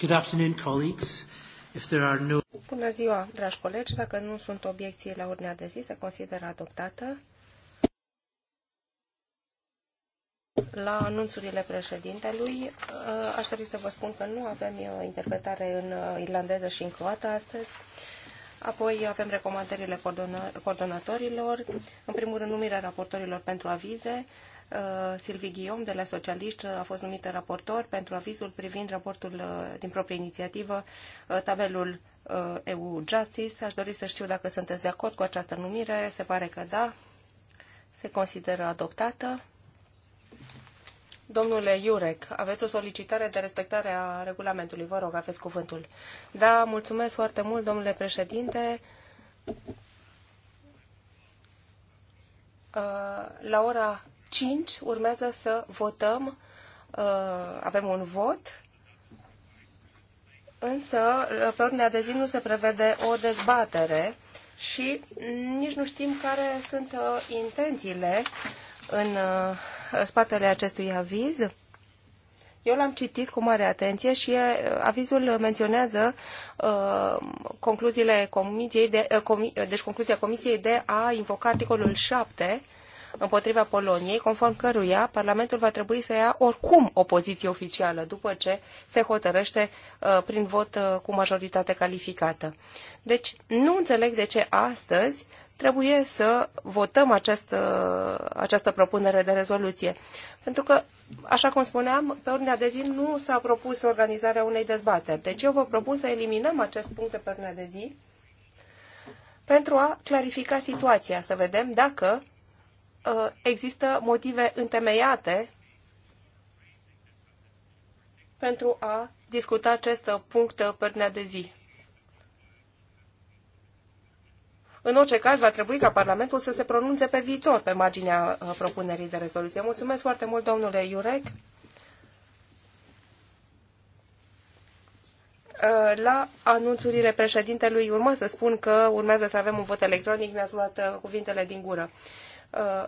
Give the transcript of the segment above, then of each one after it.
Good afternoon, colleagues. If there are no... Bună ziua, dragi colegi. Dacă nu sunt obiecții la ordinea de zi, se consideră adoptată. La anunțurile președintelui, ă, aș dori să vă spun că nu avem ă, interpretare în ă, irlandeză și în croată astăzi. Apoi avem recomandările coordonatorilor, în primul rând numirea raportorilor pentru avize, Uh, Silvi Ghiom de la Socialiști a fost numită raportor pentru avizul privind raportul uh, din proprie inițiativă, uh, tabelul EU Justice. Aș dori să știu dacă sunteți de acord cu această numire. Se pare că da. Se consideră adoptată. Domnule Iurec, aveți o solicitare de respectare a regulamentului. Vă rog, aveți cuvântul. Da, mulțumesc foarte mult, domnule președinte. La ora 5 urmează să votăm, uh, avem un vot, însă uh, pe ordinea de zi nu se prevede o dezbatere și nici nu știm care sunt uh, intențiile în spatele acestui aviz. Eu l-am citit cu mare atenție și avizul menționează uh, concluziile comisiei de, uh, comi, deci concluzia comisiei de a invoca articolul 7 împotriva Poloniei, conform căruia Parlamentul va trebui să ia oricum o poziție oficială după ce se hotărăște uh, prin vot uh, cu majoritate calificată. Deci nu înțeleg de ce astăzi trebuie să votăm această, această propunere de rezoluție. Pentru că, așa cum spuneam, pe ordinea de zi nu s-a propus organizarea unei dezbateri. Deci eu vă propun să eliminăm acest punct pe ordinea de zi pentru a clarifica situația, să vedem dacă Uh, există motive întemeiate pentru a discuta acest punct pe ordinea de zi. În orice caz, va trebui ca Parlamentul să se pronunțe pe viitor pe marginea uh, propunerii de rezoluție. Mulțumesc foarte mult, domnule Iurec. Uh, la anunțurile președintelui urma să spun că urmează să avem un vot electronic, mi-ați luat cuvintele din gură. Uh,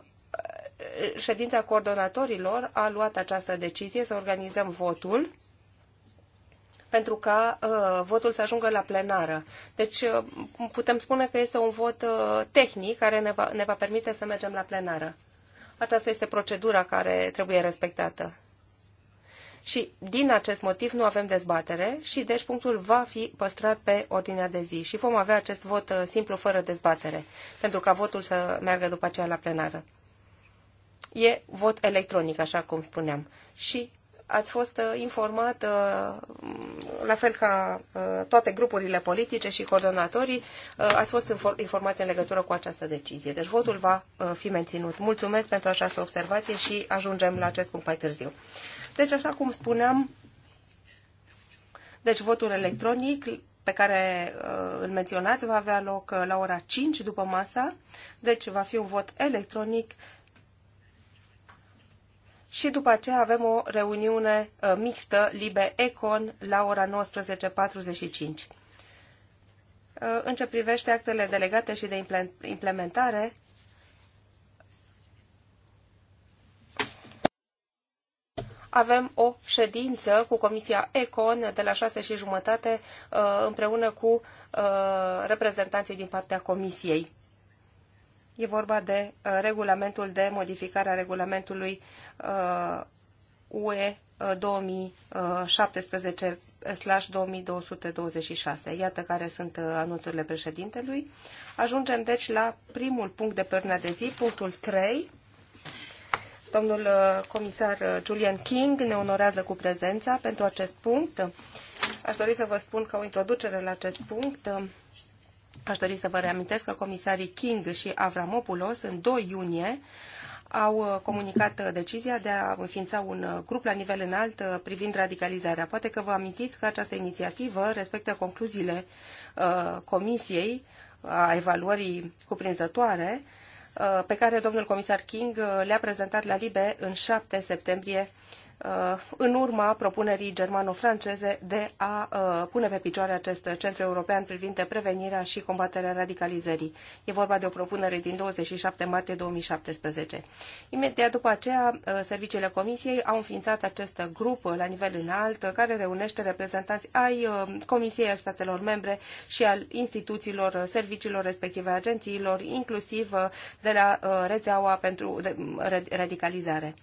ședința coordonatorilor a luat această decizie să organizăm votul pentru ca uh, votul să ajungă la plenară. Deci uh, putem spune că este un vot uh, tehnic care ne va, ne va permite să mergem la plenară. Aceasta este procedura care trebuie respectată. Și din acest motiv nu avem dezbatere și deci punctul va fi păstrat pe ordinea de zi și vom avea acest vot uh, simplu fără dezbatere, pentru ca votul să meargă după aceea la plenară. E vot electronic, așa cum spuneam. Și ați fost uh, informat, uh, la fel ca toate grupurile politice și coordonatorii, ați fost informați în legătură cu această decizie. Deci votul va fi menținut. Mulțumesc pentru această observație și ajungem la acest punct mai târziu. Deci, așa cum spuneam, deci votul electronic pe care uh, îl menționați va avea loc uh, la ora 5 după masa, deci va fi un vot electronic și după aceea avem o reuniune uh, mixtă Libe-Econ la ora 19.45. Uh, în ce privește actele delegate și de implementare, avem o ședință cu Comisia Econ de la 6 și jumătate uh, împreună cu uh, reprezentanții din partea Comisiei. E vorba de uh, regulamentul de modificare a regulamentului UE 2017 2226. Iată care sunt anunțurile președintelui. Ajungem deci la primul punct de pe de zi, punctul 3 Domnul uh, comisar uh, Julian King ne onorează cu prezența pentru acest punct. Aș dori să vă spun ca o introducere la acest punct. Aș dori să vă reamintesc că comisarii King și Avramopoulos în 2 iunie au uh, comunicat decizia de a înființa un grup la nivel înalt privind radicalizarea. Poate că vă amintiți că această inițiativă respectă concluziile Comisiei a evaluării cuprinzătoare Uh, pe care domnul comisar King uh, le-a prezentat la Libe în 7 septembrie Uh, în urma propunerii germano-franceze de a uh, pune pe picioare acest centru european privind prevenirea și combaterea radicalizării. E vorba de o propunere din 27 martie 2017. Imediat după aceea, uh, serviciile Comisiei au înființat acest grup la nivel înalt care reunește reprezentanți ai Comisiei, a statelor membre și al instituțiilor, serviciilor respective agențiilor, inclusiv de la rețeaua pentru radicalizare.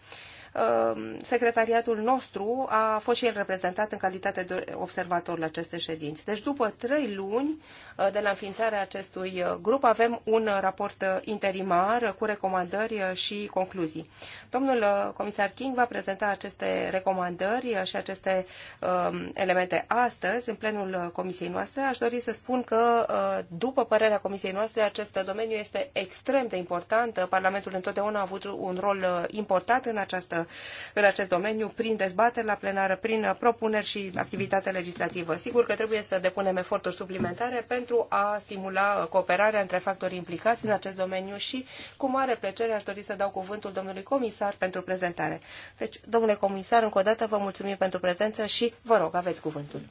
Ehm, secretariatul nostru a fost și el reprezentat în calitate de observator la aceste ședințe. Deci după trei luni eh, de la înființarea acestui eh, grup avem un eh, raport interimar cu recomandări și concluzii. Domnul comisar King va prezenta aceste recomandări și aceste ehm, elemente astăzi în plenul comisiei noastre. Aș dori să spun că după părerea comisiei noastre acest domeniu este extrem de important. Parlamentul întotdeauna a avut un rol important în această Uh, în acest domeniu prin dezbateri la plenară, prin uh, propuneri și activitate legislativă. Sigur că trebuie să depunem eforturi suplimentare pentru a stimula uh, cooperarea între factorii implicați în acest domeniu și cu mare plăcere aș dori să dau cuvântul domnului comisar pentru prezentare. Deci, domnule comisar, încă o dată vă mulțumim pentru prezență și vă rog, aveți cuvântul.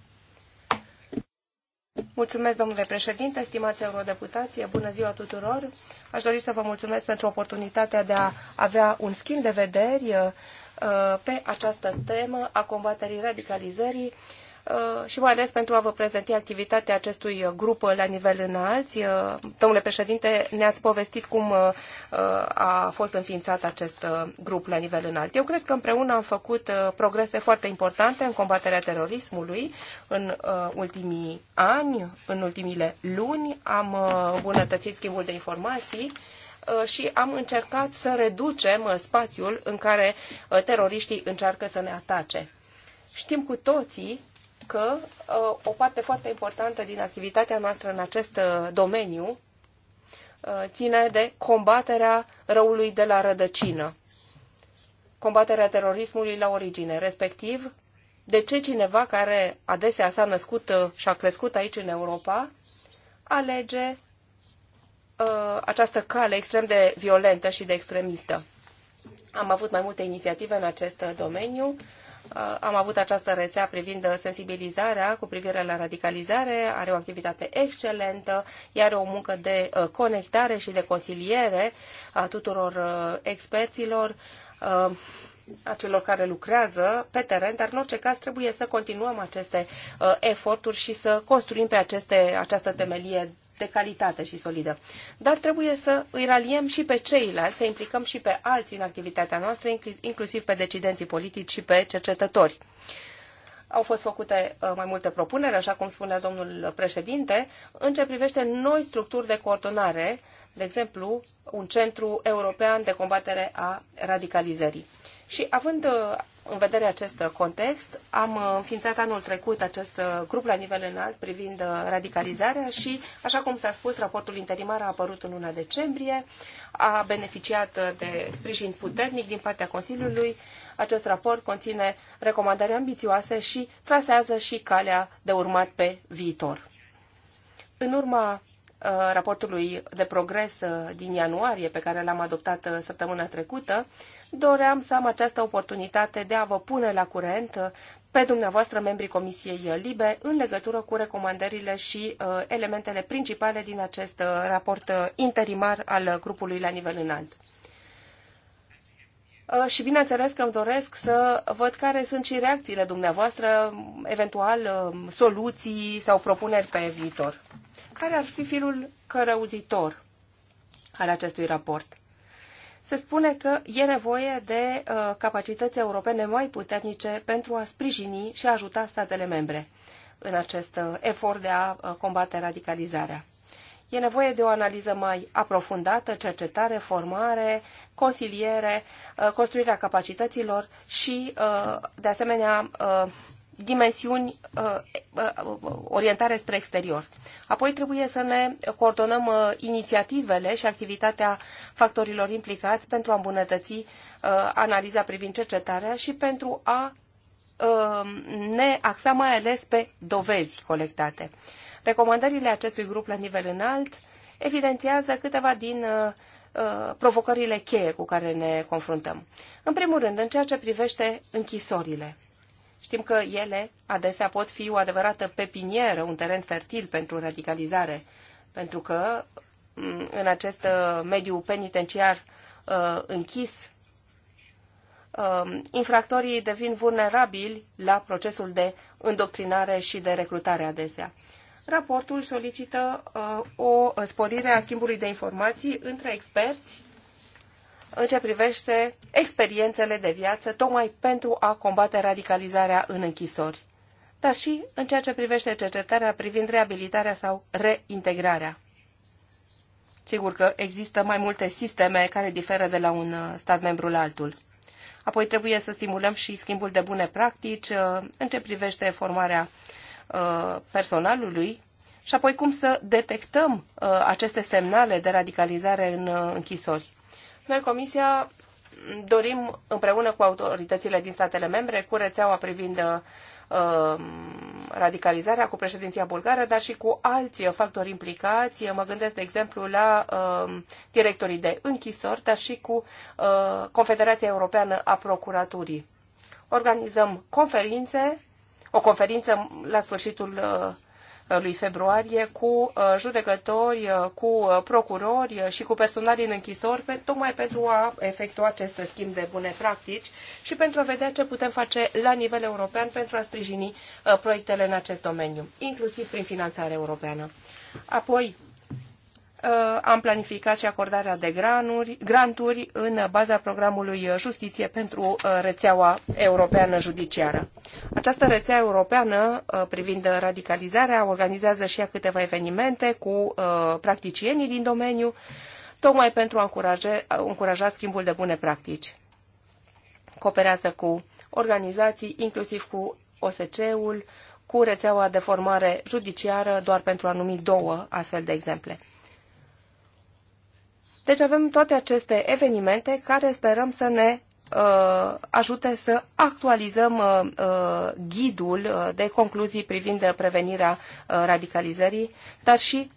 Mulțumesc, domnule președinte, stimați eurodeputație, bună ziua tuturor. Aș dori să vă mulțumesc pentru oportunitatea de a avea un schimb de vederi uh, pe această temă a combaterii radicalizării Uh, și mai ales pentru a vă prezenta activitatea acestui uh, grup uh, la nivel înalt. Domnule președinte, ne-ați povestit cum a fost înființat acest grup la nivel înalt. Eu cred că împreună am făcut progrese foarte importante în combaterea terorismului în ultimii ani, în ultimile luni. Am îmbunătățit schimbul de informații și am încercat să reducem spațiul în care teroriștii încearcă să ne atace. Știm cu toții că uh, o parte foarte importantă din activitatea noastră în acest uh, domeniu uh, ține de combaterea răului de la rădăcină, combaterea terorismului la origine, respectiv de ce cineva care adesea s-a născut și a crescut aici în Europa alege această cale extrem de violentă și de extremistă. Am avut mai multe inițiative în acest domeniu. Uh, am avut această rețea privind sensibilizarea cu privire la radicalizare, are o activitate excelentă, iar o muncă de uh, conectare și de consiliere a tuturor uh, experților, a celor care lucrează pe teren, dar în orice caz trebuie să continuăm aceste eforturi și să construim pe aceste, această temelie de calitate și solidă. Dar trebuie să îi raliem și pe ceilalți, să implicăm și pe alții în activitatea noastră, inclusiv pe decidenții politici și pe cercetători. Au fost făcute uh, mai multe propuneri, așa cum spunea domnul președinte, în ce privește noi structuri de coordonare de exemplu, un centru european de combatere a radicalizării. Și având uh, în vedere acest context, am uh, înființat anul trecut acest uh, grup la nivel înalt privind radicalizarea și, așa cum s-a spus, raportul interimar a apărut în luna decembrie, a beneficiat de sprijin puternic din partea Consiliului. Acest raport conține recomandări ambițioase și trasează și calea de urmat pe viitor. În urma Uh, raportului de progres uh, din ianuarie, pe care l-am adoptat uh, săptămâna trecută, doream să am această oportunitate de a vă pune la curent pe dumneavoastră, membrii Comisiei Libe, în legătură cu recomandările și elementele principale din acest raport interimar al grupului la nivel înalt și bineînțeles că îmi doresc să văd care sunt și reacțiile dumneavoastră, eventual soluții sau propuneri pe viitor. Care ar fi filul cărăuzitor al acestui raport? Se spune că e nevoie de uh, capacități europene mai puternice pentru a sprijini și a ajuta statele membre în acest uh, efort de a uh, combate radicalizarea. E nevoie de o analiză mai aprofundată, cercetare, formare, consiliere, uh, construirea capacităților și, uh, de asemenea, uh, dimensiuni, uh, uh, orientare spre exterior. Apoi trebuie să ne coordonăm uh, inițiativele și activitatea factorilor implicați pentru a îmbunătăți analiza privind cercetarea și pentru a ne axa mai ales pe dovezi colectate. Recomandările acestui grup la nivel înalt evidențiază câteva din provocările cheie cu care ne confruntăm. În primul rând, în ceea ce privește închisorile. Știm că ele adesea pot fi o adevărată pepinieră, un teren fertil pentru radicalizare, pentru că mm, în acest uh, mediu penitenciar uh, închis, um, infractorii devin vulnerabili la procesul de îndoctrinare și de recrutare adesea. Raportul solicită uh, o sporire a schimbului de informații între experți în ce privește experiențele de viață, tocmai pentru a combate radicalizarea în închisori, dar și în ceea ce privește cercetarea privind reabilitarea sau reintegrarea. Sigur că există mai multe sisteme care diferă de la un uh, stat membru la altul. Apoi trebuie să stimulăm și schimbul de bune practici uh, în ce privește formarea uh, personalului și apoi cum să detectăm aceste semnale de radicalizare în închisori. Noi, Comisia, dorim împreună cu autoritățile din statele membre, cu rețeaua privind uh, radicalizarea, cu președinția bulgară, dar și cu alți factori implicați. mă gândesc, de exemplu, la uh, directorii de închisori, dar și cu uh, Confederația Europeană a Procuraturii. Organizăm conferințe, o conferință la sfârșitul uh, lui februarie cu uh, judecători, uh, cu uh, procurori și cu personal în închisori, tocmai pentru a efectua acest schimb de bune practici și pentru a vedea ce putem face la nivel european pentru a sprijini proiectele în acest domeniu, inclusiv prin finanțare europeană. Apoi, Uh, am planificat și acordarea de granuri, granturi în baza programului Justiție pentru uh, rețeaua europeană judiciară. Această rețea europeană uh, privind radicalizarea organizează și ea câteva evenimente cu practicienii din domeniu, tocmai pentru a încuraja, încuraja schimbul de bune practici. Cooperează cu organizații, inclusiv cu OSCE-ul, cu rețeaua de formare judiciară, doar pentru a numi două astfel de exemple. Deci avem toate aceste evenimente care sperăm să ne uh, ajute să actualizăm uh, uh, ghidul de concluzii privind prevenirea radicalizării, dar și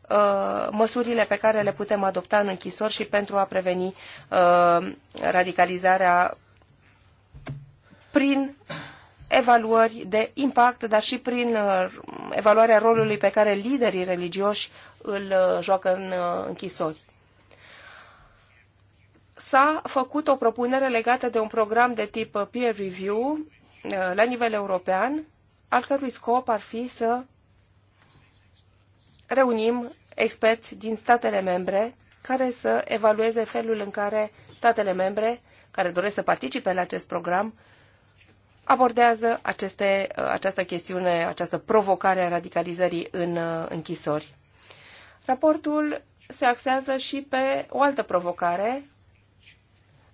măsurile pe care le putem adopta în închisori și pentru a preveni radicalizarea prin evaluări de impact, dar și prin evaluarea rolului pe care liderii religioși îl joacă în închisori s-a făcut o propunere legată de un program de tip peer review uh, la nivel european, al cărui scop ar fi să reunim experți din statele membre care să evalueze felul în care statele membre care doresc să participe la acest program abordează aceste, uh, această chestiune, această provocare a radicalizării în uh, închisori. Raportul se axează și pe o altă provocare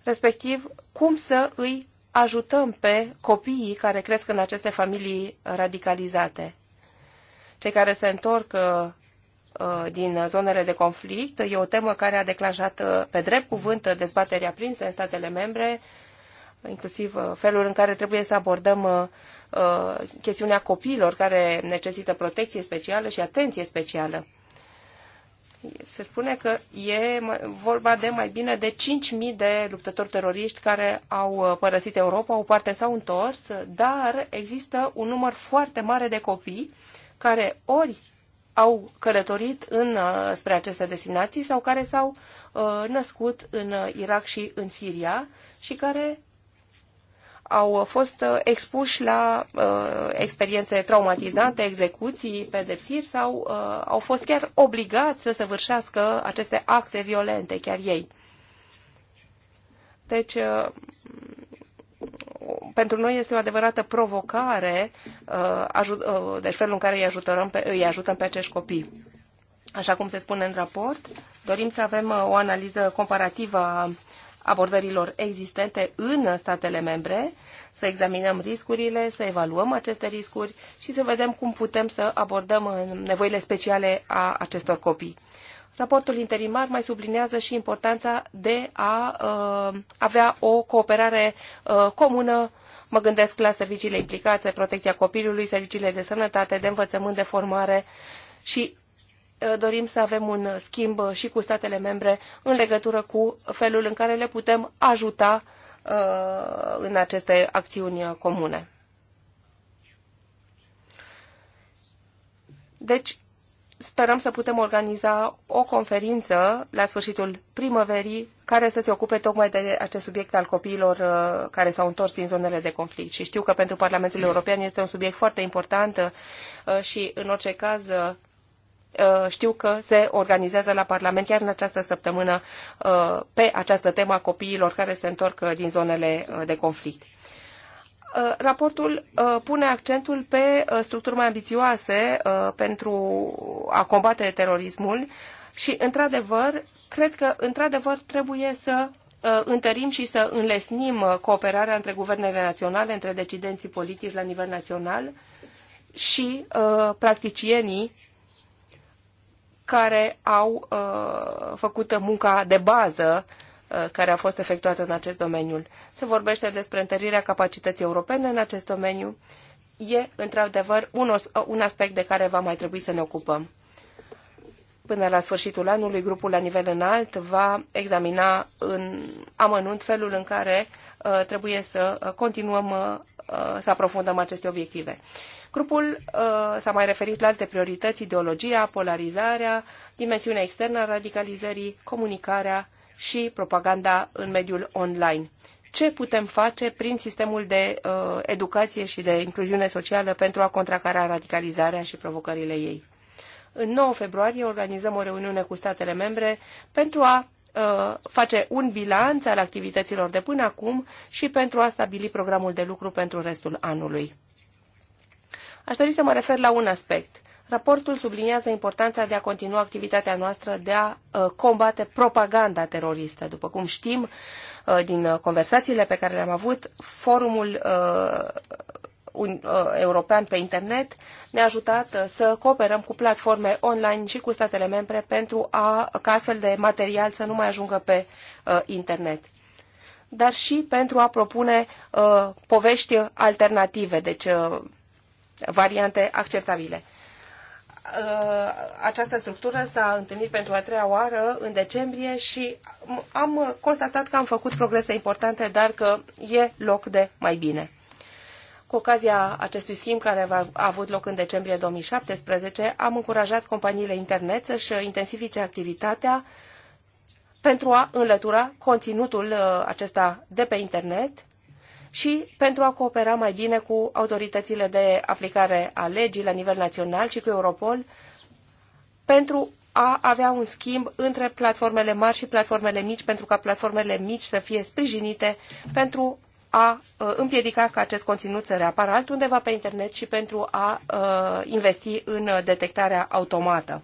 respectiv cum să îi ajutăm pe copiii care cresc în aceste familii radicalizate. Cei care se întorc uh, uh, din zonele de conflict e o temă care a declanșat uh, pe drept cuvânt dezbaterea prinsă în statele membre, inclusiv felul în care trebuie să abordăm chestiunea copiilor care necesită protecție specială și atenție specială se spune că e vorba de mai bine de 5.000 de luptători teroriști care au uh, părăsit Europa, o parte s-au întors, dar există un număr foarte mare de copii care ori au călătorit în, uh, spre aceste destinații sau care s-au uh, născut în Irak și în Siria și care au fost uh, expuși la uh, experiențe traumatizante, execuții, pedepsiri sau uh, au fost chiar obligați să săvârșească aceste acte violente, chiar ei. Deci, uh, pentru noi este o adevărată provocare, uh, ajut, uh, deci felul în care îi ajutăm, pe, îi ajutăm pe acești copii. Așa cum se spune în raport, dorim să avem uh, o analiză comparativă a abordărilor existente în statele membre, să examinăm riscurile, să evaluăm aceste riscuri și să vedem cum putem să abordăm uh, nevoile speciale a acestor copii. Raportul interimar mai sublinează și importanța de a uh, avea o cooperare uh, comună Mă gândesc la serviciile implicate, protecția copilului, serviciile de sănătate, de învățământ, de formare și Uh, dorim să avem un schimb și cu statele membre în legătură cu felul în care le putem ajuta uh, în aceste acțiuni comune. Deci, sperăm să putem organiza o conferință la sfârșitul primăverii care să se ocupe tocmai de acest subiect al copiilor uh, care s-au întors din zonele de conflict. Și știu că pentru Parlamentul European este un subiect foarte important și, în orice caz, Uh, știu că se organizează la Parlament chiar în această săptămână uh, pe această temă a copiilor care se întorc uh, din zonele de conflict raportul pune accentul pe structuri mai ambițioase pentru a combate terorismul și, într-adevăr, cred că, într-adevăr, trebuie să întărim și să înlesnim cooperarea între guvernele naționale, între decidenții politici la nivel național și practicienii care au uh, făcut munca de bază uh, care a fost efectuată în acest domeniu. Se vorbește despre întărirea capacității europene în acest domeniu. E, într-adevăr, un, uh, un aspect de care va mai trebui să ne ocupăm. Până la sfârșitul anului, grupul la nivel înalt va examina în amănunt felul în care uh, trebuie să uh, continuăm uh, să aprofundăm aceste obiective. Grupul uh, s-a mai referit la alte priorități, ideologia, polarizarea, dimensiunea externă a radicalizării, comunicarea și propaganda în mediul online. Ce putem face prin sistemul de uh, educație și de incluziune socială pentru a contracara radicalizarea și provocările ei? În 9 februarie organizăm o reuniune cu statele membre pentru a uh, face un bilanț al activităților de până acum și pentru a stabili programul de lucru pentru restul anului. Aș dori să mă refer la un aspect. Raportul subliniază importanța de a continua activitatea noastră de a uh, combate propaganda teroristă. După cum știm uh, din conversațiile pe care le-am avut, forumul uh, european pe internet ne-a ajutat să cooperăm cu platforme online și cu statele membre pentru a, ca astfel de material să nu mai ajungă pe internet dar și pentru a propune uh, povești alternative, deci uh, variante acceptabile. Uh, această structură s-a întâlnit pentru a treia oară în decembrie și am constatat că am făcut progrese importante, dar că e loc de mai bine. Cu ocazia acestui schimb care a avut loc în decembrie 2017, am încurajat companiile internet să-și intensifice activitatea pentru a înlătura conținutul uh, acesta de pe internet și pentru a coopera mai bine cu autoritățile de aplicare a legii la nivel național și cu Europol pentru a avea un schimb între platformele mari și platformele mici, pentru ca platformele mici să fie sprijinite pentru a uh, împiedica ca acest conținut să reapară altundeva pe internet și pentru a uh, investi în detectarea automată.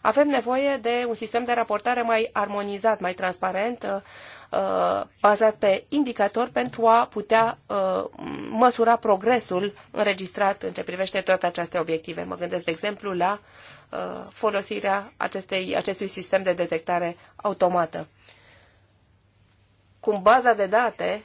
Avem nevoie de un sistem de raportare mai armonizat, mai transparent, uh, Uh, bazat pe indicator pentru a putea uh, măsura progresul înregistrat în ce privește toate aceste obiective. Mă gândesc, de exemplu, la uh, folosirea acestei, acestui sistem de detectare automată. Cum baza de date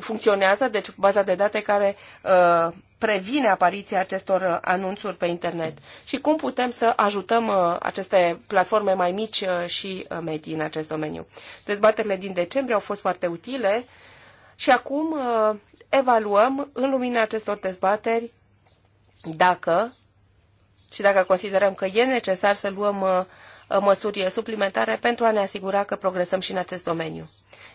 funcționează, deci baza de date care uh, previne apariția acestor anunțuri pe internet și cum putem să ajutăm uh, aceste platforme mai mici uh, și uh, medii în acest domeniu. Dezbaterile din decembrie au fost foarte utile și acum uh, evaluăm în lumina acestor dezbateri dacă și dacă considerăm că e necesar să luăm uh, măsuri suplimentare pentru a ne asigura că progresăm și în acest domeniu.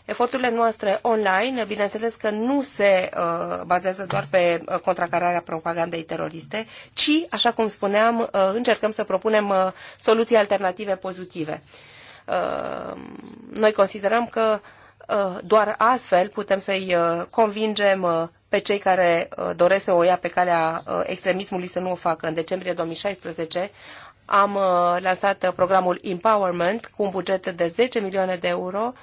Eforturile noastre online, bineînțeles că nu se uh, bazează doar pe uh, contracararea propagandei teroriste, ci, așa cum spuneam, uh, încercăm să propunem soluții alternative pozitive. Noi considerăm că doar astfel putem să-i convingem pe cei care doresc să o ia pe calea extremismului să nu o facă. În decembrie 2016 am lansat programul Empowerment cu un buget de 10 milioane de euro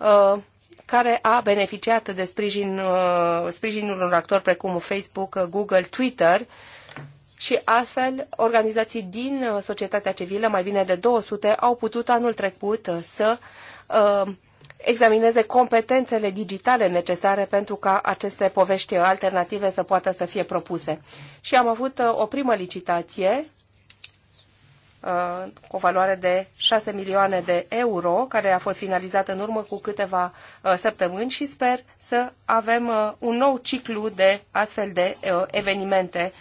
Uh, care a beneficiat de sprijin, uh, sprijinul unor actori precum Facebook, uh, Google, Twitter și astfel organizații din societatea civilă, mai bine de 200, au putut anul trecut să examineze competențele digitale necesare pentru ca aceste povești alternative să poată să fie propuse. Și am avut o primă licitație cu uh, o valoare de 6 milioane de euro, care a fost finalizată în urmă cu câteva uh, săptămâni și sper să avem uh, un nou ciclu de astfel de evenimente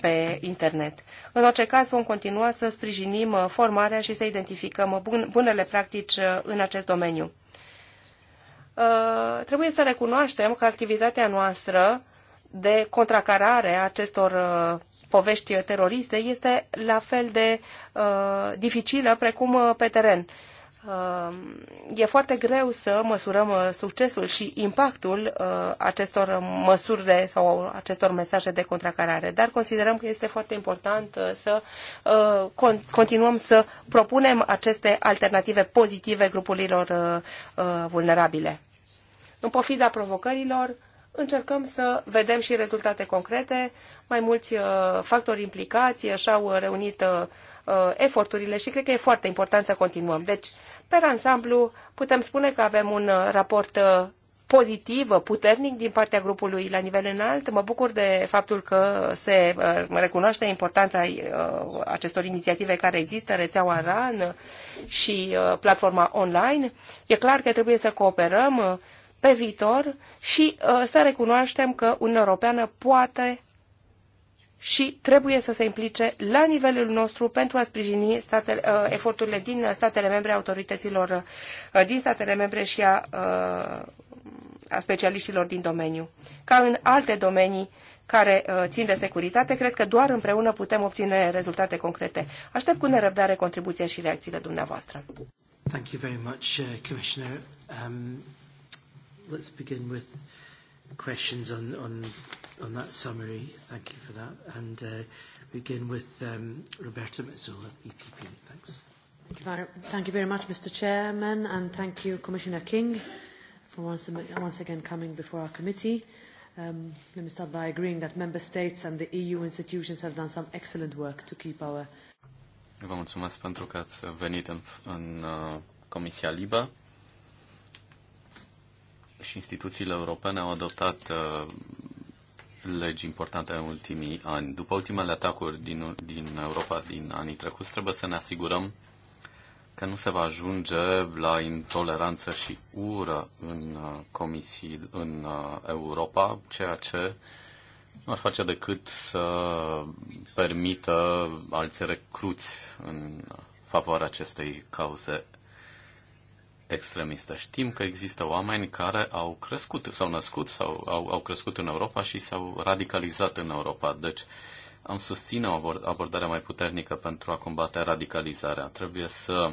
pe internet. În orice caz, vom continua să sprijinim formarea și să identificăm bunele practici în acest domeniu. Trebuie să recunoaștem că activitatea noastră de contracarare a acestor povești teroriste este la fel de uh, dificilă precum uh, pe teren. Uh, e foarte greu să măsurăm uh, succesul și impactul uh, acestor măsuri de, sau acestor mesaje de contracarare, dar considerăm că este foarte important uh, să uh, con continuăm să propunem aceste alternative pozitive grupurilor vulnerabile. În pofida provocărilor, încercăm să vedem și rezultate concrete. Mai mulți uh, factori implicați uh, și-au uh, reunit eforturile și cred că e foarte important să continuăm. Deci, pe ansamblu, putem spune că avem un raport pozitiv, puternic din partea grupului la nivel înalt. Mă bucur de faptul că se recunoaște importanța acestor inițiative care există, rețeaua RAN și platforma online. E clar că trebuie să cooperăm pe viitor și uh, să recunoaștem că Uniunea Europeană poate și trebuie să se implice la nivelul nostru pentru a sprijini statele, uh, eforturile din statele membre, autorităților uh, din statele membre și a, a specialiștilor din domeniu. Ca în alte domenii care țin de securitate, cred că doar împreună putem obține rezultate concrete. Aștept cu nerăbdare contribuția și reacțiile dumneavoastră. Thank you very much, uh, Commissioner. Um let's begin with questions on, on, on that summary. Thank you for that. And uh, begin with um, Roberta Mazzola, EPP. Thanks. Thank you very much, Mr. Chairman, and thank you, Commissioner King, for once, once again coming before our committee. Um, let me start by agreeing that Member States and the EU institutions have done some excellent work to keep our... Vă mulțumesc pentru că ați venit în, în uh, Comisia Libă și instituțiile europene au adoptat uh, legi importante în ultimii ani. După ultimele atacuri din, din Europa din anii trecuți, trebuie să ne asigurăm că nu se va ajunge la intoleranță și ură în uh, comisii în uh, Europa, ceea ce nu ar face decât să permită alți recruți în favoarea acestei cauze extremistă. Știm că există oameni care au crescut, s-au născut sau au, au crescut în Europa și s-au radicalizat în Europa. Deci am susține o abordare mai puternică pentru a combate radicalizarea. Trebuie să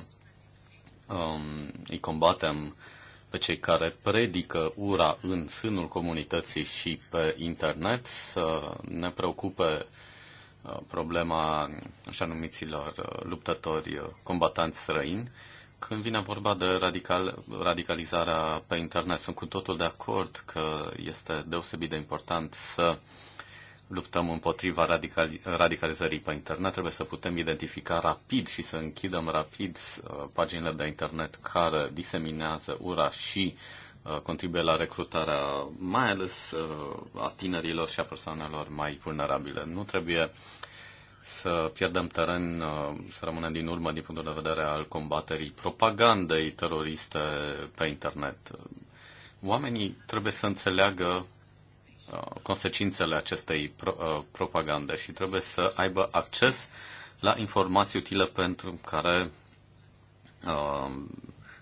um, îi combatem pe cei care predică ura în sânul comunității și pe internet, să ne preocupe uh, problema așa numiților uh, luptători uh, combatanți străini, când vine vorba de radical, radicalizarea pe internet, sunt cu totul de acord că este deosebit de important să luptăm împotriva radicali, radicalizării pe internet. Trebuie să putem identifica rapid și să închidem rapid uh, paginile de internet care diseminează ura și uh, contribuie la recrutarea mai ales uh, a tinerilor și a persoanelor mai vulnerabile. Nu trebuie să pierdem teren, uh, să rămânem din urmă din punctul de vedere al combaterii propagandei teroriste pe internet. Oamenii trebuie să înțeleagă uh, consecințele acestei uh, propagande și trebuie să aibă acces la informații utile pentru care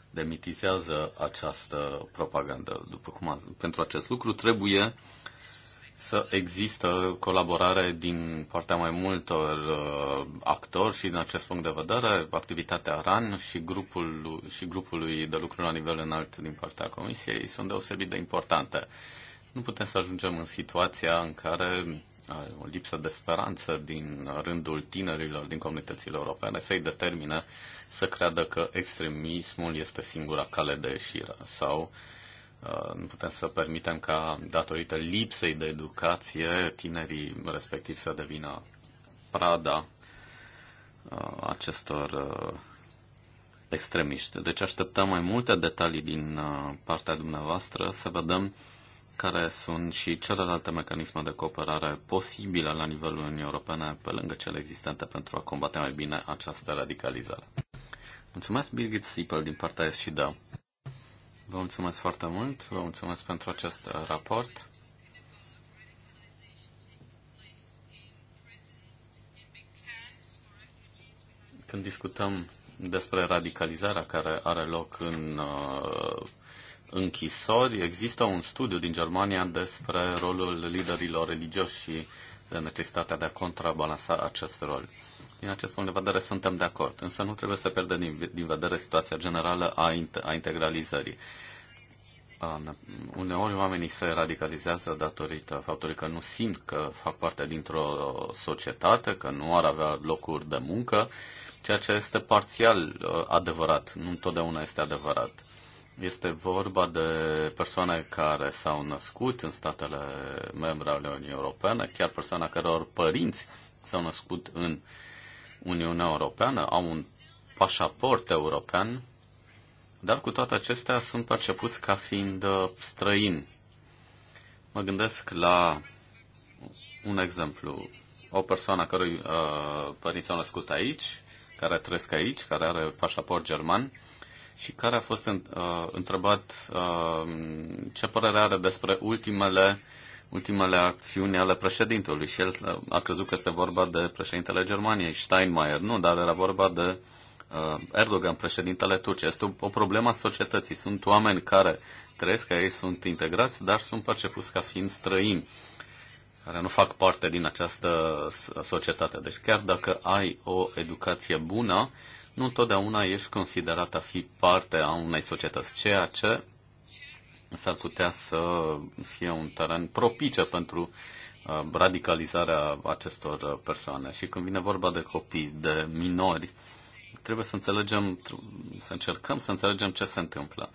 demitizează această propagandă. După cum am, pentru acest lucru trebuie uh, să există colaborare din partea mai multor uh, actori și din acest punct de vedere, activitatea RAN și grupul și grupului de lucru la nivel înalt din partea Comisiei sunt deosebit de importante. Nu putem să ajungem în situația în care uh, o lipsă de speranță din rândul tinerilor din comunitățile europene să-i determine să creadă că extremismul este singura cale de ieșire sau uh, Uh, nu putem să permitem ca, datorită lipsei de educație, tinerii respectiv să devină prada uh, acestor uh, extremiști. Deci așteptăm mai multe detalii din partea dumneavoastră să vedem care sunt și celelalte mecanisme de cooperare posibile la nivelul Uniunii Europene pe lângă cele existente pentru a combate mai bine această radicalizare. Mulțumesc, Birgit Sipel, din partea SCD. Vă mulțumesc foarte mult, vă mulțumesc pentru acest uh, raport. Când discutăm despre radicalizarea care are loc în uh, închisori, există un studiu din Germania despre rolul liderilor religioși și de necesitatea de a contrabalansa acest rol. Din acest punct de vedere suntem de acord, însă nu trebuie să pierdem din, din vedere situația generală a, in- a integralizării. Uneori oamenii se radicalizează datorită faptului că nu simt că fac parte dintr-o societate, că nu ar avea locuri de muncă, ceea ce este parțial uh, adevărat, nu întotdeauna este adevărat. Este vorba de persoane care s-au născut în statele membre ale Uniunii Europene, chiar persoane au părinți s-au născut în uh, Uniunea Europeană, au un pașaport european, dar cu toate acestea sunt percepuți ca fiind uh, străini. Mă gândesc la un exemplu. O persoană cărui uh, părinți s-au născut aici, care trăiesc aici, care are pașaport german și care a fost uh, întrebat uh, ce părere are despre ultimele uh, ultimele acțiuni ale președintelui și el uh, a crezut că este vorba de președintele Germaniei, Steinmeier, nu, dar era vorba de uh, Erdogan, președintele Turciei. Este o, o problemă a societății. Sunt oameni care trăiesc, că ei sunt integrați, dar sunt percepuți ca fiind străini, care nu fac parte din această societate. Deci chiar dacă ai o educație bună, nu întotdeauna ești considerat a fi parte a unei societăți, ceea ce s-ar putea să fie un teren propice pentru uh, radicalizarea acestor uh, persoane. Și când vine vorba de copii, de minori, trebuie să înțelegem, să încercăm să înțelegem ce se întâmplă.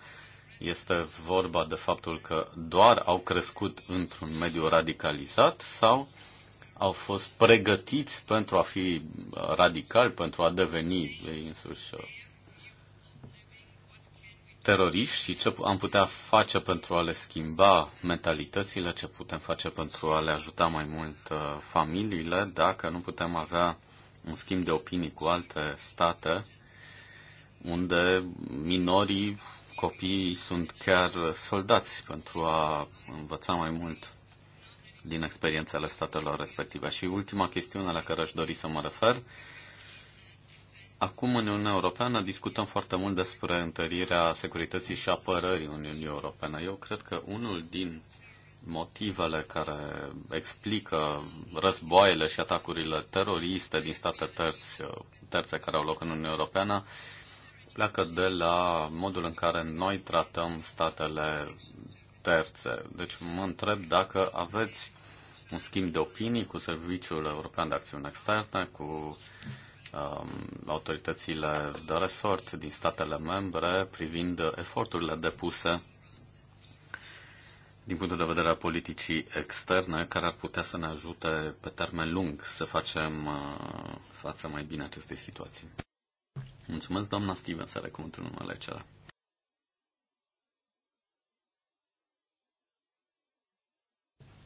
Este vorba de faptul că doar au crescut într-un mediu radicalizat sau au fost pregătiți pentru a fi uh, radicali, pentru a deveni ei însuși teroriști și ce am putea face pentru a le schimba mentalitățile, ce putem face pentru a le ajuta mai mult uh, familiile, dacă nu putem avea un schimb de opinii cu alte state unde minorii, copiii sunt chiar soldați pentru a învăța mai mult din experiențele statelor respective. Și ultima chestiune la care aș dori să mă refer Acum, în Uniunea Europeană, discutăm foarte mult despre întărirea securității și apărării Uniunii Europene. Eu cred că unul din motivele care explică războaiele și atacurile teroriste din state terți, terțe care au loc în Uniunea Europeană pleacă de la modul în care noi tratăm statele terțe. Deci mă întreb dacă aveți un schimb de opinii cu Serviciul European de Acțiune Externe, cu uh, Um, autoritățile de resort din statele membre privind eforturile depuse din punctul de vedere al politicii externe, care ar putea să ne ajute pe termen lung să facem uh, față mai bine acestei situații. Mulțumesc, doamna Steven, să recomandă numele acela.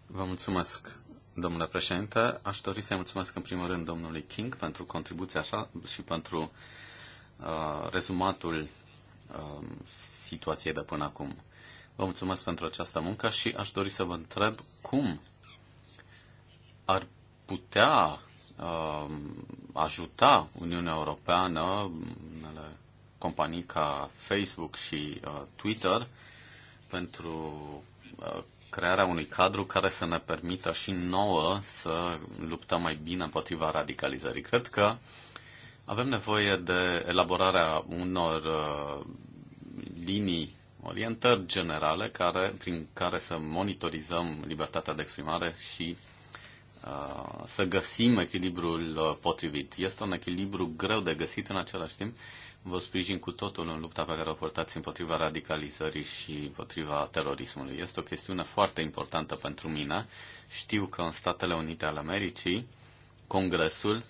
Vă mulțumesc, Domnule președinte, aș dori să-i mulțumesc în primul rând domnului King pentru contribuția sa și pentru uh, rezumatul uh, situației de până acum. Vă mulțumesc pentru această muncă și aș dori să vă întreb cum ar putea uh, ajuta Uniunea Europeană, unele companii ca Facebook și uh, Twitter, pentru uh, crearea unui cadru care să ne permită și nouă să luptăm mai bine împotriva radicalizării. Cred că avem nevoie de elaborarea unor uh, linii orientări generale care, prin care să monitorizăm libertatea de exprimare și uh, să găsim echilibrul uh, potrivit. Este un echilibru greu de găsit în același timp vă sprijin cu totul în lupta pe care o portați împotriva radicalizării și împotriva terorismului. Este o chestiune foarte importantă pentru mine. Știu că în Statele Unite ale Americii, Congresul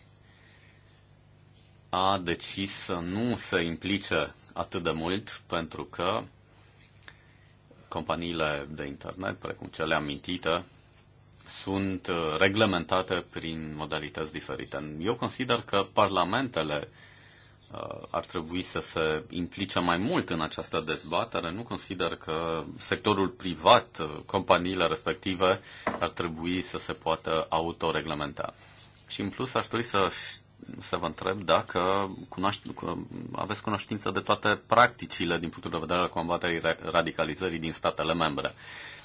a decis să nu se implice atât de mult pentru că companiile de internet, precum cele amintite, sunt uh, reglementate prin modalități diferite. Eu consider că parlamentele Uh, ar trebui să se implice mai mult în această dezbatere. Nu consider că sectorul privat, uh, companiile respective, ar trebui să se poată autoreglementa. Și în plus aș dori să, să vă întreb dacă cunoaște, aveți cunoștință de toate practicile din punctul de vedere al combaterii radicalizării din statele membre. Uh,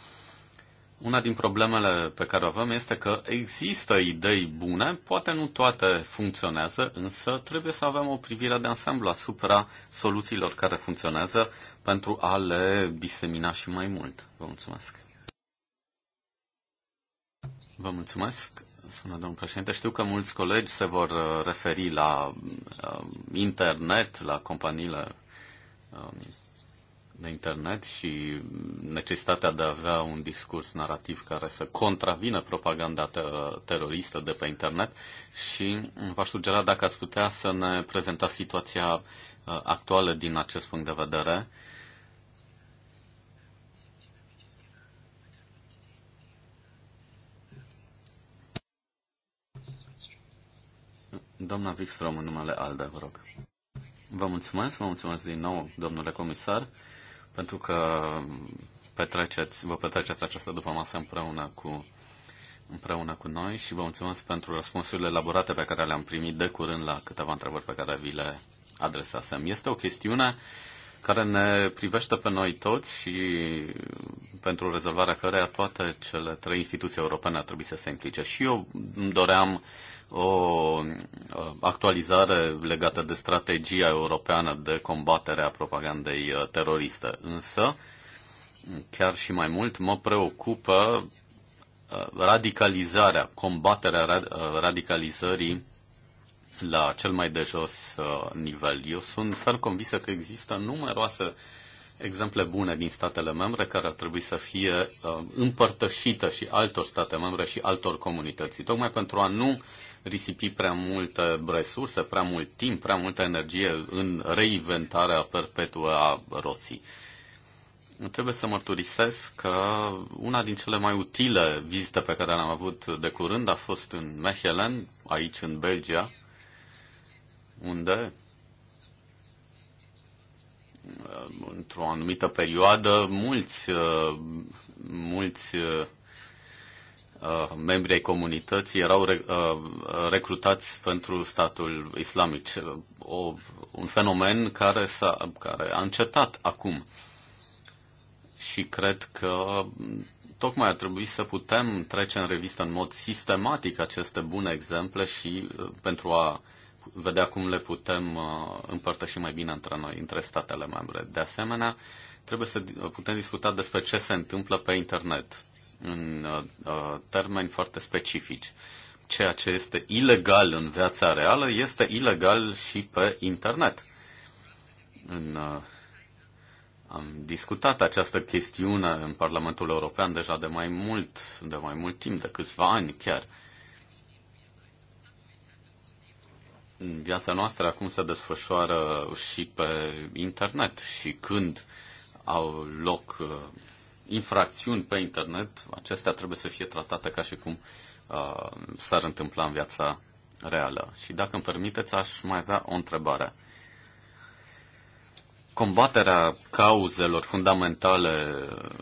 una din problemele pe care o avem este că există idei bune, poate nu toate funcționează, însă trebuie să avem o privire de ansamblu asupra soluțiilor care funcționează pentru a le disemina și mai mult. Vă mulțumesc! Vă mulțumesc, sună domnul președinte. Știu că mulți colegi se vor uh, referi la uh, internet, la companiile uh, de internet și necesitatea de a avea un discurs narrativ care să contravină propaganda teroristă de pe internet și v-aș sugera dacă ați putea să ne prezentați situația uh, actuală din acest punct de vedere. Doamna Wikström, în numele ALDE, vă rog. Vă mulțumesc, vă mulțumesc din nou, domnule comisar pentru că petreceți, vă petreceți această după masă împreună cu, împreună cu noi și vă mulțumesc pentru răspunsurile elaborate pe care le-am primit de curând la câteva întrebări pe care vi le adresasem. Este o chestiune care ne privește pe noi toți și pentru rezolvarea căreia toate cele trei instituții europene ar trebui să se implice. Și eu îmi doream uh, o actualizare legată de strategia europeană de combatere a propagandei uh, teroriste. Însă, chiar și mai mult, mă preocupă uh, radicalizarea, combaterea uh, radicalizării la cel mai de jos nivel. Eu sunt ferm convinsă că există numeroase exemple bune din statele membre care ar trebui să fie împărtășită și altor state membre și altor comunități. Tocmai pentru a nu risipi prea multe resurse, prea mult timp, prea multă energie în reinventarea perpetuă a roții. Trebuie să mărturisesc că una din cele mai utile vizite pe care le-am avut de curând a fost în Mechelen, aici în Belgia, unde într-o anumită perioadă mulți, mulți Uh, membri ai comunității erau re, uh, recrutați pentru statul islamic. O, un fenomen care, s-a, care a încetat acum. Și cred că tocmai ar trebui să putem trece în revistă în mod sistematic aceste bune exemple și uh, pentru a vedea cum le putem împărtăși mai bine între noi, între statele membre. De asemenea, trebuie să putem discuta despre ce se întâmplă pe internet în uh, uh, termeni foarte specifici. Ceea ce este ilegal în viața reală este ilegal și pe internet. În, uh, am discutat această chestiune în Parlamentul European deja de mai mult, de mai mult timp, de câțiva ani chiar. viața noastră acum se desfășoară și pe internet și când au loc infracțiuni pe internet, acestea trebuie să fie tratate ca și cum uh, s-ar întâmpla în viața reală. Și dacă îmi permiteți, aș mai avea o întrebare. Combaterea cauzelor fundamentale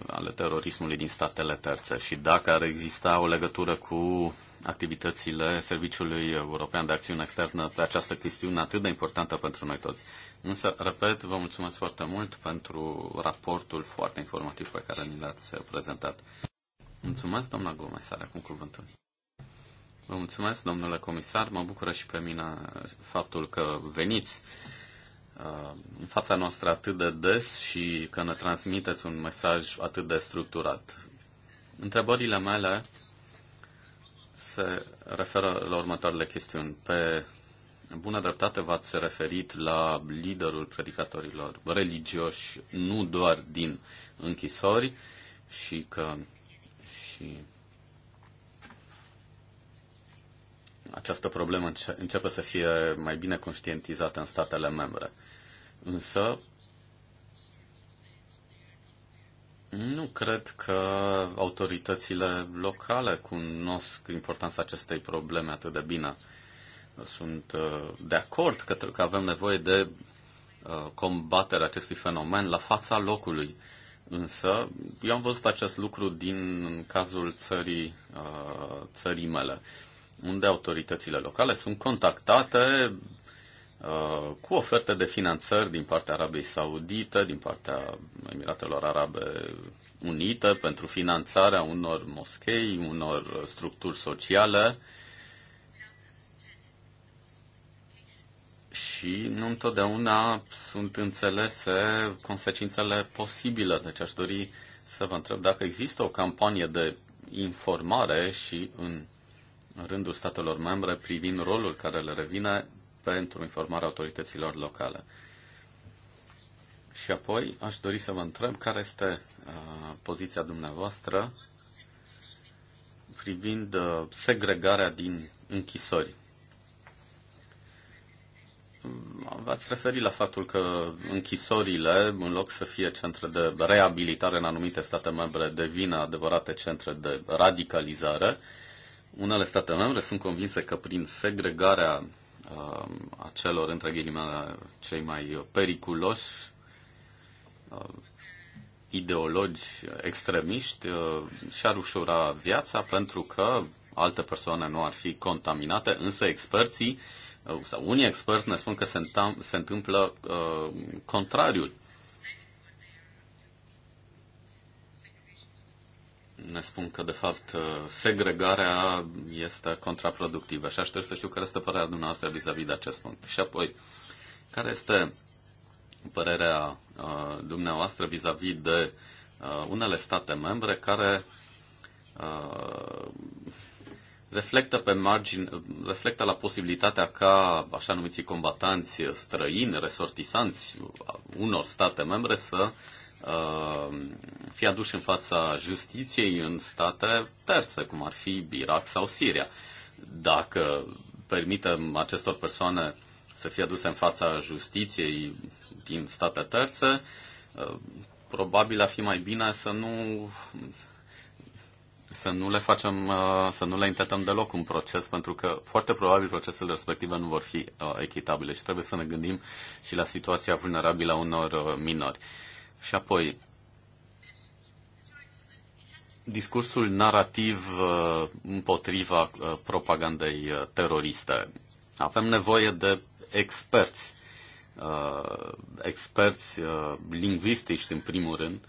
ale terorismului din statele terțe și dacă ar exista o legătură cu activitățile Serviciului European de Acțiune Externă pe această chestiune atât de importantă pentru noi toți. Însă, repet, vă mulțumesc foarte mult pentru raportul foarte informativ pe care ni l-ați prezentat. Mulțumesc, doamna Gomes, are acum cuvântul. Vă mulțumesc, domnule comisar. Mă bucură și pe mine faptul că veniți uh, în fața noastră atât de des și că ne transmiteți un mesaj atât de structurat. Întrebările mele se referă la următoarele chestiuni. Pe bună dreptate v-ați referit la liderul predicatorilor religioși, nu doar din închisori, și că și această problemă începe să fie mai bine conștientizată în statele membre. Însă, Nu cred că autoritățile locale cunosc importanța acestei probleme atât de bine. Sunt uh, de acord că, că avem nevoie de uh, combaterea acestui fenomen la fața locului. Însă, eu am văzut acest lucru din cazul țării, uh, țării mele, unde autoritățile locale sunt contactate Uh, cu oferte de finanțări din partea Arabiei Saudite, din partea Emiratelor Arabe Unite, pentru finanțarea unor moschei, unor structuri sociale. Și nu întotdeauna sunt înțelese consecințele posibile. Deci aș dori să vă întreb dacă există o campanie de informare și în rândul statelor membre privind rolul care le revine pentru informarea autorităților locale. Și apoi aș dori să vă întreb care este uh, poziția dumneavoastră privind uh, segregarea din închisori. V-ați referit la faptul că închisorile, în loc să fie centre de reabilitare în anumite state membre, devin adevărate centre de radicalizare. Unele state membre sunt convinse că prin segregarea uh, a celor, între ghilimele, cei mai periculoși, uh, ideologi extremiști, uh, și-ar ușura viața pentru că alte persoane nu ar fi contaminate, însă experții uh, sau unii experți ne spun că se, se întâmplă uh, contrariul ne spun că, de fapt, uh, segregarea este contraproductivă și aș trebui să știu care este părerea dumneavoastră vis-a-vis de acest punct. Și apoi, care este părerea uh, dumneavoastră vis-a-vis de uh, unele state membre care reflectă pe margine, reflectă la posibilitatea ca așa numiți combatanți străini, resortisanți unor state membre să Uh, fi aduși în fața justiției în state terțe, cum ar fi Irak sau Siria. Dacă permitem acestor persoane să fie aduse în fața justiției din state terțe, uh, probabil ar fi mai bine să nu să nu le facem, uh, să nu le intentăm deloc un proces, pentru că foarte probabil procesele respective nu vor fi echitabile și trebuie să ne gândim și la situația vulnerabilă a unor minori. Și apoi, discursul narrativ uh, împotriva uh, propagandei uh, teroriste. Avem nevoie de experți, experți lingvistici în primul rând,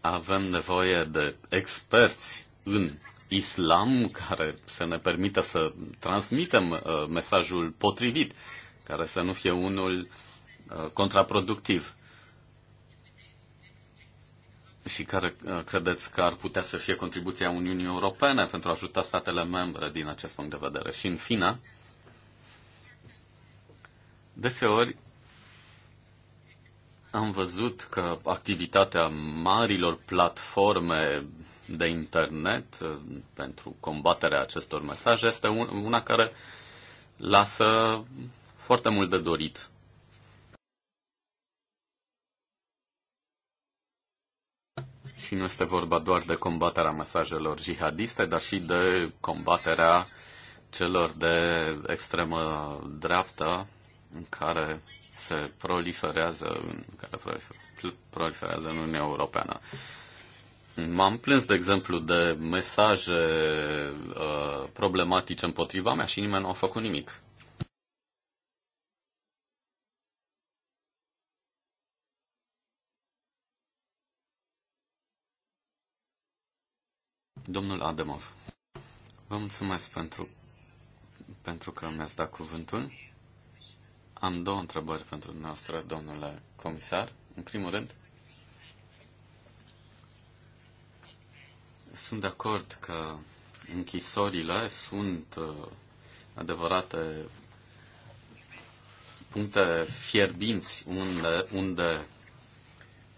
avem nevoie de experți în islam care să ne permită să transmitem mesajul potrivit, care să nu fie unul contraproductiv și care uh, credeți că ar putea să fie contribuția Uniunii Europene pentru a ajuta statele membre din acest punct de vedere? Și în fine, deseori am văzut că activitatea marilor platforme de internet uh, pentru combaterea acestor mesaje este una care lasă foarte mult de dorit. și nu este vorba doar de combaterea mesajelor jihadiste, dar și de combaterea celor de extremă dreaptă care se proliferează în, care proliferează în Uniunea Europeană. M-am plâns, de exemplu, de mesaje uh, problematice împotriva mea și nimeni nu a făcut nimic. Domnul Adamov, vă mulțumesc pentru, pentru că mi-ați dat cuvântul. Am două întrebări pentru dumneavoastră, domnule comisar. În primul rând, sunt de acord că închisorile sunt uh, adevărate puncte fierbinți unde, unde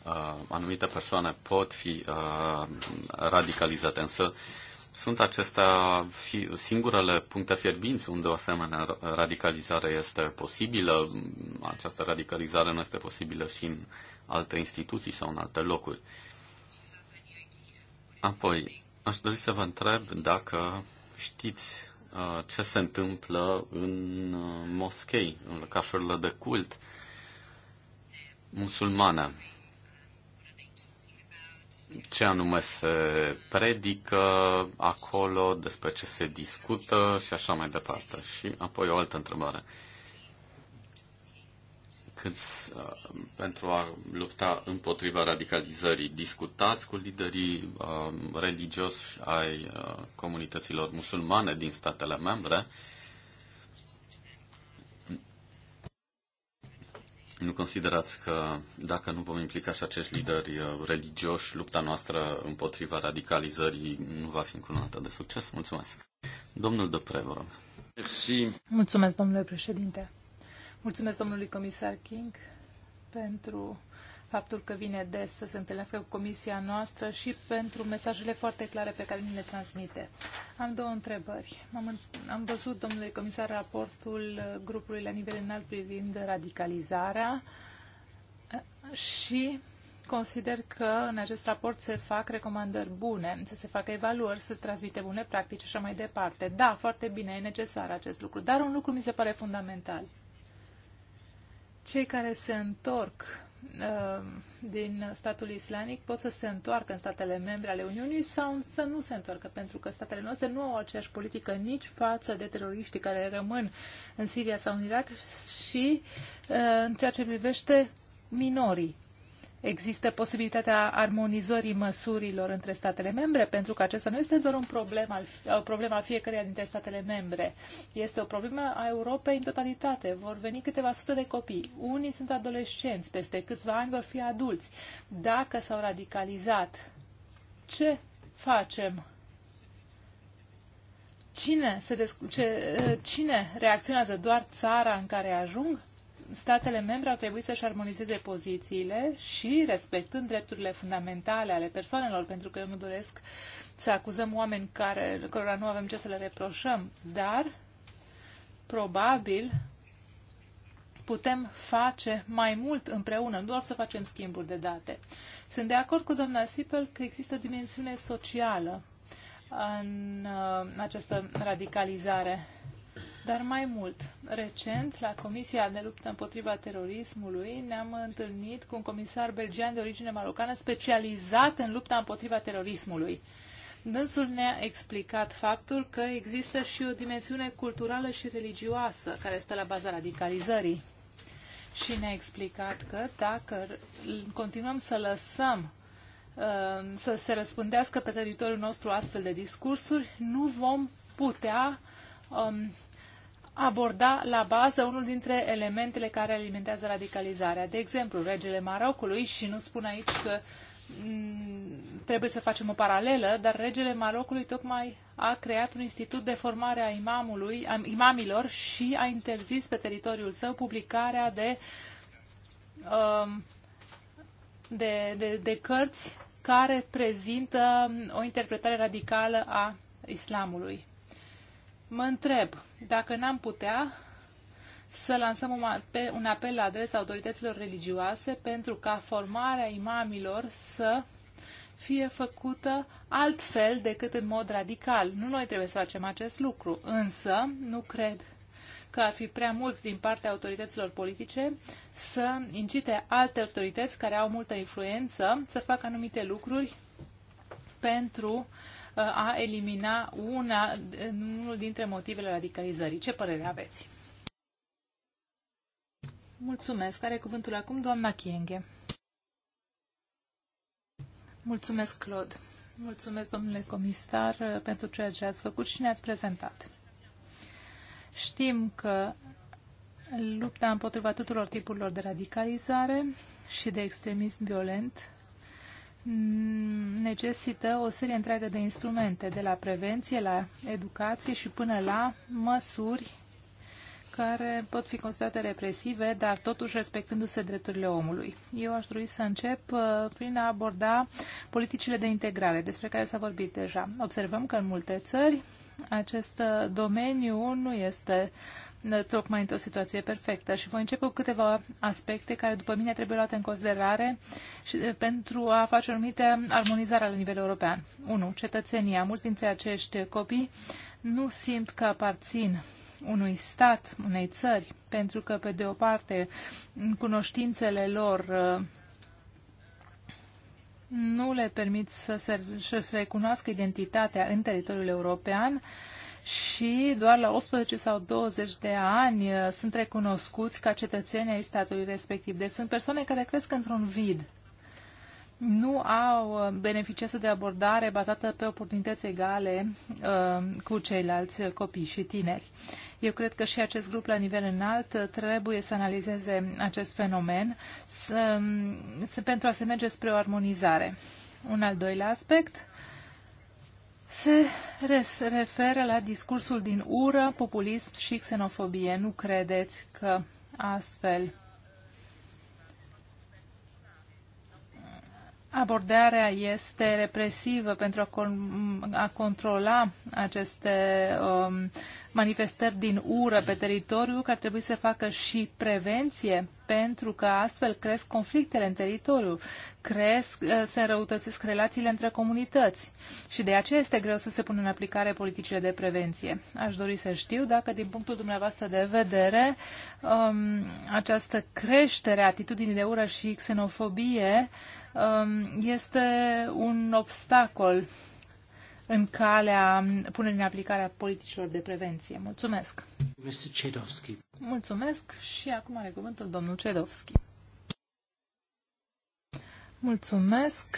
Uh, anumite persoane pot fi uh, radicalizate, însă sunt acestea fi, singurele puncte fierbinți unde o asemenea radicalizare este posibilă. Această radicalizare nu este posibilă și în alte instituții sau în alte locuri. Apoi, aș dori să vă întreb dacă știți uh, ce se întâmplă în moschei, în lăcașurile de cult musulmane ce anume se predică acolo, despre ce se discută și așa mai departe. Și apoi o altă întrebare. Când, uh, pentru a lupta împotriva radicalizării, discutați cu liderii uh, religioși ai uh, comunităților musulmane din statele membre Nu considerați că dacă nu vom implica și acești lideri uh, religioși, lupta noastră împotriva radicalizării nu va fi încununată de succes? Mulțumesc. Domnul de vă rog. Mulțumesc, domnule președinte. Mulțumesc domnului comisar King pentru faptul că vine des să se întâlnească cu comisia noastră și pentru mesajele foarte clare pe care ni le transmite. Am două întrebări. Am, am văzut, domnule comisar, raportul grupului la nivel înalt privind radicalizarea și consider că în acest raport se fac recomandări bune, să se facă evaluări, să transmite bune practici și așa mai departe. Da, foarte bine, e necesar acest lucru, dar un lucru mi se pare fundamental. Cei care se întorc Uh, din statul islamic pot să se întoarcă în statele membre ale Uniunii sau să nu se întoarcă, pentru că statele noastre nu au aceeași politică nici față de teroriștii care rămân în Siria sau în Irak și uh, în ceea ce privește minorii Există posibilitatea armonizării măsurilor între statele membre, pentru că acesta nu este doar un problem al, o problemă a fiecăreia dintre statele membre. Este o problemă a Europei în totalitate. Vor veni câteva sute de copii. Unii sunt adolescenți, peste câțiva ani vor fi adulți. Dacă s-au radicalizat, ce facem? Cine, se desc- ce, cine reacționează? Doar țara în care ajung? statele membre au trebuit să-și armonizeze pozițiile și respectând drepturile fundamentale ale persoanelor, pentru că eu nu doresc să acuzăm oameni care, cărora nu avem ce să le reproșăm, dar probabil putem face mai mult împreună, nu doar să facem schimburi de date. Sunt de acord cu doamna Sipel că există dimensiune socială în uh, această radicalizare dar mai mult, recent, la Comisia de Luptă împotriva terorismului, ne-am întâlnit cu un comisar belgian de origine marocană specializat în lupta împotriva terorismului. Dânsul ne-a explicat faptul că există și o dimensiune culturală și religioasă care stă la baza radicalizării. Și ne-a explicat că dacă continuăm să lăsăm uh, să se răspândească pe teritoriul nostru astfel de discursuri, nu vom putea um, aborda la bază unul dintre elementele care alimentează radicalizarea. De exemplu, regele Marocului, și nu spun aici că mm, trebuie să facem o paralelă, dar regele Marocului tocmai a creat un institut de formare a imamului, a imamilor și a interzis pe teritoriul său publicarea de, um, de, de, de cărți care prezintă o interpretare radicală a islamului. Mă întreb dacă n-am putea să lansăm un apel, un apel la adresa autorităților religioase pentru ca formarea imamilor să fie făcută altfel decât în mod radical. Nu noi trebuie să facem acest lucru, însă nu cred că ar fi prea mult din partea autorităților politice să incite alte autorități care au multă influență să facă anumite lucruri pentru a elimina una, unul dintre motivele radicalizării. Ce părere aveți? Mulțumesc. Are cuvântul acum doamna Chienghe. Mulțumesc, Claude. Mulțumesc, domnule comisar, pentru ceea ce ați făcut și ne-ați prezentat. Știm că lupta împotriva tuturor tipurilor de radicalizare și de extremism violent Mm, necesită o serie întreagă de instrumente, de la prevenție, la educație și până la măsuri care pot fi considerate represive, dar totuși respectându-se drepturile omului. Eu aș dori să încep uh, prin a aborda politicile de integrare, despre care s-a vorbit deja. Observăm că în multe țări acest uh, domeniu nu este uh, tocmai într-o situație perfectă. Și voi începe cu câteva aspecte care, după mine, trebuie luate în considerare și, pentru a face o anumită armonizare la nivel european. 1. Cetățenia. Mulți dintre acești copii nu simt că aparțin unui stat, unei țări, pentru că, pe de o parte, cunoștințele lor nu le permit să se, să se recunoască identitatea în teritoriul european, uh, și doar la 18 sau 20 de ani uh, sunt recunoscuți ca cetățeni ai statului respectiv. Deci sunt persoane care cresc într-un vid. Nu au uh, beneficiază de abordare bazată pe oportunități egale uh, cu ceilalți copii și tineri. Eu cred că și acest grup la nivel înalt uh, trebuie să analizeze acest fenomen să, um, să, pentru a se merge spre o armonizare. Un al doilea aspect se referă la discursul din ură, populism și xenofobie. Nu credeți că astfel abordarea este represivă pentru a, con a controla aceste um, manifestări din ură pe teritoriu, că ar trebui să facă și prevenție, pentru că astfel cresc conflictele în teritoriu, cresc, eh, se înrăutățesc relațiile între comunități și de aceea este greu să se pună în aplicare politicile de prevenție. Aș dori să știu dacă, din punctul dumneavoastră de vedere, um, această creștere a atitudinii de ură și xenofobie um, este un obstacol în calea punerii în aplicare a politicilor de prevenție. Mulțumesc! Mulțumesc și acum are cuvântul domnul Cedovski. Mulțumesc!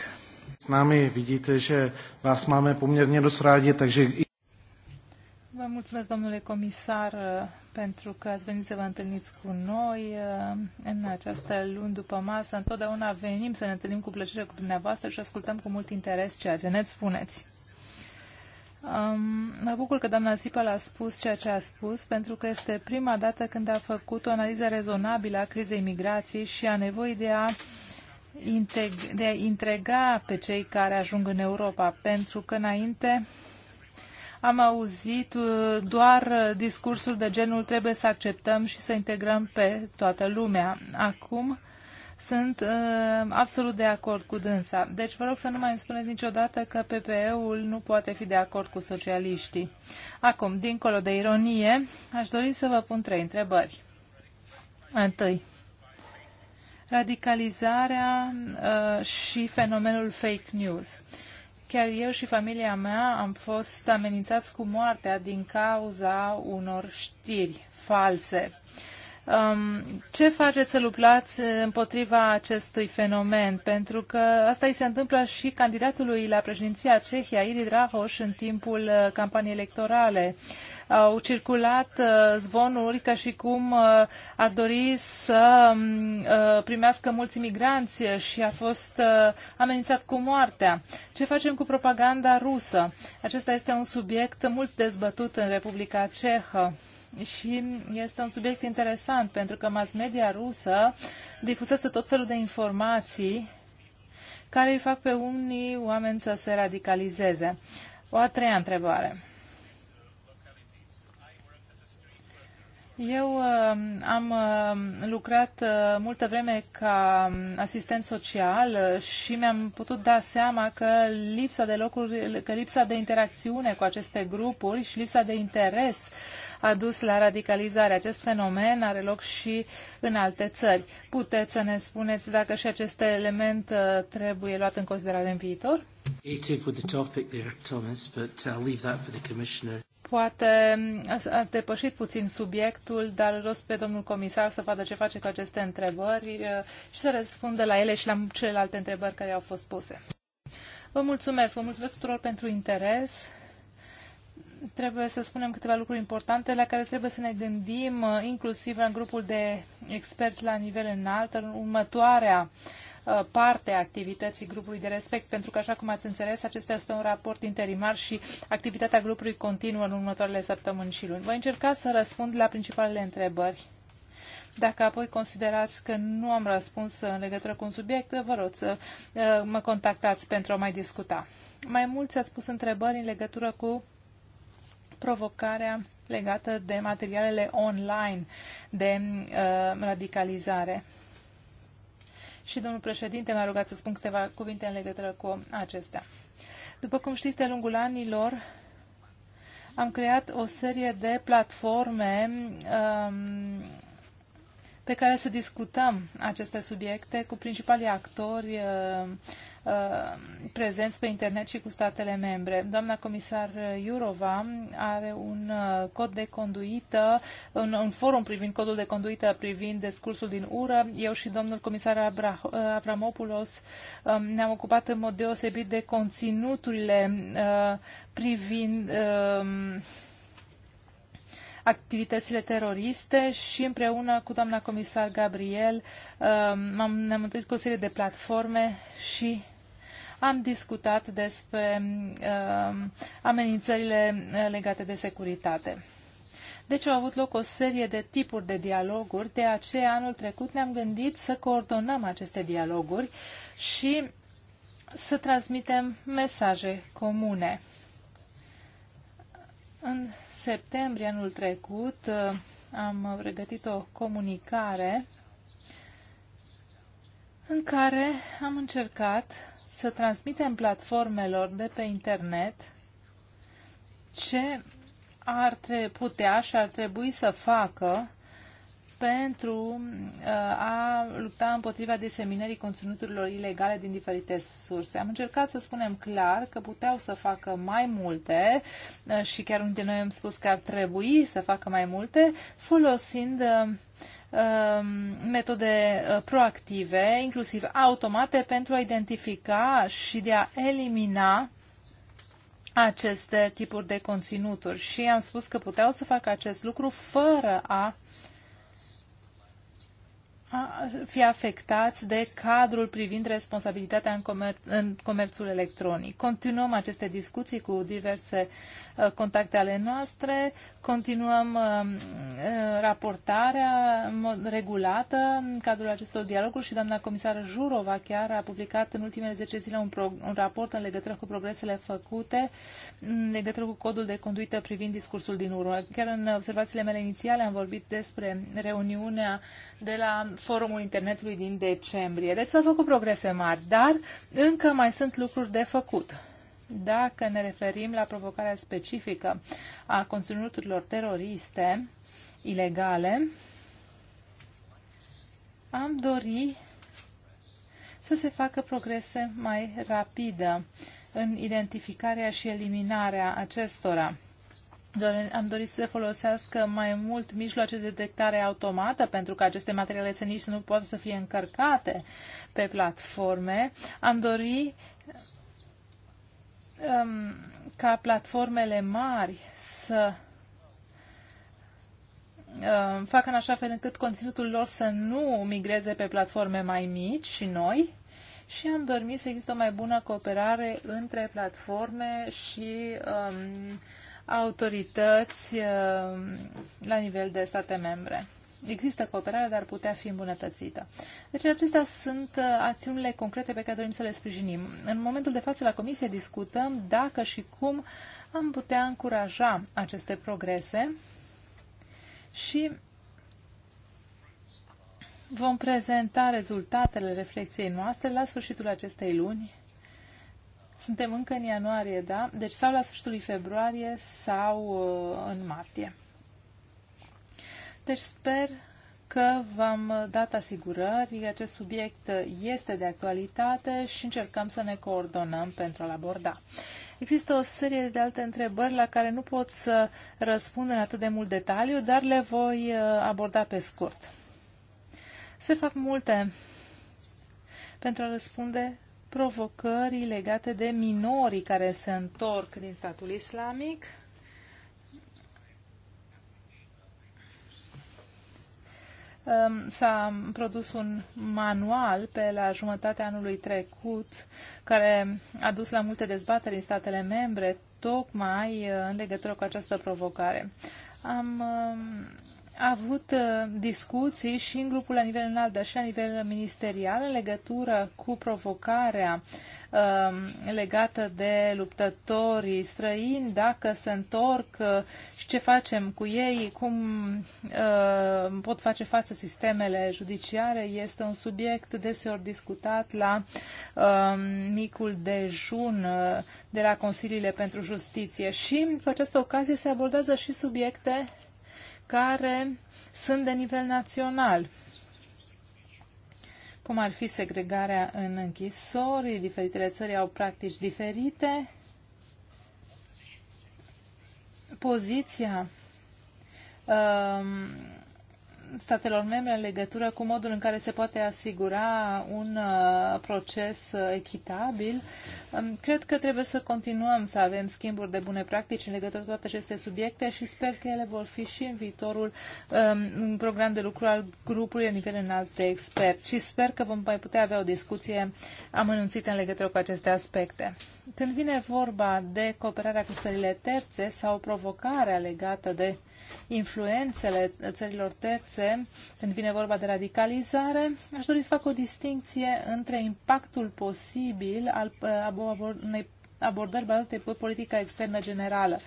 S námi vidíte, že vás máme poměrně dost rádi, takže... Vă mulțumesc, domnule comisar, pentru că ați venit să vă întâlniți cu noi uh, în această luni după masă. Întotdeauna venim să ne întâlnim cu plăcere cu dumneavoastră și ascultăm cu mult interes ceea ce ne spuneți. Um, mă bucur că doamna Zipel a spus ceea ce a spus, pentru că este prima dată când a făcut o analiză rezonabilă a crizei migrației și a nevoii de a, integ- de a integra pe cei care ajung în Europa, pentru că înainte am auzit uh, doar discursul de genul trebuie să acceptăm și să integrăm pe toată lumea. Acum sunt uh, absolut de acord cu dânsa. Deci vă rog să nu mai îmi spuneți niciodată că PPE-ul nu poate fi de acord cu socialiștii. Acum, dincolo de ironie, aș dori să vă pun trei întrebări. Întâi, radicalizarea uh, și fenomenul fake news. Chiar eu și familia mea am fost amenințați cu moartea din cauza unor știri false. Uh, Um, ce faceți să luptați împotriva acestui fenomen? Pentru că asta îi se întâmplă și candidatului la președinția Cehia, Iri Drahoș, în timpul uh, campaniei electorale. Au circulat uh, zvonuri ca și cum uh, ar dori să um, primească mulți imigranți și a fost amenințat cu moartea. Ce facem cu propaganda rusă? Acesta este un subiect mult dezbătut în Republica Cehă și este un subiect interesant pentru că mass media rusă difuzează tot felul de informații care îi fac pe unii oameni să se radicalizeze. O a treia întrebare. Eu um, am um, lucrat uh, multă vreme ca um, asistent social uh, și mi-am putut da seama că lipsa de locuri, că lipsa de interacțiune cu aceste grupuri și lipsa de interes a dus la radicalizare. Acest fenomen are loc și în alte țări. Puteți să ne spuneți dacă și acest element uh, trebuie luat în considerare în viitor? Uh, Poate uh, ați depășit puțin subiectul, dar rost pe domnul comisar să vadă ce face cu aceste întrebări și să răspundă la ele și la celelalte întrebări care au fost puse. Vă mulțumesc, vă mulțumesc tuturor pentru interes trebuie să spunem câteva lucruri importante la care trebuie să ne gândim, uh, inclusiv în grupul de experți la nivel înalt, în următoarea uh, parte a activității grupului de respect, pentru că, așa cum ați înțeles, acesta este un raport interimar și activitatea grupului continuă în următoarele săptămâni și luni. Voi încerca să răspund la principalele întrebări. Dacă apoi considerați că nu am răspuns în legătură cu un subiect, vă rog să uh, mă contactați pentru a mai discuta. Mai mulți ați pus întrebări în legătură cu provocarea legată de materialele online de uh, radicalizare. Și domnul președinte m-a rugat să spun câteva cuvinte în legătură cu acestea. După cum știți, de lungul anilor am creat o serie de platforme um, pe care să discutăm aceste subiecte cu principalii actori uh, Uh, prezenți pe internet și cu statele membre. Doamna comisar Iurova are un uh, cod de conduită, un, un forum privind codul de conduită privind discursul din ură. Eu și domnul comisar Abra, uh, Avramopoulos um, ne-am ocupat în mod deosebit de conținuturile privind um, activitățile teroriste și împreună cu doamna comisar Gabriel um, ne-am întâlnit cu o serie de platforme și am discutat despre um, uh, amenințările legate de securitate. Deci au avut loc o serie de tipuri de dialoguri, de aceea anul trecut ne-am gândit să coordonăm aceste dialoguri și să transmitem mesaje comune. În septembrie anul trecut uh, am pregătit o comunicare în care am încercat să transmitem platformelor de pe internet ce ar putea și ar trebui să facă pentru uh, a lupta împotriva diseminării conținuturilor ilegale din diferite surse. Am încercat să spunem clar că puteau să facă mai multe uh, și chiar unul dintre noi am spus că ar trebui să facă mai multe folosind uh, Um, metode uh, proactive, inclusiv automate, pentru a identifica și de a elimina aceste tipuri de conținuturi. Și am spus că puteau să facă acest lucru fără a fi afectați de cadrul privind responsabilitatea în, comer- în comerțul electronic. Continuăm aceste discuții cu diverse uh, contacte ale noastre, continuăm uh, uh raportarea regulată în cadrul acestor dialoguri și doamna comisară Jurova chiar a publicat în ultimele 10 zile un, un raport în legătură cu progresele făcute, în legătură cu codul de conduită privind discursul din urmă. Chiar în observațiile mele inițiale am vorbit despre reuniunea de la forumul internetului din decembrie. Deci s-au făcut progrese mari, dar încă mai sunt lucruri de făcut. Dacă ne referim la provocarea specifică a conținuturilor teroriste ilegale, am dori să se facă progrese mai rapidă în identificarea și eliminarea acestora am dorit să folosească mai mult mijloace de detectare automată, pentru că aceste materiale să nici nu pot să fie încărcate pe platforme. Am dorit um, ca platformele mari să um, facă în așa fel încât conținutul lor să nu migreze pe platforme mai mici și noi și am dormit să există o mai bună cooperare între platforme și um, autorități uh, la nivel de state membre. Există cooperare, dar putea fi îmbunătățită. Deci acestea sunt uh, acțiunile concrete pe care dorim să le sprijinim. În momentul de față la comisie discutăm dacă și cum am putea încuraja aceste progrese și vom prezenta rezultatele reflexiei noastre la sfârșitul acestei luni suntem încă în ianuarie, da? Deci sau la sfârșitul lui februarie sau uh, în martie. Deci sper că v-am dat asigurări, acest subiect este de actualitate și încercăm să ne coordonăm pentru a-l aborda. Există o serie de alte întrebări la care nu pot să răspund în atât de mult detaliu, dar le voi uh, aborda pe scurt. Se fac multe pentru a răspunde provocării legate de minorii care se întorc din statul islamic. S-a produs un manual pe la jumătatea anului trecut care a dus la multe dezbateri în statele membre tocmai uh, în legătură cu această provocare. Am um, a avut uh, discuții și în grupul la nivel înalt, dar și la nivel ministerial în legătură cu provocarea um, legată de luptătorii străini, dacă se întorc uh, și ce facem cu ei, cum uh, pot face față sistemele judiciare. Este un subiect deseori discutat la um, micul dejun de la Consiliile pentru Justiție și cu această ocazie se abordează și subiecte care sunt de nivel național, cum ar fi segregarea în închisori, diferitele țări au practici diferite. Poziția um, statelor membre în legătură cu modul în care se poate asigura un uh, proces uh, echitabil. Um, cred că trebuie să continuăm să avem schimburi de bune practici în legătură cu toate aceste subiecte și sper că ele vor fi și în viitorul în um, program de lucru al grupului la nivel înalt de experți și sper că vom mai putea avea o discuție amănunțită în legătură cu aceste aspecte. Când vine vorba de cooperarea cu țările terțe sau provocarea legată de influențele țărilor terțe, când vine vorba de radicalizare, aș dori să fac o distinție între impactul posibil al uh, unei abordări bazate pe politica externă generală,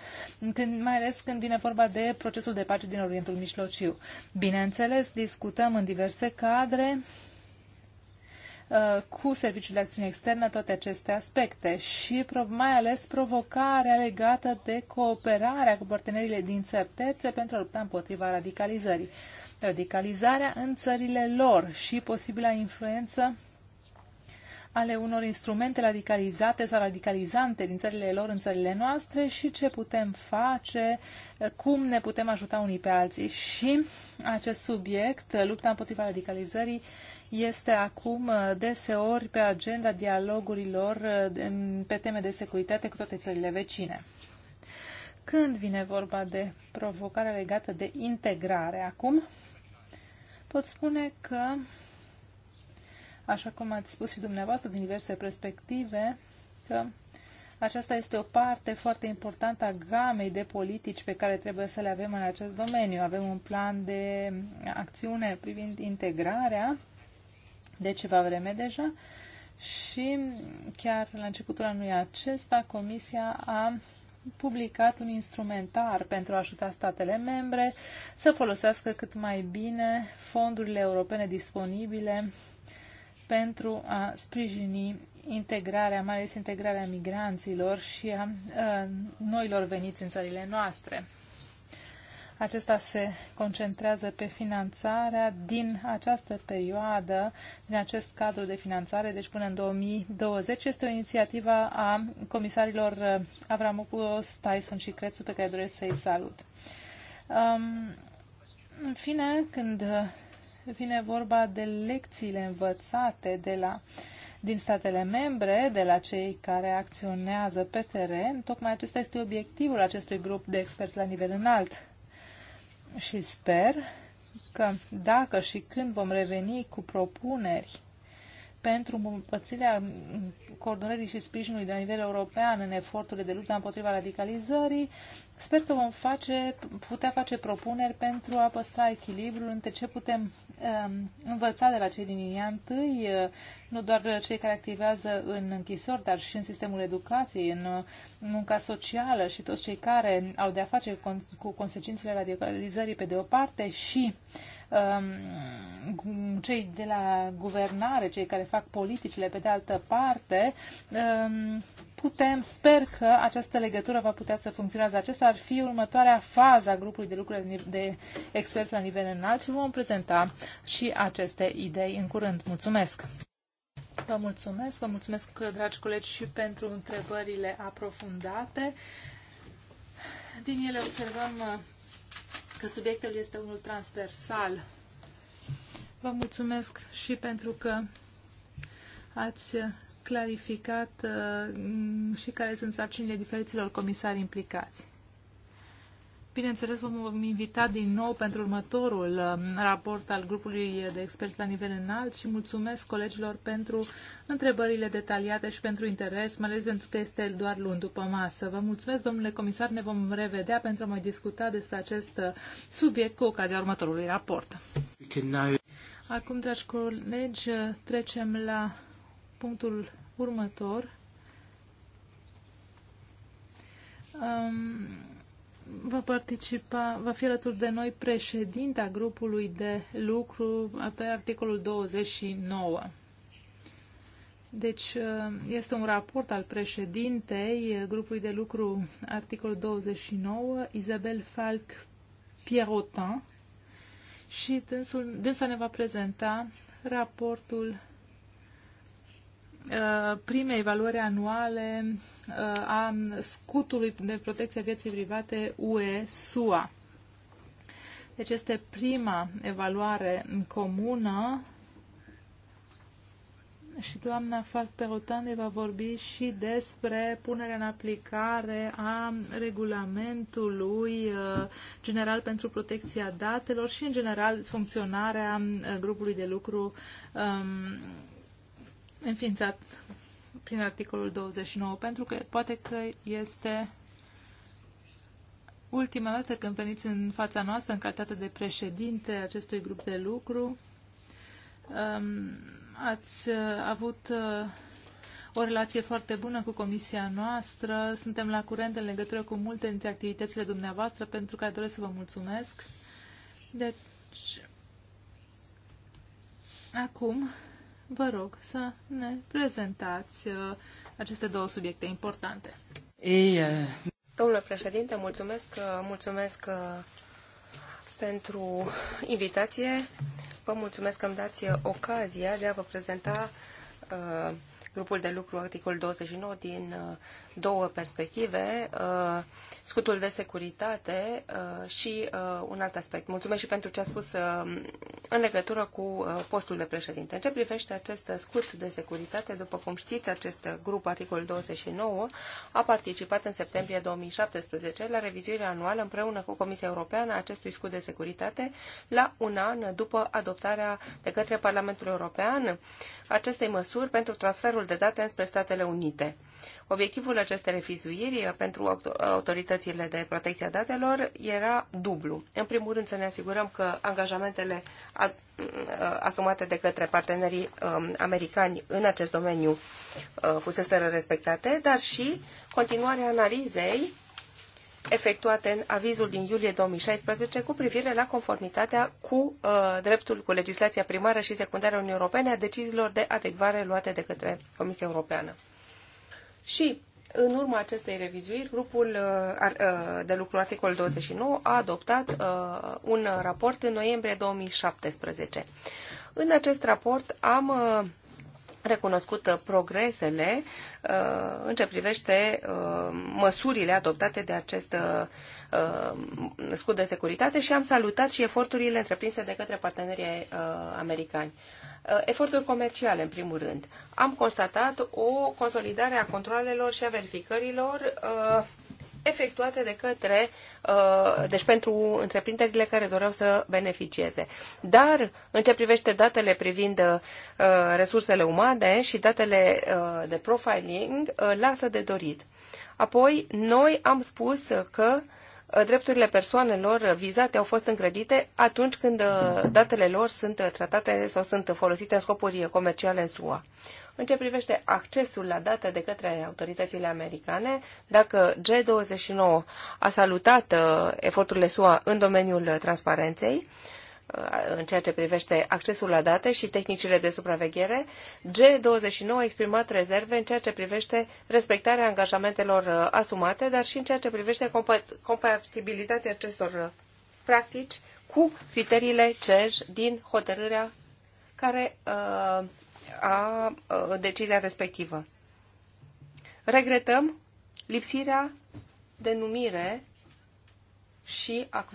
când, mai ales când vine vorba de procesul de pace din Orientul Mijlociu. Bineînțeles, discutăm în diverse cadre Uh, cu Serviciul de Acțiune Externă toate aceste aspecte și mai ales provocarea legată de cooperarea cu partenerile din țări terțe pentru a lupta împotriva radicalizării. Radicalizarea în țările lor și posibila influență ale unor instrumente radicalizate sau radicalizante din țările lor în țările noastre și ce putem face, cum ne putem ajuta unii pe alții. Și acest subiect, lupta împotriva radicalizării, este acum uh, deseori pe agenda dialogurilor uh, pe teme de securitate cu toate țările vecine. Când vine vorba de provocarea legată de integrare acum, pot spune că, așa cum ați spus și dumneavoastră din diverse perspective, că aceasta este o parte foarte importantă a gamei de politici pe care trebuie să le avem în acest domeniu. Avem un plan de acțiune privind integrarea de ceva vreme deja și chiar la începutul anului acesta Comisia a publicat un instrumentar pentru a ajuta statele membre să folosească cât mai bine fondurile europene disponibile pentru a sprijini integrarea, mai ales integrarea migranților și a, a uh, noilor veniți în țările noastre. Acesta se concentrează pe finanțarea din această perioadă, din acest cadru de finanțare, deci până în 2020. Este o inițiativă a comisarilor Avramopoulos, Tyson și Crețu, pe care doresc să-i salut. Um, în fine, când vine vorba de lecțiile învățate de la din statele membre, de la cei care acționează pe teren. Tocmai acesta este obiectivul acestui grup de experți la nivel înalt și sper că dacă și când vom reveni cu propuneri pentru îmbunătățirea coordonării și sprijinului de la nivel european în eforturile de luptă împotriva radicalizării, Sper că vom face, putea face propuneri pentru a păstra echilibrul între ce putem um, învăța de la cei din linia întâi, uh, nu doar cei care activează în închisori, dar și în sistemul educației, în uh, munca socială și toți cei care au de-a face cu, cu consecințele radicalizării pe de o parte și um, cei de la guvernare, cei care fac politicile pe de altă parte. Um, putem, sper că această legătură va putea să funcționeze. Acesta ar fi următoarea fază a grupului de lucruri de experți la nivel înalt și vom prezenta și aceste idei în curând. Mulțumesc! Vă mulțumesc, vă mulțumesc, dragi colegi, și pentru întrebările aprofundate. Din ele observăm uh, că subiectul este unul transversal. Vă mulțumesc și pentru că ați uh, clarificat uh, mm, și care sunt sarcinile diferiților comisari implicați. Bineînțeles, vom invita din nou pentru următorul um, raport al grupului de experți la nivel înalt și mulțumesc colegilor pentru întrebările detaliate și pentru interes, mai ales pentru că este doar luni după masă. Vă mulțumesc, domnule comisar, ne vom revedea pentru a mai discuta despre acest uh, subiect cu ocazia următorului raport. Acum, dragi colegi, trecem la punctul următor. Um, va participa, va fi alături de noi președinta grupului de lucru pe articolul 29. Deci este un raport al președintei grupului de lucru articolul 29, Isabel Falc Pierrotin, și dânsul, dânsa ne va prezenta raportul Uh, primei valori anuale uh, a scutului de protecție a vieții private UE-SUA. Deci este prima evaluare comună și doamna Falperotan va vorbi și despre punerea în aplicare a regulamentului uh, general pentru protecția datelor și, în general, funcționarea grupului de lucru um, înființat prin articolul 29, pentru că poate că este ultima dată când veniți în fața noastră în calitate de președinte acestui grup de lucru. Um, ați uh, avut uh, o relație foarte bună cu comisia noastră. Suntem la curent în legătură cu multe dintre activitățile dumneavoastră, pentru care doresc să vă mulțumesc. Deci, acum vă rog să ne prezentați uh, aceste două subiecte importante. Ei, uh, Domnule președinte, mulțumesc, uh, mulțumesc pentru invitație. Vă mulțumesc că îmi dați ocazia de a vă prezenta grupul de lucru articol 29 din două perspective, uh, scutul de securitate uh, și uh, un alt aspect. Mulțumesc și pentru ce a spus în legătură cu postul de președinte. În ce privește acest scut de securitate, după cum știți, acest grup, articolul 29, a participat în septembrie 2017 la revizuirea anuală împreună cu Comisia Europeană a acestui scut de securitate la un an după adoptarea de către Parlamentul European acestei măsuri pentru transferul de date înspre Statele Unite. Obiectivul acestei revizuiri pentru autoritățile de protecție a datelor era dublu. În primul rând să ne asigurăm că angajamentele asumate de către partenerii um, americani în acest domeniu uh, fuseseră respectate, dar și continuarea analizei efectuate în avizul din iulie 2016 cu privire la conformitatea cu uh, dreptul, cu legislația primară și secundară Uniunii Europene a deciziilor de adecvare luate de către Comisia Europeană. Și în urma acestei revizuiri, grupul uh, uh, de lucru articol 29 a adoptat uh, un raport în noiembrie 2017. În acest raport am recunoscut progresele în ce privește măsurile adoptate de acest scut de securitate și am salutat și eforturile întreprinse de către partenerii americani. Uh, eforturi comerciale, în primul rând. Am constatat o consolidare a controlelor și a verificărilor uh, efectuate de către, uh, deci pentru întreprinderile care doreau să beneficieze. Dar, în ce privește datele privind resursele umane și datele de profiling, lasă de dorit. Apoi, noi am spus că uh, drepturile persoanelor vizate au fost încredite atunci când uh, datele lor sunt tratate sau sunt folosite în scopuri comerciale în SUA. În ce privește accesul la date de către autoritățile americane, dacă G29 a salutat uh, eforturile SUA în domeniul transparenței, Uh, în ceea ce privește accesul la date și tehnicile de supraveghere. G29 a exprimat rezerve în ceea ce privește respectarea angajamentelor uh, asumate, dar și în ceea ce privește compatibilitatea acestor uh, practici cu criteriile CEJ din hotărârea care a decizia respectivă. Regretăm lipsirea denumire și a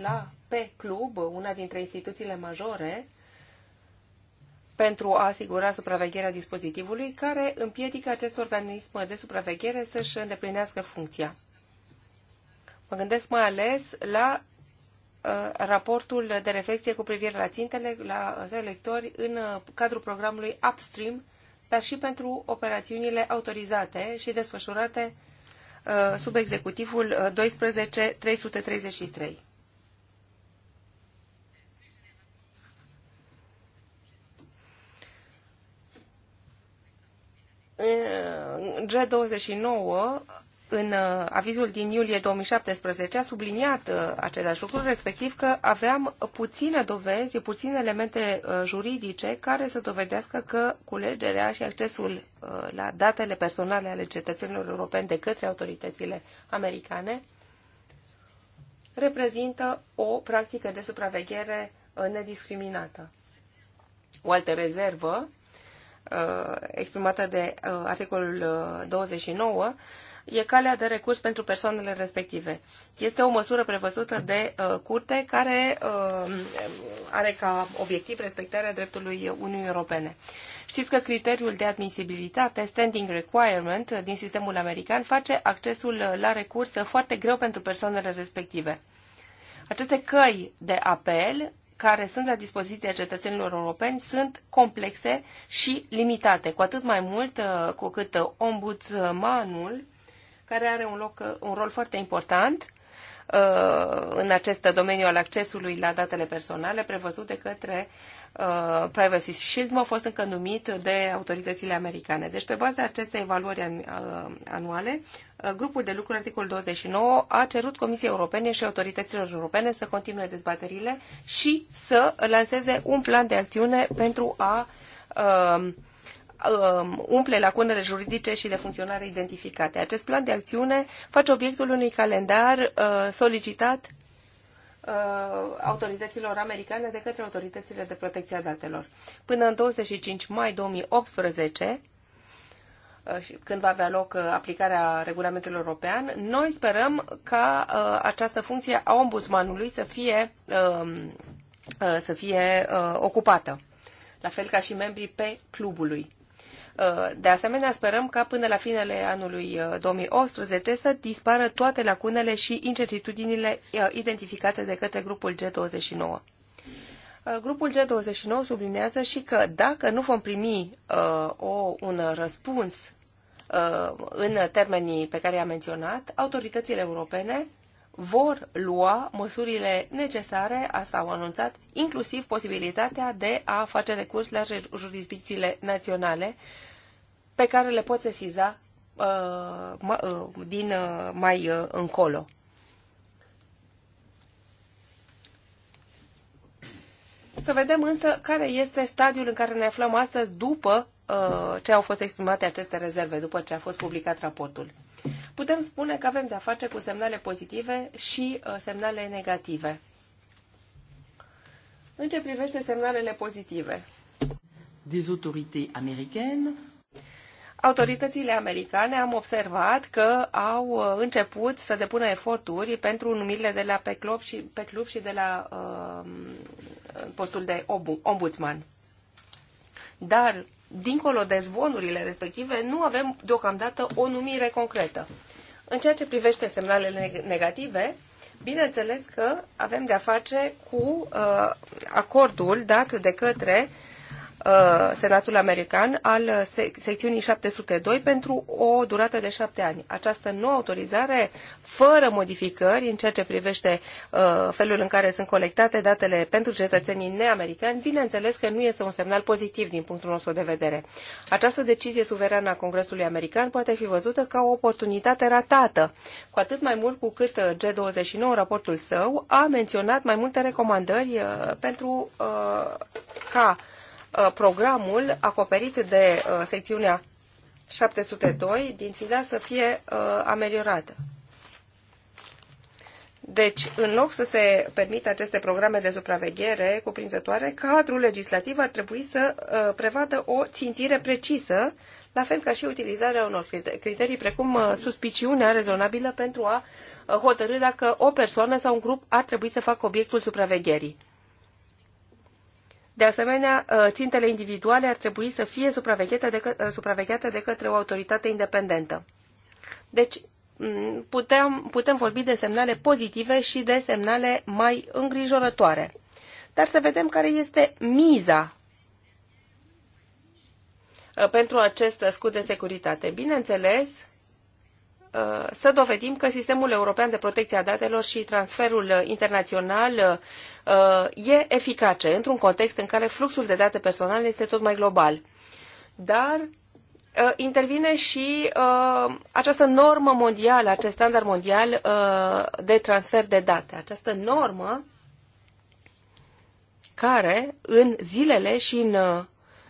la pe club, una dintre instituțiile majore, pentru a asigura supravegherea dispozitivului, care împiedică acest organism de supraveghere să-și îndeplinească funcția. Mă gândesc mai ales la uh, raportul de reflexie cu privire la țintele la selectori în uh, cadrul programului Upstream, dar și pentru operațiunile autorizate și desfășurate uh, sub executivul 12333. G29 în uh, avizul din iulie 2017 a subliniat uh, același lucru, respectiv că aveam puține dovezi, puține elemente uh, juridice care să dovedească că culegerea și accesul la datele personale ale cetățenilor europeni de către autoritățile americane reprezintă o practică de supraveghere nediscriminată. O altă rezervă Uh, exprimată de uh, articolul 29 uh, e calea de recurs pentru persoanele respective. Este o măsură prevăzută de uh, curte care uh, are ca obiectiv respectarea dreptului Uniunii Europene. Știți că criteriul de admisibilitate, standing requirement, din sistemul american face accesul la recurs foarte greu pentru persoanele respective. Aceste căi de apel care sunt la dispoziția cetățenilor europeni sunt complexe și limitate, cu atât mai mult uh, cu cât uh, ombudsmanul, care are un, loc, uh, un rol foarte important în acest domeniu al accesului la datele personale prevăzute către Uh, privacy Shield nu a fost încă numit de autoritățile americane. Deci, pe baza acestei evaluări uh, anuale, uh, grupul de lucru articol 29 a cerut Comisiei Europene și autorităților europene să continue dezbaterile și să lanseze un plan de acțiune pentru a um, umple lacunele juridice și de funcționare identificate. Acest plan de acțiune face obiectul unui calendar solicitat Uh, autorităților americane de către autoritățile de protecție a datelor. Până în 25 mai 2018, uh, când va avea loc uh, aplicarea regulamentului european, noi sperăm ca această funcție a ombudsmanului să fie, um, să fie ocupată, la fel ca și membrii pe clubului. Uh, de asemenea, sperăm ca până la finele anului 2018 uh, să dispară toate lacunele și incertitudinile uh, identificate de către grupul G29. Grupul G29 sublinează și că dacă nu vom primi uh, o, un răspuns uh, în termenii pe care i-am menționat, autoritățile europene vor lua măsurile necesare, asta au anunțat, inclusiv posibilitatea de a face recurs la jurisdicțiile naționale pe care le pot sesiza uh, uh, din uh, mai uh, încolo. Să vedem însă care este stadiul în care ne aflăm astăzi după uh, ce au fost exprimate aceste rezerve, după ce a fost publicat raportul. Putem spune că avem de-a face cu semnale pozitive și uh, semnale negative. În ce privește semnalele pozitive? Des autorités américaines autoritățile americane am observat că au uh, început să depună eforturi pentru numirile de la pe club și, pe club și de la uh, postul de ombudsman. Dar dincolo de zvonurile respective, nu avem deocamdată o numire concretă. În ceea ce privește semnalele negative, bineînțeles că avem de-a face cu uh, acordul dat de către uh, Uh, Senatul American al secțiunii 702 pentru o durată de șapte ani. Această nouă autorizare, fără modificări în ceea ce privește uh, felul în care sunt colectate datele pentru cetățenii neamericani, bineînțeles că nu este un semnal pozitiv din punctul nostru de vedere. Această decizie suverană a Congresului American poate fi văzută ca o oportunitate ratată, cu atât mai mult cu cât uh, G29, raportul său, a menționat mai multe recomandări pentru ca Uh, programul acoperit de uh, secțiunea 702 din FIDA să fie uh, ameliorată. Deci, în loc să se permită aceste programe de supraveghere cuprinzătoare, cadrul legislativ ar trebui să prevadă o țintire precisă, la fel ca și utilizarea unor criterii precum suspiciunea rezonabilă pentru a hotărâ dacă o persoană sau un grup ar trebui să facă obiectul supravegherii. De asemenea, ă, țintele individuale ar trebui să fie supravegheate de, că, supravegheate de către o autoritate independentă. Deci, putem, putem vorbi de semnale pozitive și de semnale mai îngrijorătoare. Dar să vedem care este miza ă, pentru acest scut de securitate. Bineînțeles, Uh, să dovedim că sistemul european de protecție a datelor și transferul internațional uh, e eficace într-un context în care fluxul de date personale este tot mai global. Dar uh, intervine și această normă mondială, acest standard mondial de transfer de date. Această normă care în zilele și în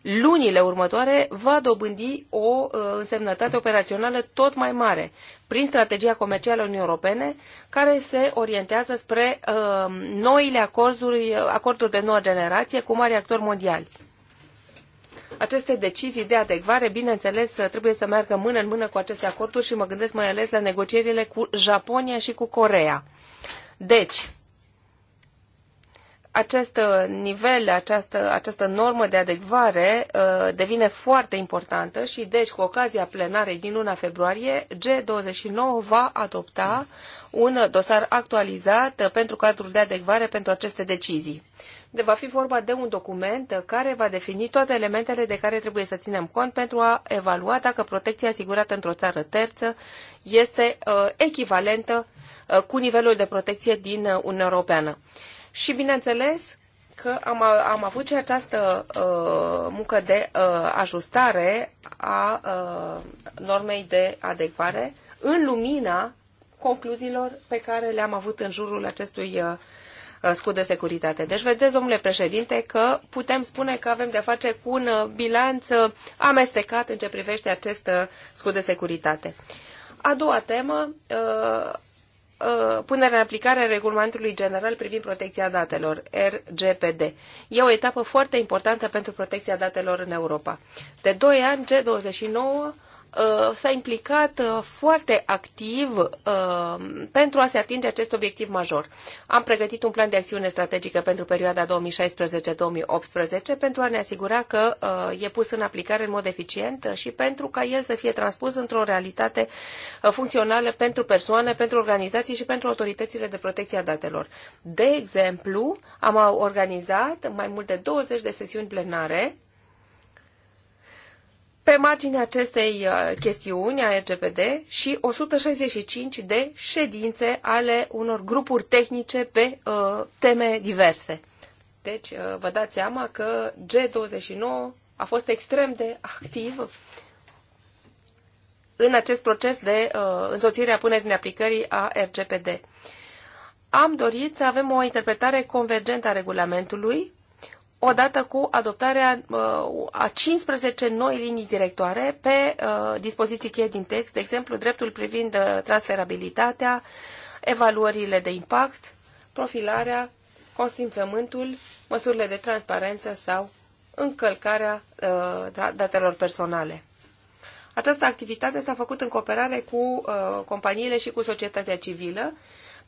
lunile următoare va dobândi o uh, însemnătate operațională tot mai mare prin strategia comercială a Uniunii Europene, care se orientează spre uh, noile acorduri, uh, acorduri de nouă generație cu mari actori mondiali. Aceste decizii de adecvare, bineînțeles, trebuie să meargă mână în mână cu aceste acorduri și mă gândesc mai ales la negocierile cu Japonia și cu Corea. Deci, acest uh, nivel, această, această normă de adecvare uh, devine foarte importantă și deci cu ocazia plenarei din luna februarie G29 va adopta un dosar actualizat pentru cadrul de adecvare pentru aceste decizii. De va fi vorba de un document care va defini toate elementele de care trebuie să ținem cont pentru a evalua dacă protecția asigurată într-o țară terță este uh, echivalentă cu nivelul de protecție din Uniunea Europeană și, bineînțeles, că am, am avut și această uh, muncă de uh, ajustare a uh, normei de adecvare în lumina concluziilor pe care le-am avut în jurul acestui uh, uh scut de securitate. Deci vedeți, domnule președinte, că putem spune că avem de face cu un uh, bilanț uh, amestecat în ce privește acest scut de securitate. A doua temă Uh, punerea în aplicare a regulamentului general privind protecția datelor, RGPD. E o etapă foarte importantă pentru protecția datelor în Europa. De 2 ani, G29 Uh, s-a implicat uh, foarte activ uh, pentru a se atinge acest obiectiv major. Am pregătit un plan de acțiune strategică pentru perioada 2016-2018 pentru a ne asigura că e pus în aplicare în mod eficient și pentru ca el să fie transpus într-o realitate funcțională pentru persoane, pentru organizații și pentru autoritățile de protecție a datelor. De exemplu, am organizat mai mult de 20 de sesiuni plenare pe marginea acestei uh, chestiuni a RGPD și 165 de ședințe ale unor grupuri tehnice pe uh, teme diverse. Deci uh, vă dați seama că G29 a fost extrem de activ în acest proces de uh, însoțire a punerii în aplicării a RGPD. Am dorit să avem o interpretare convergentă a regulamentului odată cu adoptarea uh, a 15 noi linii directoare pe uh, dispoziții cheie din text, de exemplu, dreptul privind uh, transferabilitatea, evaluările de impact, profilarea, consimțământul, măsurile de transparență sau încălcarea da, datelor personale. Această activitate s-a făcut în cooperare cu companiile și cu societatea civilă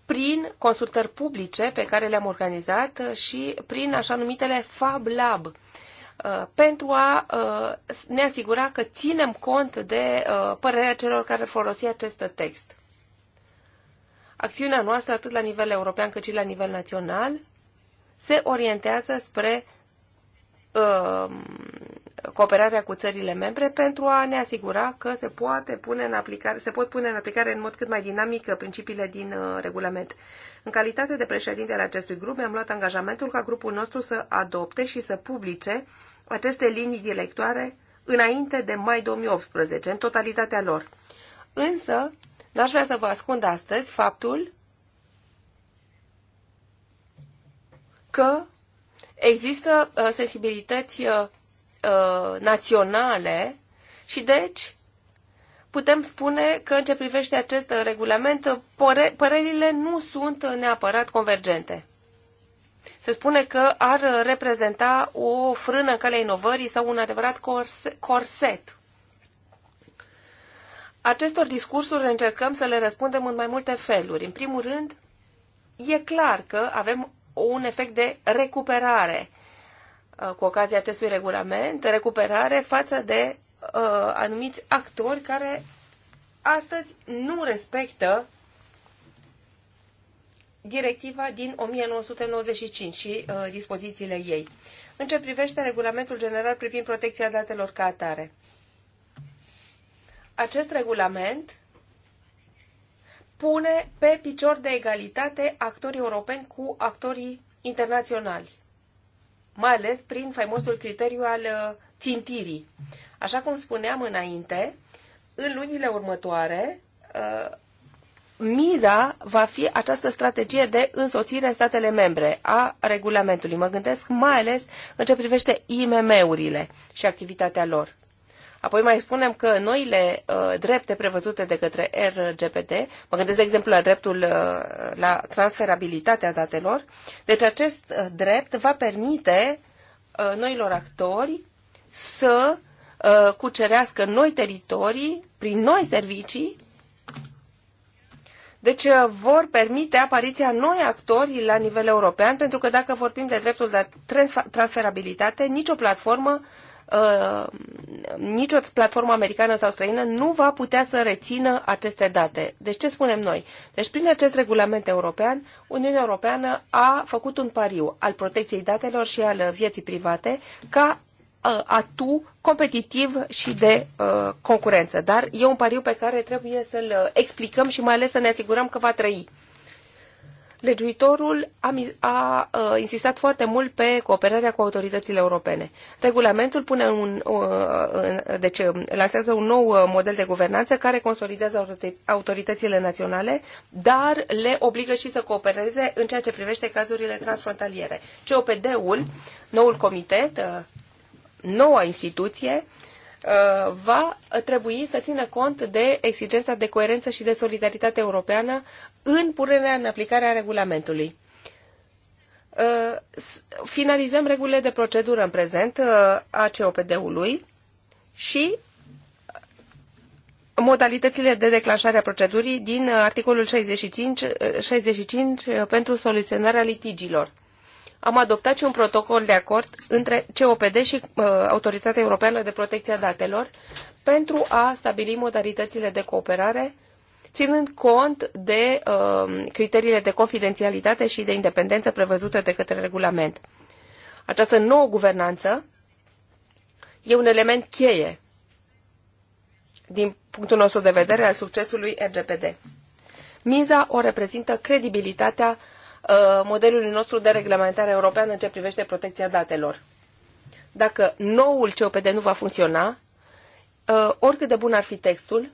prin consultări publice pe care le-am organizat uh, și prin așa numitele Fab Lab uh, pentru a uh, ne asigura că ținem cont de părerea celor care folosi acest text. Acțiunea noastră, atât la nivel european cât și la nivel național, se orientează spre cooperarea cu țările membre pentru a ne asigura că se, poate pune în aplicare, se pot pune în aplicare în mod cât mai dinamic principiile din uh, regulament. În calitate de președinte al acestui grup, mi-am luat angajamentul ca grupul nostru să adopte și să publice aceste linii directoare înainte de mai 2018, în totalitatea lor. Însă, n-aș vrea să vă ascund astăzi faptul că există uh, sensibilități uh, Uh, naționale și deci putem spune că în ce privește acest regulament, părerile nu sunt neapărat convergente. Se spune că ar reprezenta o frână în calea inovării sau un adevărat corset. Acestor discursuri încercăm să le răspundem în mai multe feluri. În primul rând, e clar că avem un efect de recuperare Uh, cu ocazia acestui regulament recuperare față de uh, anumiți actori care astăzi nu respectă directiva din 1995 și uh, dispozițiile ei. În ce privește regulamentul general privind protecția datelor ca atare. Acest regulament pune pe picior de egalitate actorii europeni cu actorii internaționali mai ales prin faimosul criteriu al uh, țintirii. Așa cum spuneam înainte, în lunile următoare, uh, miza va fi această strategie de însoțire în statele membre a regulamentului. Mă gândesc mai ales în ce privește IMM-urile și activitatea lor. Apoi mai spunem că noile uh, drepte prevăzute de către RGPD, mă gândesc de exemplu la dreptul uh, la transferabilitatea datelor, deci acest uh, drept va permite uh, noilor actori să uh, cucerească noi teritorii prin noi servicii deci uh, vor permite apariția noi actori la nivel european, pentru că dacă vorbim de dreptul de transferabilitate, nicio platformă Uh, nicio platformă americană sau străină nu va putea să rețină aceste date. Deci ce spunem noi? Deci prin acest regulament european, Uniunea Europeană a făcut un pariu al protecției datelor și al vieții private ca uh, atu competitiv și de uh, concurență. Dar e un pariu pe care trebuie să-l explicăm și mai ales să ne asigurăm că va trăi legiuitorul a, a, a uh, insistat foarte mult pe cooperarea cu autoritățile europene. Regulamentul pune un, uh, deci, um, lansează un nou uh, model de guvernanță care consolidează autoritățile naționale, dar le obligă și să coopereze în ceea ce privește cazurile transfrontaliere. COPD-ul, noul comitet, noua instituție, va trebui să țină cont de exigența de coerență și de solidaritate europeană în punerea în aplicare a regulamentului. Uh, finalizăm regulile de procedură în prezent uh, a COPD-ului și modalitățile de declanșare a procedurii din uh, articolul 65, 65 pentru soluționarea litigiilor. Am adoptat și un protocol de acord între COPD și uh, Autoritatea Europeană de Protecție a Datelor pentru a stabili modalitățile de cooperare ținând cont de uh, criteriile de confidențialitate și de independență prevăzute de către regulament. Această nouă guvernanță e un element cheie din punctul nostru de vedere al succesului RGPD. Miza o reprezintă credibilitatea uh, modelului nostru de reglementare europeană în ce privește protecția datelor. Dacă noul COPD nu va funcționa, uh, oricât de bun ar fi textul,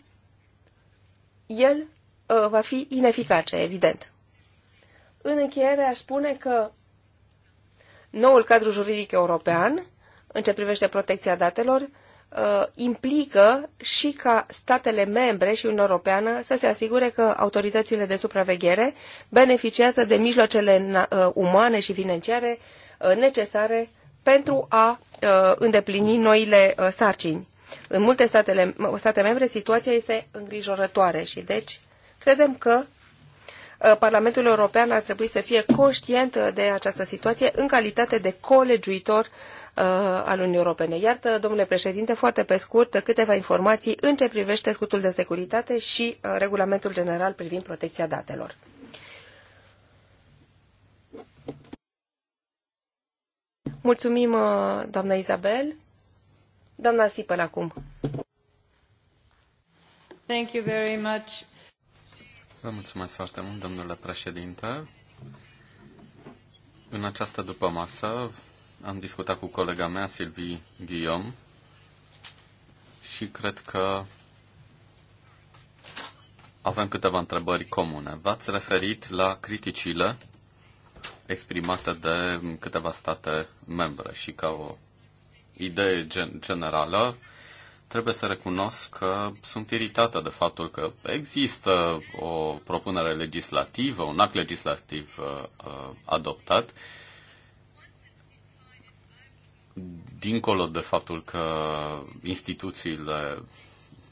el uh, va fi ineficace, evident. În încheiere aș spune că noul cadru juridic european, în ce privește protecția datelor, uh, implică și ca statele membre și Uniunea Europeană să se asigure că autoritățile de supraveghere beneficiază de mijloacele uh, umane și financiare necesare pentru a îndeplini noile sarcini în multe statele, state membre situația este îngrijorătoare și deci credem că uh, Parlamentul European ar trebui să fie conștient uh, de această situație în calitate de colegiuitor uh, al Uniunii Europene. Iartă, domnule președinte, foarte pe scurt, câteva informații în ce privește scutul de securitate și uh, regulamentul general privind protecția datelor. Mulțumim, uh, doamna Isabel. Doamna Sipăl acum. Thank you very much. Vă mulțumesc foarte mult, domnule președinte. În această dupămasă am discutat cu colega mea, Silvii Guillaume, și cred că avem câteva întrebări comune. V-ați referit la criticile exprimate de câteva state membre și ca o idee gen- generală, trebuie să recunosc că sunt iritată de faptul că există o propunere legislativă, un act legislativ uh, uh adoptat, dincolo de faptul că instituțiile,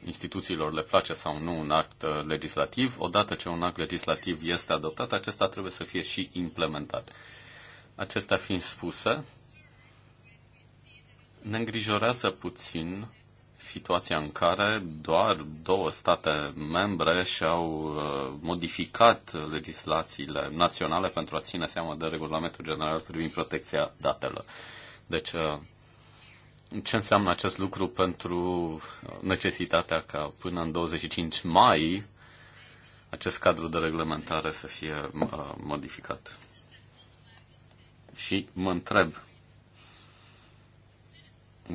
instituțiilor le place sau nu un act uh, legislativ, odată ce un act legislativ este adoptat, acesta trebuie să fie și implementat. Acestea fiind spuse, ne îngrijorează puțin situația în care doar două state membre și-au uh, modificat legislațiile naționale pentru a ține seama de regulamentul general privind protecția datelor. Deci, uh, ce înseamnă acest lucru pentru necesitatea ca până în 25 mai acest cadru de reglementare să fie uh, modificat? Și mă întreb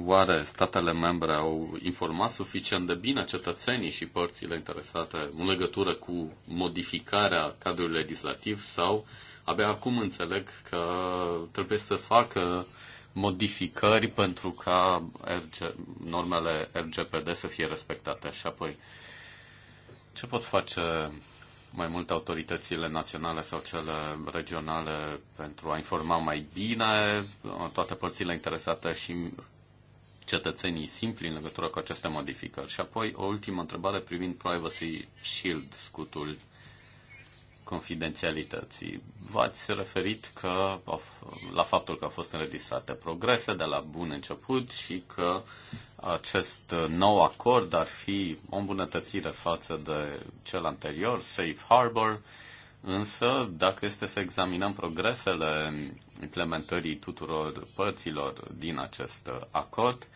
Oare statele membre au informat suficient de bine cetățenii și părțile interesate în legătură cu modificarea cadrului legislativ sau abia acum înțeleg că trebuie să facă modificări pentru ca RG, normele RGPD să fie respectate și apoi ce pot face mai mult autoritățile naționale sau cele regionale pentru a informa mai bine toate părțile interesate și cetățenii simpli în legătură cu aceste modificări. Și apoi o ultimă întrebare privind Privacy Shield, scutul confidențialității. V-ați referit că, la faptul că au fost înregistrate progrese de la bun început și că acest nou acord ar fi o îmbunătățire față de cel anterior, Safe Harbor, însă dacă este să examinăm progresele implementării tuturor părților din acest acord,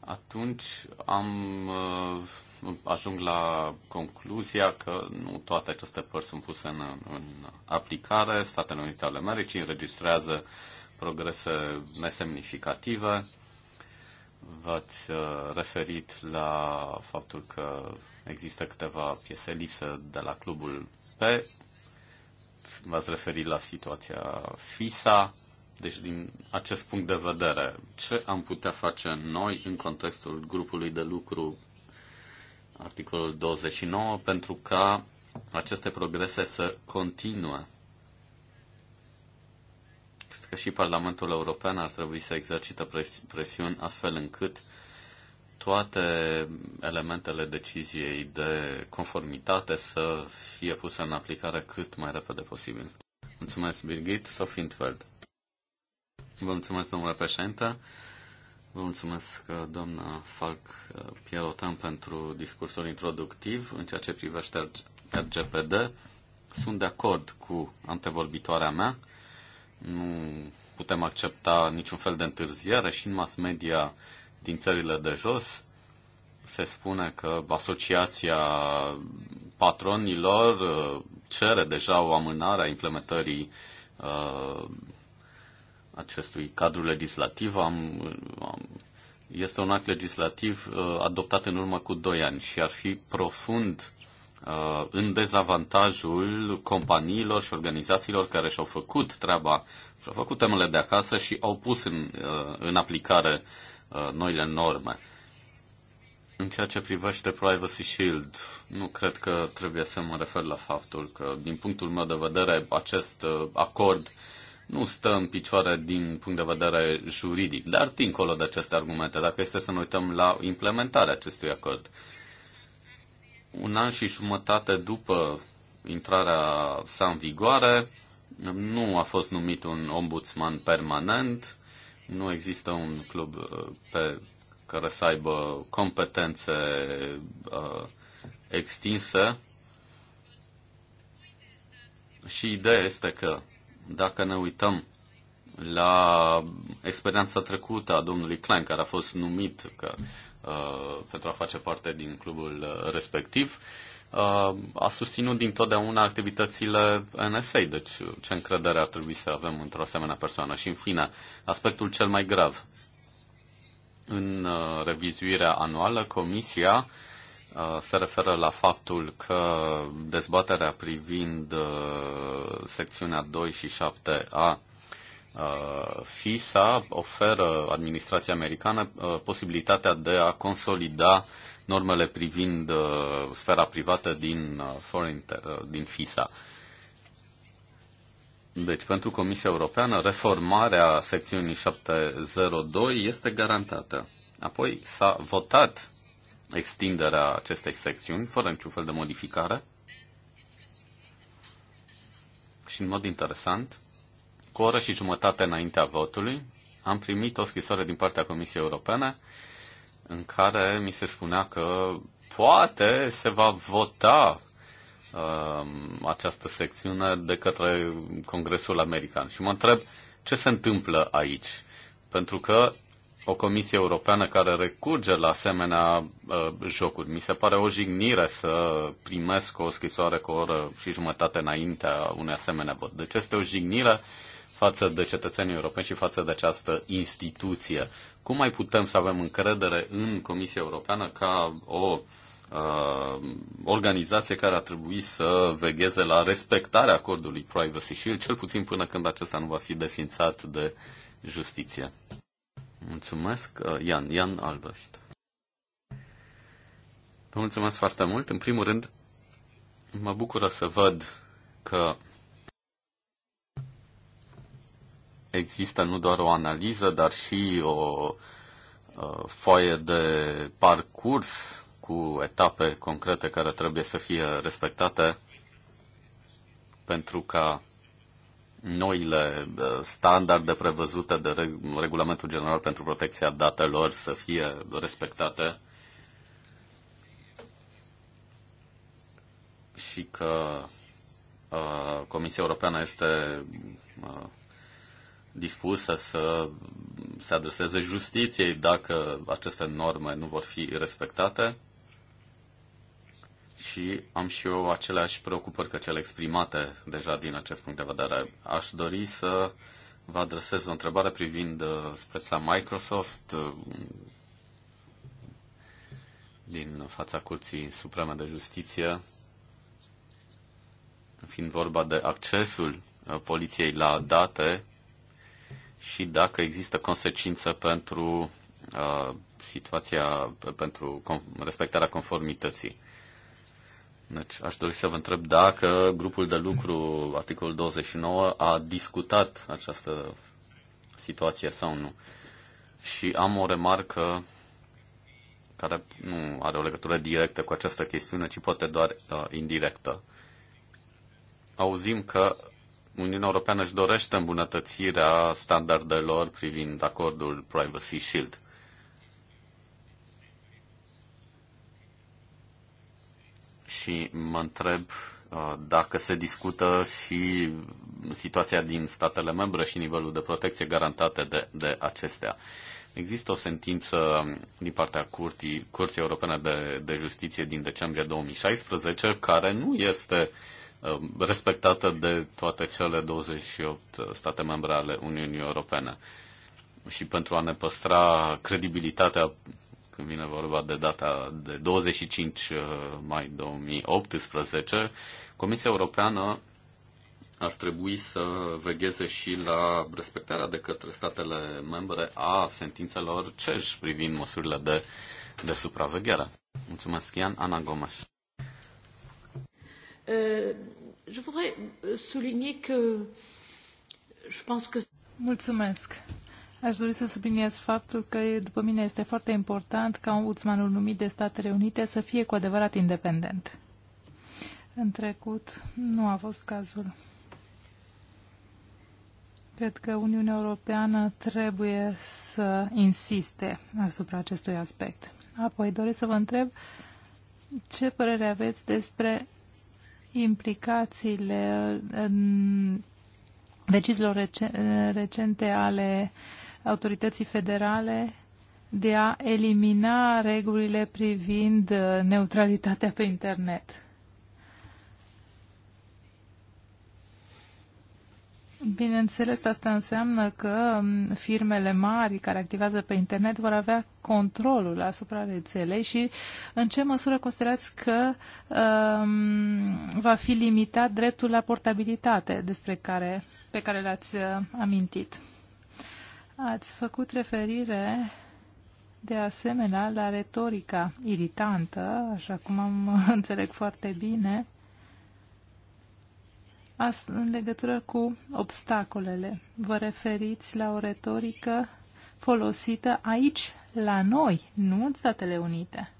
atunci am uh, ajung la concluzia că nu toate aceste părți sunt puse în, în aplicare. Statele Unite ale Americii înregistrează progrese nesemnificative. V-ați uh, referit la faptul că există câteva piese lipsă de la clubul P. V-ați referit la situația FISA deci, din acest punct de vedere, ce am putea face noi în contextul grupului de lucru articolul 29 pentru ca aceste progrese să continue? Cred că și Parlamentul European ar trebui să exercită presiuni astfel încât toate elementele deciziei de conformitate să fie puse în aplicare cât mai repede posibil. Mulțumesc, Birgit. Sofie Vă mulțumesc, domnule președinte. Vă mulțumesc, doamna Falc Pierotan, pentru discursul introductiv în ceea ce privește RGPD. Sunt de acord cu antevorbitoarea mea. Nu putem accepta niciun fel de întârziere și în mass media din țările de jos se spune că asociația patronilor uh, cere deja o amânare a implementării uh, acestui cadru legislativ. Am, am, este un act legislativ uh, adoptat în urmă cu 2 ani și ar fi profund uh, în dezavantajul companiilor și organizațiilor care și-au făcut treaba, și-au făcut temele de acasă și au pus în, uh, în aplicare uh, noile norme. În ceea ce privește Privacy Shield, nu cred că trebuie să mă refer la faptul că, din punctul meu de vedere, acest uh, acord uh, nu stă în picioare din punct de vedere juridic, dar dincolo de aceste argumente, dacă este să ne uităm la implementarea acestui acord. Un an și jumătate după intrarea sa în vigoare, nu a fost numit un ombudsman permanent, nu există un club uh, pe care să aibă competențe uh, extinse și ideea este că dacă ne uităm la experiența trecută a domnului Klein, care a fost numit că, uh, pentru a face parte din clubul uh, respectiv, uh, a susținut dintotdeauna activitățile NSA, deci uh, ce încredere ar trebui să avem într-o asemenea persoană. Și, în fine, aspectul cel mai grav. În uh, revizuirea anuală, Comisia uh, Uh, se referă la faptul că dezbaterea privind uh, secțiunea 2 și 7a uh, FISA oferă administrația americană posibilitatea de a consolida normele privind sfera privată din, foreign, din FISA. Deci, pentru Comisia Europeană, reformarea secțiunii 702 este garantată. Apoi s-a votat extinderea acestei secțiuni, fără niciun fel de modificare. Și în mod interesant, cu o oră și jumătate înaintea votului, am primit o scrisoare din partea Comisiei Europene în care mi se spunea că poate se va vota uh, această secțiune de către Congresul American. Și mă întreb ce se întâmplă aici. Pentru că o comisie europeană care recurge la asemenea uh, jocuri. Mi se pare o jignire să primesc o scrisoare cu o oră și jumătate înaintea unei asemenea vot. Deci este o jignire față de cetățenii europeni și față de această instituție. Cum mai putem să avem încredere în Comisia Europeană ca o uh, organizație care ar trebui să vegheze la respectarea acordului Privacy Shield, cel puțin până când acesta nu va fi desfințat de justiție? Mulțumesc, uh, Ian, Ian Albrecht. Vă mulțumesc foarte mult. În primul rând, mă bucură să văd că există nu doar o analiză, dar și o uh, foaie de parcurs cu etape concrete care trebuie să fie respectate pentru ca noile uh, standarde prevăzute de Regulamentul General pentru Protecția Datelor să fie respectate și că uh, Comisia Europeană este uh, dispusă să se adreseze justiției dacă aceste norme nu vor fi respectate și am și eu aceleași preocupări ca cele exprimate deja din acest punct de vedere. Aș dori să vă adresez o întrebare privind uh, spre Microsoft uh, din fața Curții Supreme de Justiție, fiind vorba de accesul uh, poliției la date și dacă există consecință pentru uh, situația, pentru respectarea conformității. Deci aș dori să vă întreb dacă grupul de lucru, articolul 29, a discutat această situație sau nu. Și am o remarcă care nu are o legătură directă cu această chestiune, ci poate doar uh, indirectă. Auzim că Uniunea Europeană își dorește îmbunătățirea standardelor privind acordul Privacy Shield. și mă întreb uh, dacă se discută și situația din statele membre și nivelul de protecție garantate de, de acestea. Există o sentință din partea Curții, Curții Europene de, de Justiție din decembrie 2016 care nu este uh, respectată de toate cele 28 state membre ale Uniunii Europene. Și pentru a ne păstra credibilitatea când vine vorba de data de 25 uh, mai 2018, Comisia Europeană ar trebui să vegheze și la respectarea de către statele membre a sentințelor CEJ privind măsurile de, de supraveghere. Mulțumesc, Ian. Ana Gomes. Uh, je voudrais souligner que je pense que... Mulțumesc. Aș dori să subliniez faptul că, după mine, este foarte important ca ombudsmanul numit de Statele Unite să fie cu adevărat independent. În trecut nu a fost cazul. Cred că Uniunea Europeană trebuie să insiste asupra acestui aspect. Apoi doresc să vă întreb ce părere aveți despre implicațiile deciziilor recente ale uh, autorității federale de a elimina regulile privind uh, neutralitatea pe internet. Bineînțeles, asta înseamnă că um, firmele mari care activează pe internet vor avea controlul asupra rețelei și în ce măsură considerați că um, va fi limitat dreptul la portabilitate despre care, pe care l-ați uh, amintit? Ați făcut referire de asemenea la retorica iritantă, așa cum am înțeleg foarte bine, în legătură cu obstacolele. Vă referiți la o retorică folosită aici, la noi, nu în Statele Unite.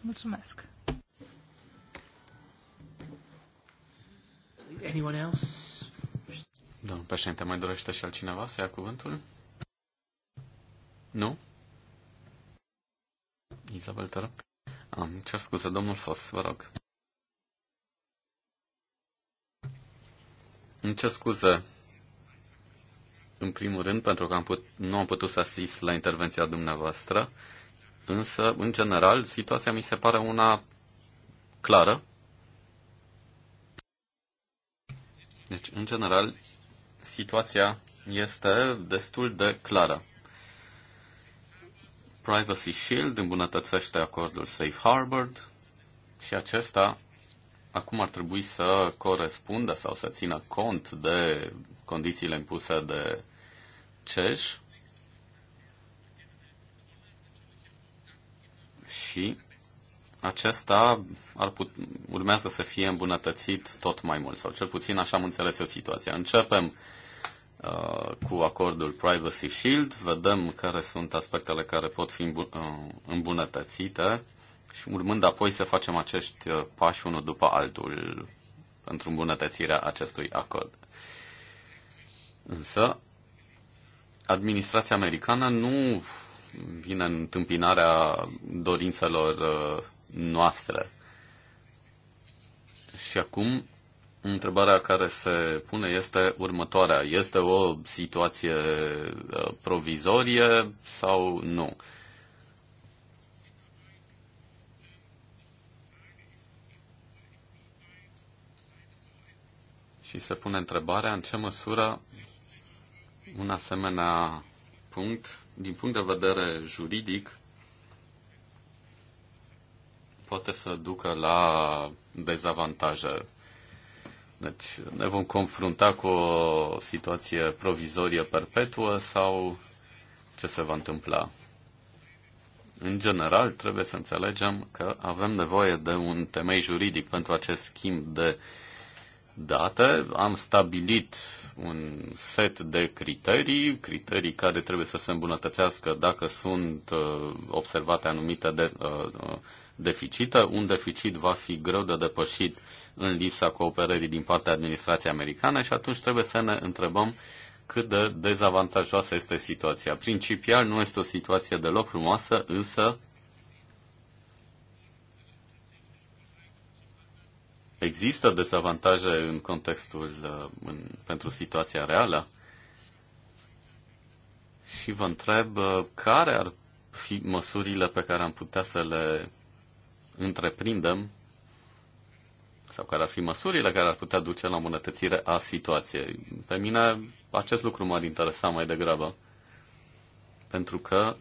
Mulțumesc. Anyone else? Domnul președinte, mai dorește și altcineva să ia cuvântul? Nu? Isabel, te rog. Am cer scuze, domnul Fos, vă rog. Îmi cer scuze, în primul rând, pentru că am put, nu am putut să asist la intervenția dumneavoastră, însă, în general, situația mi se pare una clară. Deci, în general, situația este destul de clară. Privacy Shield îmbunătățește acordul Safe Harbor și acesta acum ar trebui să corespundă sau să țină cont de condițiile impuse de CEJ și acesta ar put, urmează să fie îmbunătățit tot mai mult, sau cel puțin așa am înțeles eu situația. Începem Uh, cu acordul Privacy Shield, vedem care sunt aspectele care pot fi uh, îmbunătățite și urmând apoi să facem acești uh, pași unul după altul pentru îmbunătățirea acestui acord. Însă, administrația americană nu vine în întâmpinarea dorințelor noastre. Și acum Întrebarea care se pune este următoarea. Este o situație uh, provizorie sau nu? Și se pune întrebarea în ce măsură un asemenea punct, din punct de vedere juridic, poate să ducă la dezavantaje deci ne vom confrunta cu o situație provizorie perpetuă sau ce se va întâmpla? În general, trebuie să înțelegem că avem nevoie de un temei juridic pentru acest schimb de date. Am stabilit un set de criterii, criterii care trebuie să se îmbunătățească dacă sunt uh, observate anumite de, uh, uh, deficite. Un deficit va fi greu de depășit în lipsa cooperării din partea administrației americane și atunci trebuie să ne întrebăm cât de dezavantajoasă este situația. Principial nu este o situație deloc frumoasă, însă există dezavantaje în contextul în, pentru situația reală și vă întreb care ar fi măsurile pe care am putea să le întreprindem sau care ar fi măsurile care ar putea duce la îmbunătățire a situației. Pe mine acest lucru m-ar interesa mai degrabă, pentru că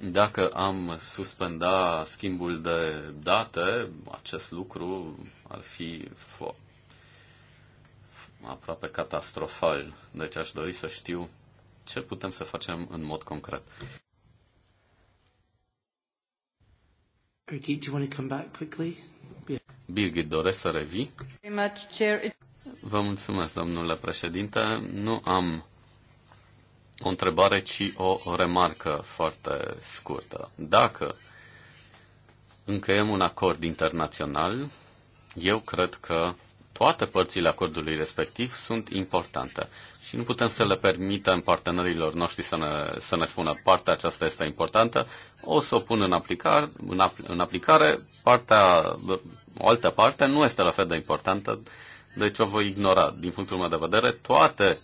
dacă am suspenda schimbul de date, acest lucru ar fi fo- aproape catastrofal. Deci aș dori să știu ce putem să facem în mod concret. Birgit, do you want to come back quickly? Birgit, doresc să revii? Vă mulțumesc, domnule președinte. Nu am o întrebare, ci o remarcă foarte scurtă. Dacă încheiem un acord internațional, eu cred că toate părțile acordului respectiv sunt importante. Și nu putem să le permitem partenerilor noștri să ne, să ne spună partea aceasta este importantă, o să o pun în aplicare, în, apl- în aplicare partea, o altă parte nu este la fel de importantă, deci o voi ignora. Din punctul meu de vedere, toate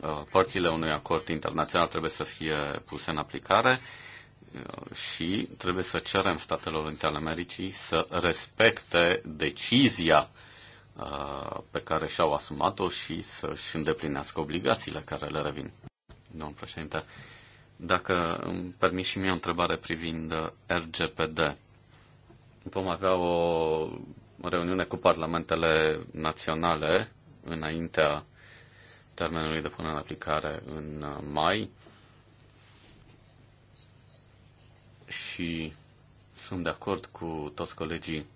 uh, părțile unui acord internațional trebuie să fie puse în aplicare uh, și trebuie să cerem statelor Unite ale Americii să respecte decizia uh, pe care și-au asumat-o și să-și îndeplinească obligațiile care le revin. Domnul președinte, dacă îmi permis și mie o întrebare privind RGPD, vom avea o reuniune cu parlamentele naționale înaintea termenului de până în aplicare în uh, mai și sunt de acord cu toți colegii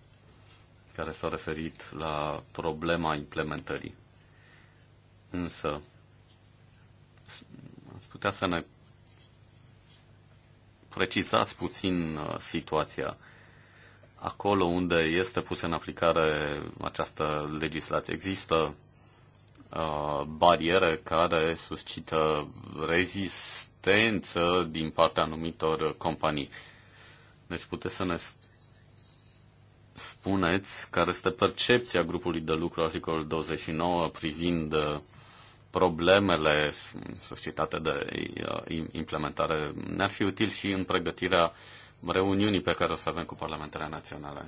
care s a referit la problema implementării. Însă, ați putea să ne precizați puțin uh, situația acolo unde este pusă în aplicare această legislație. Există uh, bariere care suscită rezistență din partea anumitor companii. Deci puteți să ne spuneți care este percepția grupului de lucru articolul 29 privind uh, problemele societate de uh, implementare. Ne-ar fi util și în pregătirea reuniunii pe care o să avem cu parlamentarea națională.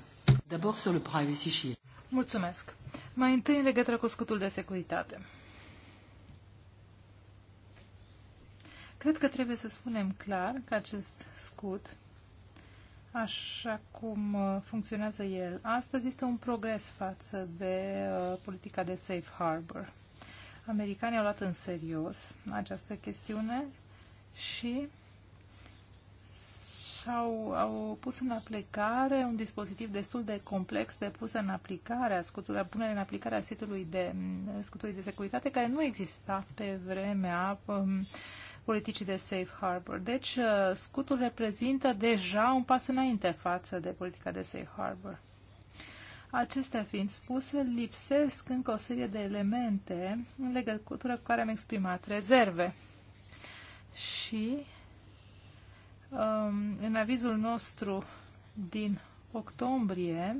Mulțumesc. Mai întâi în legătură cu scutul de securitate. Cred că trebuie să spunem clar că acest scut așa cum uh, funcționează el astăzi, este un progres față de uh, politica de safe harbor. Americanii au luat în serios această chestiune și au, au pus în aplicare un dispozitiv destul de complex de pus în aplicare, scutura, punere în aplicare a setului de mm, scuturi de securitate care nu exista pe vremea um, politicii de safe harbor. Deci, uh, scutul reprezintă deja un pas înainte față de politica de safe harbor. Acestea fiind spuse, lipsesc încă o serie de elemente în legătură cu care am exprimat rezerve. Și um, în avizul nostru din octombrie,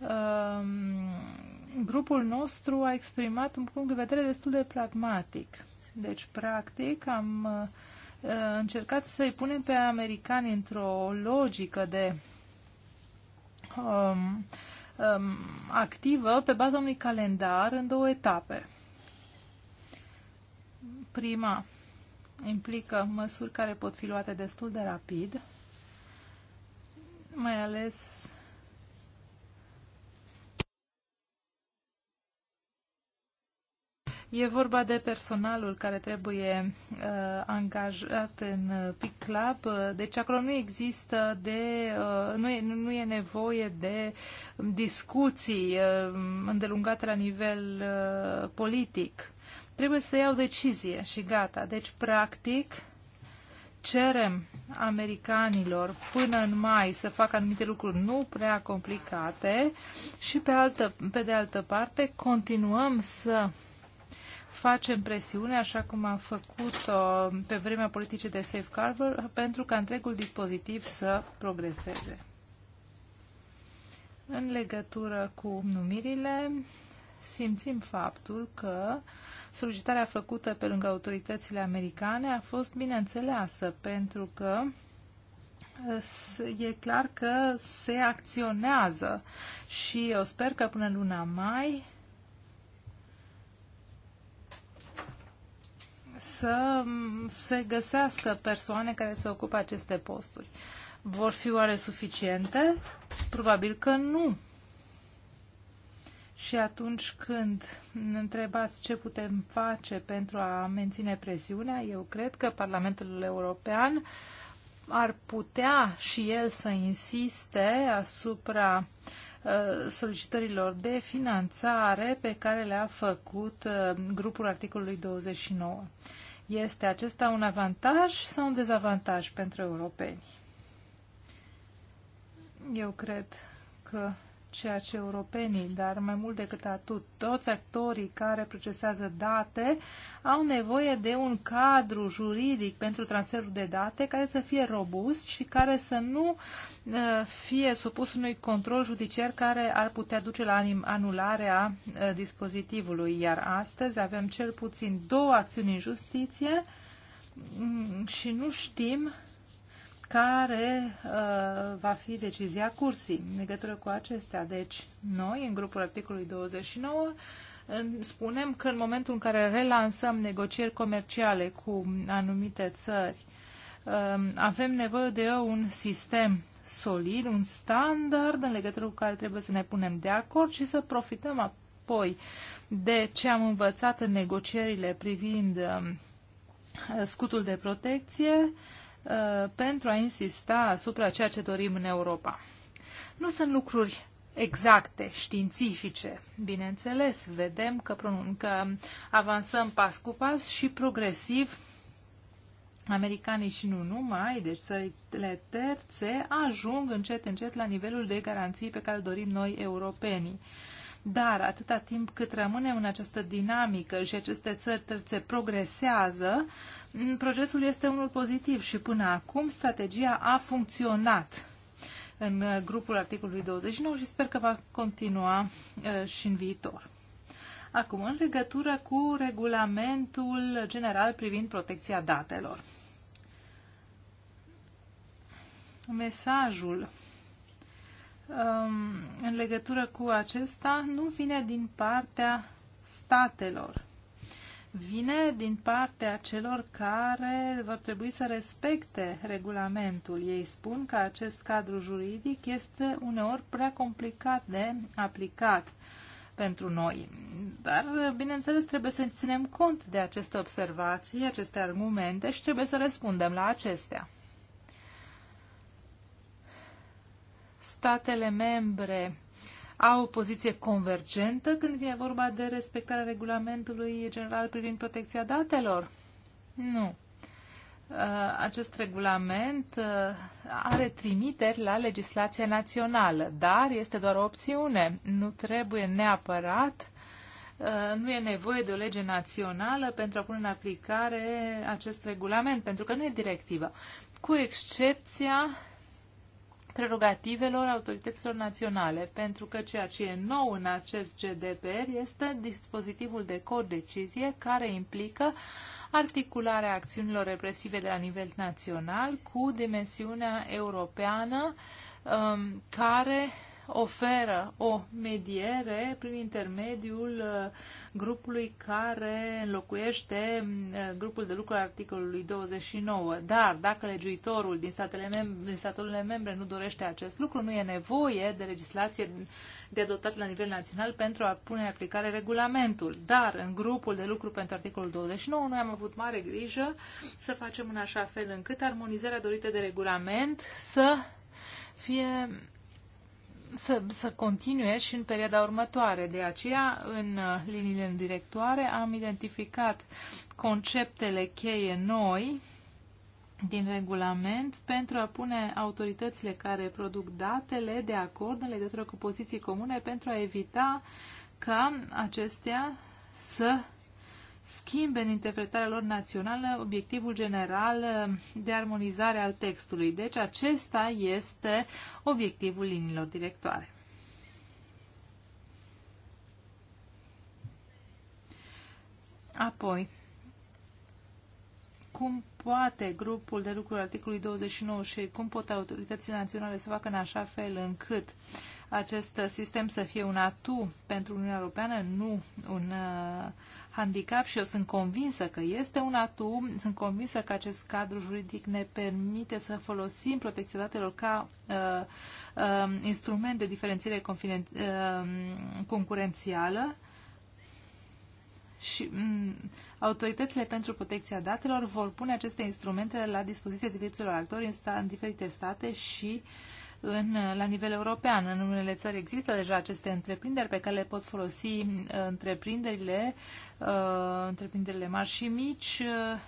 um, grupul nostru a exprimat un punct de vedere destul de pragmatic. Deci, practic, am uh, încercat să-i punem pe americani într-o logică de um, um, activă pe baza unui calendar în două etape. Prima implică măsuri care pot fi luate destul de rapid, mai ales E vorba de personalul care trebuie uh, angajat în uh, Pic Club, uh, deci acolo nu există de, uh, nu, e, nu e nevoie de um, discuții uh, îndelungate la nivel uh, politic. Trebuie să iau decizie și gata. Deci, practic, cerem americanilor până în mai să facă anumite lucruri nu prea complicate și pe, altă, pe de altă parte continuăm să facem presiune, așa cum am făcut-o pe vremea politicii de safe harbor, pentru ca întregul dispozitiv să progreseze. În legătură cu numirile, simțim faptul că solicitarea făcută pe lângă autoritățile americane a fost bine înțeleasă, pentru că e clar că se acționează și eu sper că până luna mai să mm, se găsească persoane care să ocupe aceste posturi. Vor fi oare suficiente? Probabil că nu. Și atunci când ne întrebați ce putem face pentru a menține presiunea, eu cred că Parlamentul European ar putea și el să insiste asupra uh, solicitărilor de finanțare pe care le-a făcut uh, grupul articolului 29. Este acesta un avantaj sau un dezavantaj pentru europeni? Eu cred că ceea ce europenii, dar mai mult decât atât, toți actorii care procesează date au nevoie de un cadru juridic pentru transferul de date care să fie robust și care să nu uh, fie supus unui control judiciar care ar putea duce la anularea uh, dispozitivului. Iar astăzi avem cel puțin două acțiuni în justiție mm, și nu știm care uh, va fi decizia cursii în legătură cu acestea. Deci, noi, în grupul articolului 29, spunem că în momentul în care relansăm negocieri comerciale cu anumite țări, uh, avem nevoie de un sistem solid, un standard în legătură cu care trebuie să ne punem de acord și să profităm apoi de ce am învățat în negocierile privind uh, scutul de protecție, Uh, pentru a insista asupra ceea ce dorim în Europa. Nu sunt lucruri exacte, științifice. Bineînțeles, vedem că, că avansăm pas cu pas și progresiv americanii și nu numai, deci țările terțe ajung încet, încet la nivelul de garanții pe care dorim noi europenii. Dar atâta timp cât rămânem în această dinamică și aceste țări terțe progresează, uh, procesul este unul pozitiv și până acum strategia a funcționat în uh, grupul articolului 29 și sper că va continua uh, și în viitor. Acum, în legătură cu regulamentul general privind protecția datelor. Mesajul um, în legătură cu acesta nu vine din partea statelor vine din partea celor care vor trebui să respecte regulamentul. Ei spun că acest cadru juridic este uneori prea complicat de aplicat pentru noi. Dar, bineînțeles, trebuie să ținem cont de aceste observații, aceste argumente și trebuie să răspundem la acestea. Statele membre au o poziție convergentă când vine vorba de respectarea regulamentului general privind protecția datelor? Nu. Uh, acest regulament uh, are trimiteri la legislația națională, dar este doar o opțiune. Nu trebuie neapărat uh, nu e nevoie de o lege națională pentru a pune în aplicare acest regulament, pentru că nu e directivă. Cu excepția prerogativelor autorităților naționale, pentru că ceea ce e nou în acest GDPR este dispozitivul de codecizie care implică articularea acțiunilor represive de la nivel național cu dimensiunea europeană um, care oferă o mediere prin intermediul uh, grupului care înlocuiește mm, eh, grupul de lucru al articolului 29. Dar dacă legiuitorul din statele, mem- din statele membre nu dorește acest lucru, nu e nevoie de legislație de adoptat la nivel național pentru a pune în aplicare regulamentul. Dar în grupul de lucru pentru articolul 29 noi am avut mare grijă să facem în așa fel încât armonizarea dorită de regulament să fie să, să continue și în perioada următoare. De aceea, în uh, liniile directoare, am identificat conceptele cheie noi din regulament pentru a pune autoritățile care produc datele de acord în legătură cu poziții comune pentru a evita ca acestea să schimbe în interpretarea lor națională obiectivul general eh, de armonizare al textului. Deci acesta este obiectivul liniilor directoare. Apoi, cum poate grupul de lucru articolului 29 și cum pot autoritățile naționale să facă în așa fel încât acest sistem să fie un atu pentru Uniunea Europeană, nu un uh, handicap și eu sunt convinsă că este un atu, sunt convinsă că acest cadru juridic ne permite să folosim protecția datelor ca uh, uh, instrument de diferențiere uh, concurențială și mm, autoritățile pentru protecția datelor vor pune aceste instrumente la dispoziție diferiților actori în, sta, în diferite state și în, la nivel european. În unele țări există deja aceste întreprinderi pe care le pot folosi uh, întreprinderile, uh, întreprinderile mari și mici uh,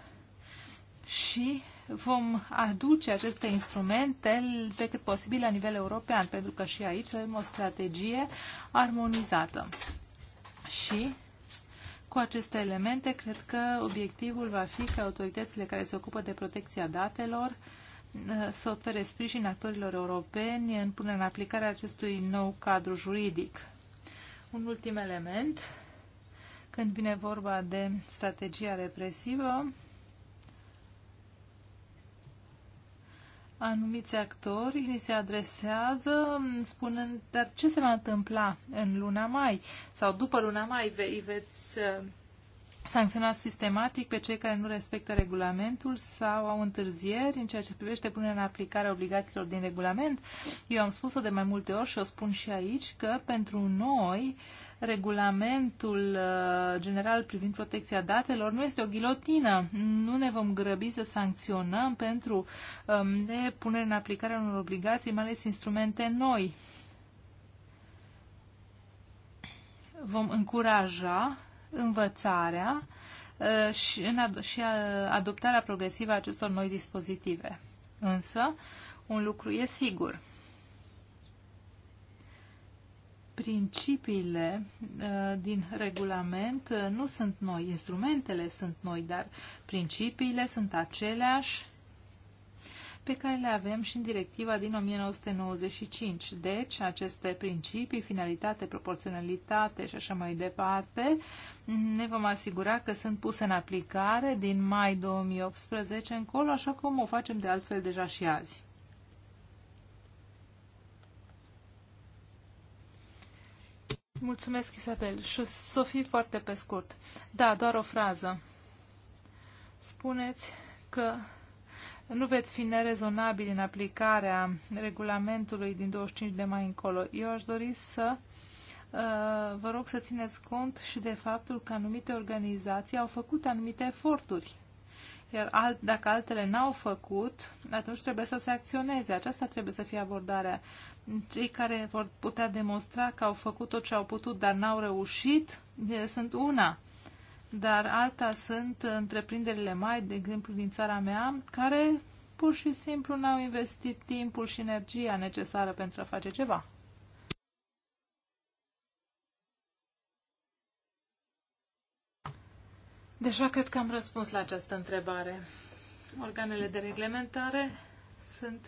și vom aduce aceste instrumente pe cât posibil la nivel european, pentru că și aici avem o strategie armonizată. Și cu aceste elemente, cred că obiectivul va fi ca autoritățile care se ocupă de protecția datelor uh, să ofere sprijin actorilor europeni în punerea în aplicare acestui nou cadru juridic. Un ultim element, când vine vorba de strategia represivă, anumiți actori li se adresează mm, spunând, dar ce se va întâmpla în luna mai sau după luna mai ve- veți uh, sancționa sistematic pe cei care nu respectă regulamentul sau au întârzieri în ceea ce privește punerea în aplicare obligațiilor din regulament. Eu am spus-o de mai multe ori și o spun și aici că pentru noi uh, regulamentul uh, general privind protecția datelor nu este o ghilotină. Nu ne vom grăbi să sancționăm pentru um, nepunere în aplicare unor obligații, mai ales instrumente noi. Vom încuraja învățarea uh, și, și uh, adoptarea progresivă a acestor noi dispozitive. Însă, un lucru e sigur – principiile uh, din regulament uh, nu sunt noi, instrumentele sunt noi, dar principiile sunt aceleași pe care le avem și în directiva din 1995. Deci, aceste principii, finalitate, proporționalitate și așa mai departe, ne vom asigura că sunt puse în aplicare din mai 2018 încolo, așa cum o facem de altfel deja și azi. Mulțumesc, Isabel. Și să fie foarte pe scurt. Da, doar o frază. Spuneți că nu veți fi nerezonabili în aplicarea regulamentului din 25 de mai încolo. Eu aș dori să uh, vă rog să țineți cont și de faptul că anumite organizații au făcut anumite eforturi iar alt, dacă altele n-au făcut, atunci trebuie să se acționeze. Aceasta trebuie să fie abordarea. Cei care vor putea demonstra că au făcut tot ce au putut, dar n-au reușit, sunt una. Dar alta sunt întreprinderile mai, de exemplu din țara mea, care pur și simplu n-au investit timpul și energia necesară pentru a face ceva. Deja cred că am răspuns la această întrebare. Organele de reglementare sunt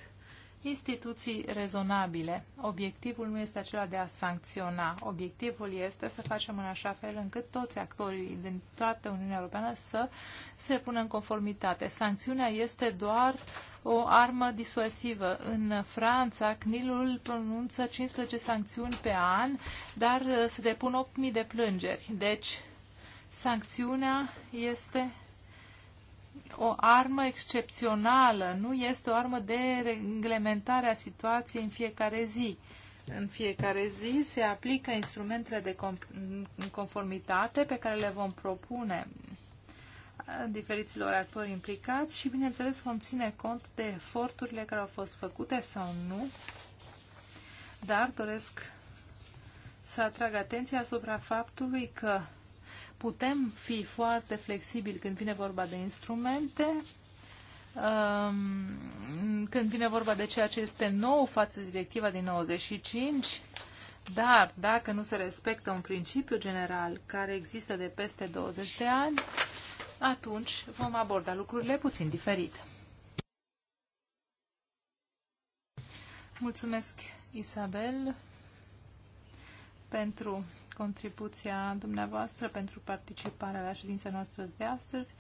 instituții rezonabile. Obiectivul nu este acela de a sancționa. Obiectivul este să facem în așa fel încât toți actorii din toată Uniunea Europeană să se pună în conformitate. Sancțiunea este doar o armă disuasivă. În Franța, CNIL-ul pronunță 15 sancțiuni pe an, dar uh, se depun 8.000 de plângeri. Deci, sancțiunea este o armă excepțională, nu este o armă de reglementare a situației în fiecare zi. În fiecare zi se aplică instrumentele de conformitate pe care le vom propune diferiților actori implicați și, bineînțeles, vom ține cont de eforturile care au fost făcute sau nu, dar doresc să atrag atenția asupra faptului că Putem fi foarte flexibili când vine vorba de instrumente, um, când vine vorba de ceea ce este nou față de directiva din 95, dar dacă nu se respectă un principiu general care există de peste 20 de ani, atunci vom aborda lucrurile puțin diferit. Mulțumesc, Isabel, pentru contribuția dumneavoastră pentru participarea la ședința noastră de astăzi.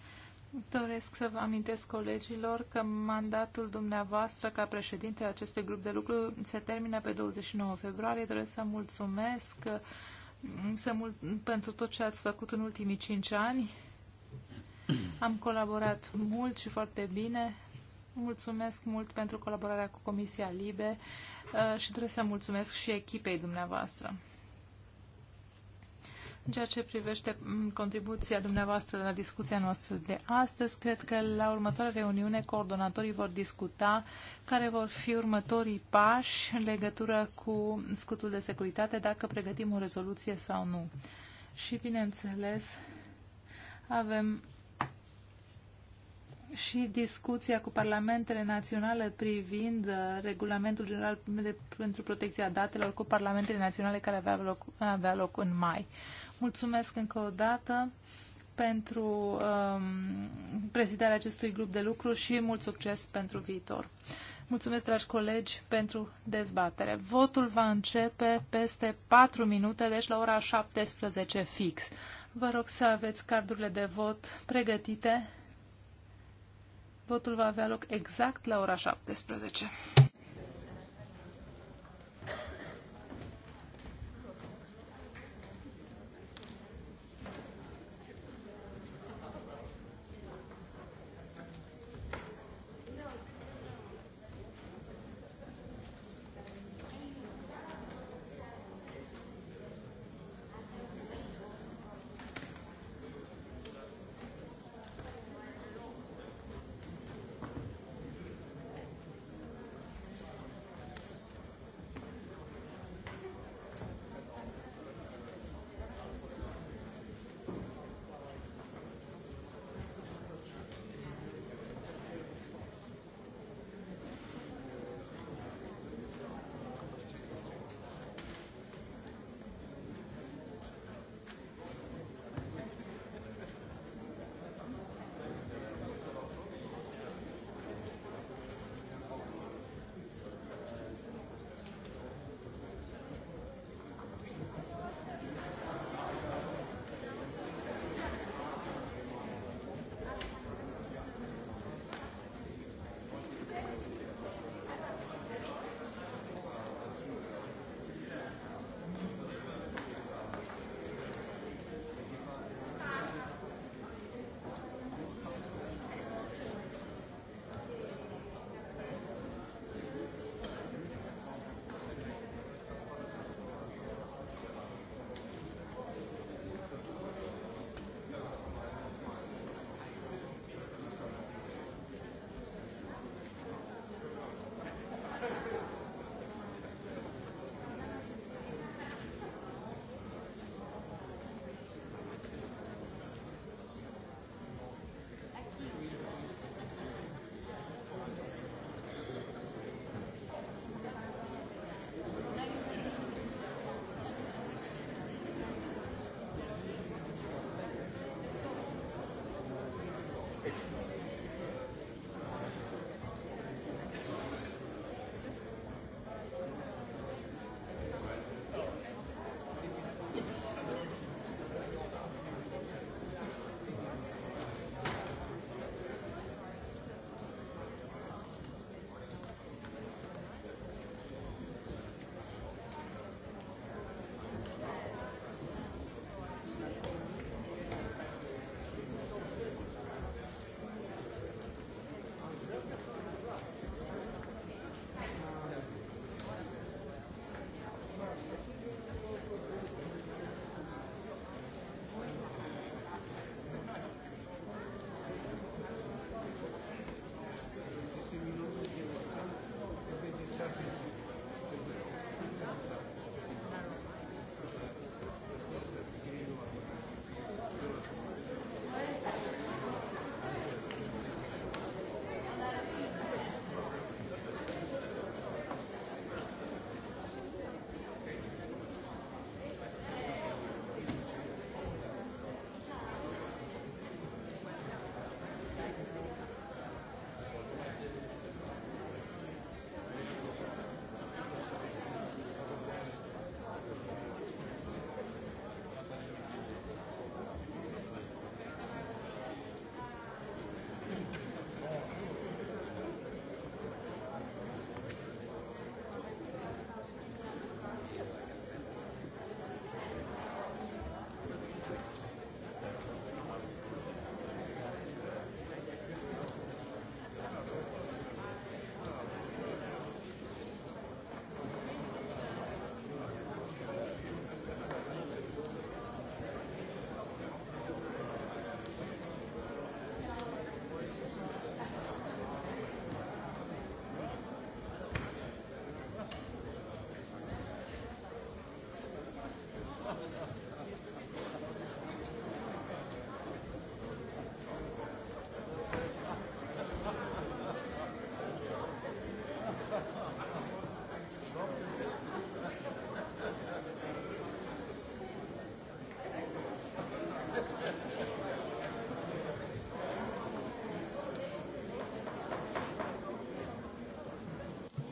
Doresc să vă amintesc colegilor că mandatul dumneavoastră ca președinte al acestui grup de lucru se termină pe 29 februarie. Doresc să mulțumesc să mul- pentru tot ce ați făcut în ultimii cinci ani. Am colaborat mult și foarte bine. Mulțumesc mult pentru colaborarea cu Comisia Libe uh, și doresc să mulțumesc și echipei dumneavoastră. În ceea ce privește contribuția dumneavoastră la discuția noastră de astăzi, cred că la următoarea reuniune coordonatorii vor discuta care vor fi următorii pași în legătură cu scutul de securitate, dacă pregătim o rezoluție sau nu. Și, bineînțeles, avem și discuția cu parlamentele naționale privind uh, regulamentul general de, pentru protecția datelor cu parlamentele naționale care avea loc, avea loc în mai. Mulțumesc încă o dată pentru um, prezidarea acestui grup de lucru și mult succes pentru viitor. Mulțumesc, dragi colegi, pentru dezbatere. Votul va începe peste 4 minute, deci la ora 17 fix. Vă rog să aveți cardurile de vot pregătite Votul va avea loc exact la ora 17.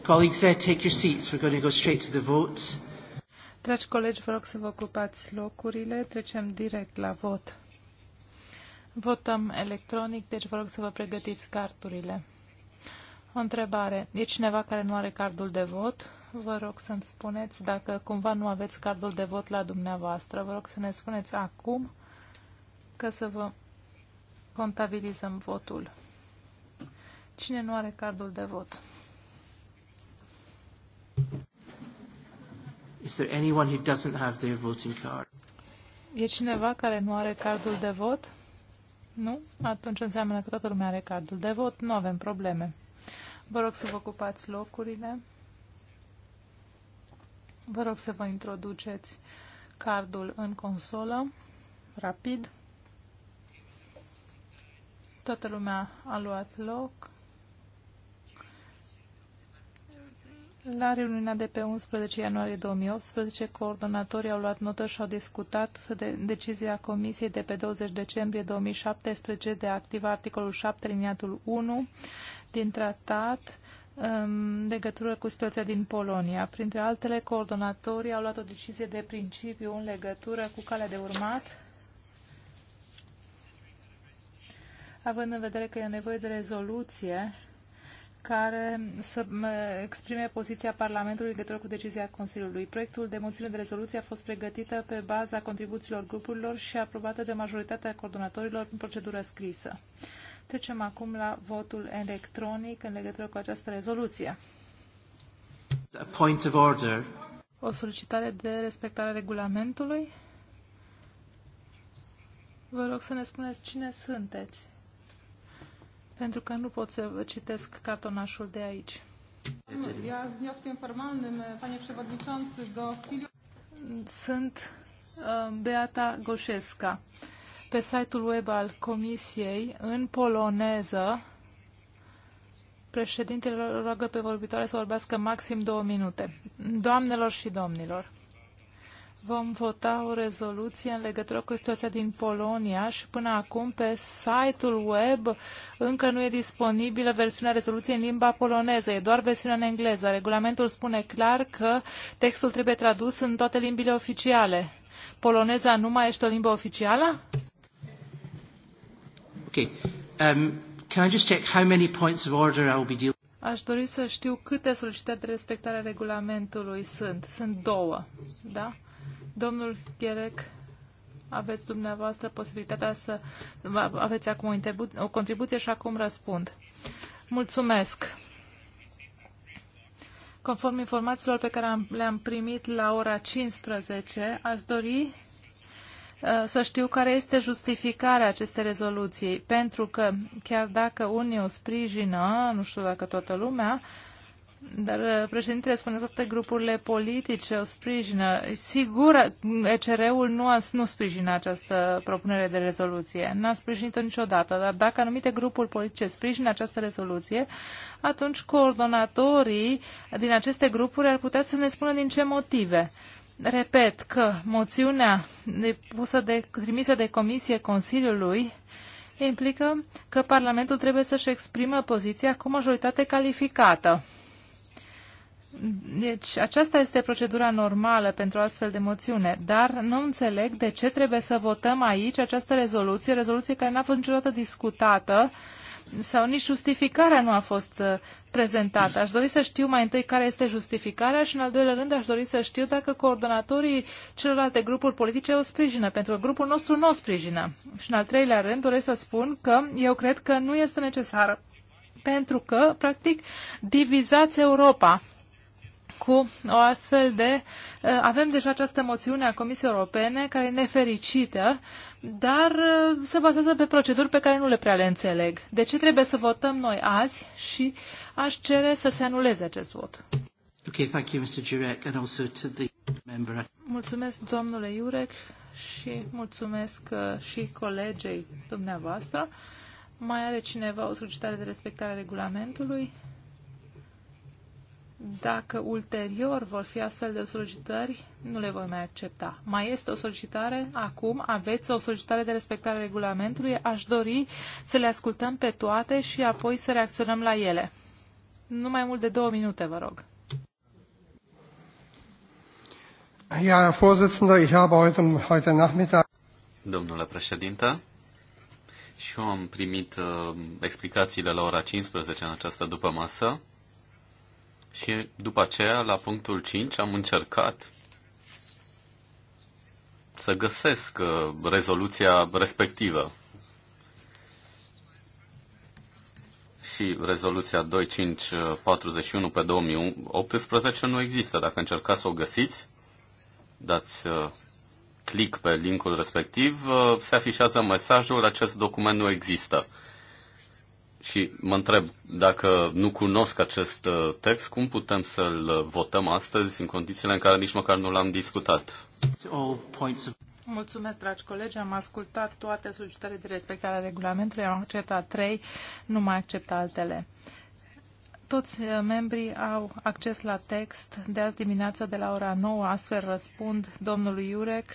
Colleagues, uh, take your seats. We're going to go straight to the vote. Dragi colegi, vă rog să vă ocupați locurile. Trecem direct la vot. Votăm electronic, deci vă rog să vă pregătiți carturile. O întrebare. E cineva care nu are cardul de vot? Vă rog să-mi spuneți dacă cumva nu aveți cardul de vot la dumneavoastră. Vă rog să ne spuneți acum ca să vă contabilizăm votul. Cine nu are cardul de vot? Is there anyone who doesn't have their voting card? E cineva care nu are cardul de vot? Nu? Atunci înseamnă că toată lumea are cardul de vot. Nu avem probleme. Vă rog să vă ocupați locurile. Vă rog să vă introduceți cardul în consolă, rapid. Toată lumea a luat loc. La reuniunea de pe 11 ianuarie 2018, coordonatorii au luat notă și au discutat de decizia Comisiei de pe 20 decembrie 2017 de a activa articolul 7, liniatul 1 din tratat în legătură cu situația din Polonia. Printre altele, coordonatorii au luat o decizie de principiu în legătură cu calea de urmat având în vedere că e nevoie de rezoluție care să exprime poziția Parlamentului legătură cu decizia Consiliului. Proiectul de moțiune de rezoluție a fost pregătită pe baza contribuțiilor grupurilor și aprobată de majoritatea coordonatorilor în procedură scrisă. Trecem acum la votul electronic în legătură cu această rezoluție. A point of order. O solicitare de respectare a regulamentului. Vă rog să ne spuneți cine sunteți pentru că nu pot să citesc cartonașul de aici. Sunt uh, Beata Goșevska. Pe site-ul web al Comisiei, în poloneză, președintele rogă pe vorbitoare să vorbească maxim două minute. Doamnelor și domnilor, vom vota o rezoluție în legătură cu situația din Polonia și până acum pe site-ul web încă nu e disponibilă versiunea rezoluției în limba poloneză, e doar versiunea în engleză. Regulamentul spune clar că textul trebuie tradus în toate limbile oficiale. Poloneza nu mai este o limbă oficială? Okay. Um, can I just check how many points of order I will be dealing Aș dori să știu câte solicitări de respectare a regulamentului sunt. Sunt două, da? Domnul Gherec, aveți dumneavoastră posibilitatea să aveți acum o, contribuție și acum răspund. Mulțumesc. Conform informațiilor pe care le-am primit la ora 15, aș dori uh, să știu care este justificarea acestei rezoluții, pentru că chiar dacă unii o sprijină, nu știu dacă toată lumea, dar uh, președintele spune toate grupurile politice o sprijină. Sigur, ECR-ul nu, a, nu sprijină această propunere de rezoluție. N-a sprijinit-o niciodată. Dar dacă anumite grupuri politice sprijină această rezoluție, atunci coordonatorii din aceste grupuri ar putea să ne spună din ce motive. Repet că moțiunea pusă de, trimisă de comisie Consiliului implică că Parlamentul trebuie să-și exprimă poziția cu majoritate calificată. Deci aceasta este procedura normală pentru astfel de moțiune, dar nu înțeleg de ce trebuie să votăm aici această rezoluție, rezoluție care n-a fost niciodată discutată sau nici justificarea nu a fost uh, prezentată. Aș dori să știu mai întâi care este justificarea și în al doilea rând aș dori să știu dacă coordonatorii celorlalte grupuri politice o sprijină, pentru că grupul nostru nu o sprijină. Și în al treilea rând doresc să spun că eu cred că nu este necesară pentru că, practic, divizați Europa cu o astfel de... Eh, avem deja această moțiune a Comisiei Europene care e nefericită, dar eh, se bazează pe proceduri pe care nu le prea le înțeleg. De ce trebuie să votăm noi azi și aș cere să se anuleze acest vot? Okay, thank you, Mr. Jurek, and also to the member. Mulțumesc, domnule Iurec, și mulțumesc eh, și colegei dumneavoastră. Mai are cineva o solicitare de respectare a regulamentului? Dacă ulterior vor fi astfel de solicitări, nu le voi mai accepta. Mai este o solicitare? Acum aveți o solicitare de respectare a regulamentului. Aș dori să le ascultăm pe toate și apoi să reacționăm la ele. Nu mai mult de două minute, vă rog. Domnule președinte, și eu am primit uh, explicațiile la ora 15 în această după masă. Și după aceea, la punctul 5, am încercat să găsesc uh, rezoluția respectivă. Și rezoluția 2541 uh, pe 2018 nu există. Dacă încercați să o găsiți, dați uh, click pe linkul respectiv, se afișează mesajul acest document nu există și mă întreb, dacă nu cunosc acest uh, text, cum putem să-l uh, votăm astăzi în condițiile în care nici măcar nu l-am discutat? Mulțumesc, dragi colegi. Am ascultat toate solicitările de respectare a regulamentului. Am acceptat trei, nu mai accept altele. Toți uh, membrii au acces la text de azi dimineață de la ora 9, astfel răspund domnului Iurec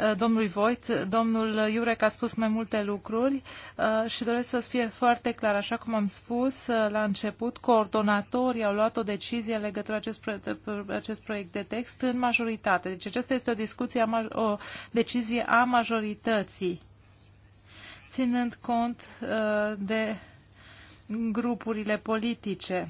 Eh, domnului Voit. Domnul Iurec a spus mai multe lucruri eh, și doresc să fie foarte clar. Așa cum am spus eh, la început, coordonatorii au luat o decizie în legătură acest, proiect, acest proiect de text în majoritate. Deci aceasta este o discuție, o decizie a majorității, ținând cont de grupurile politice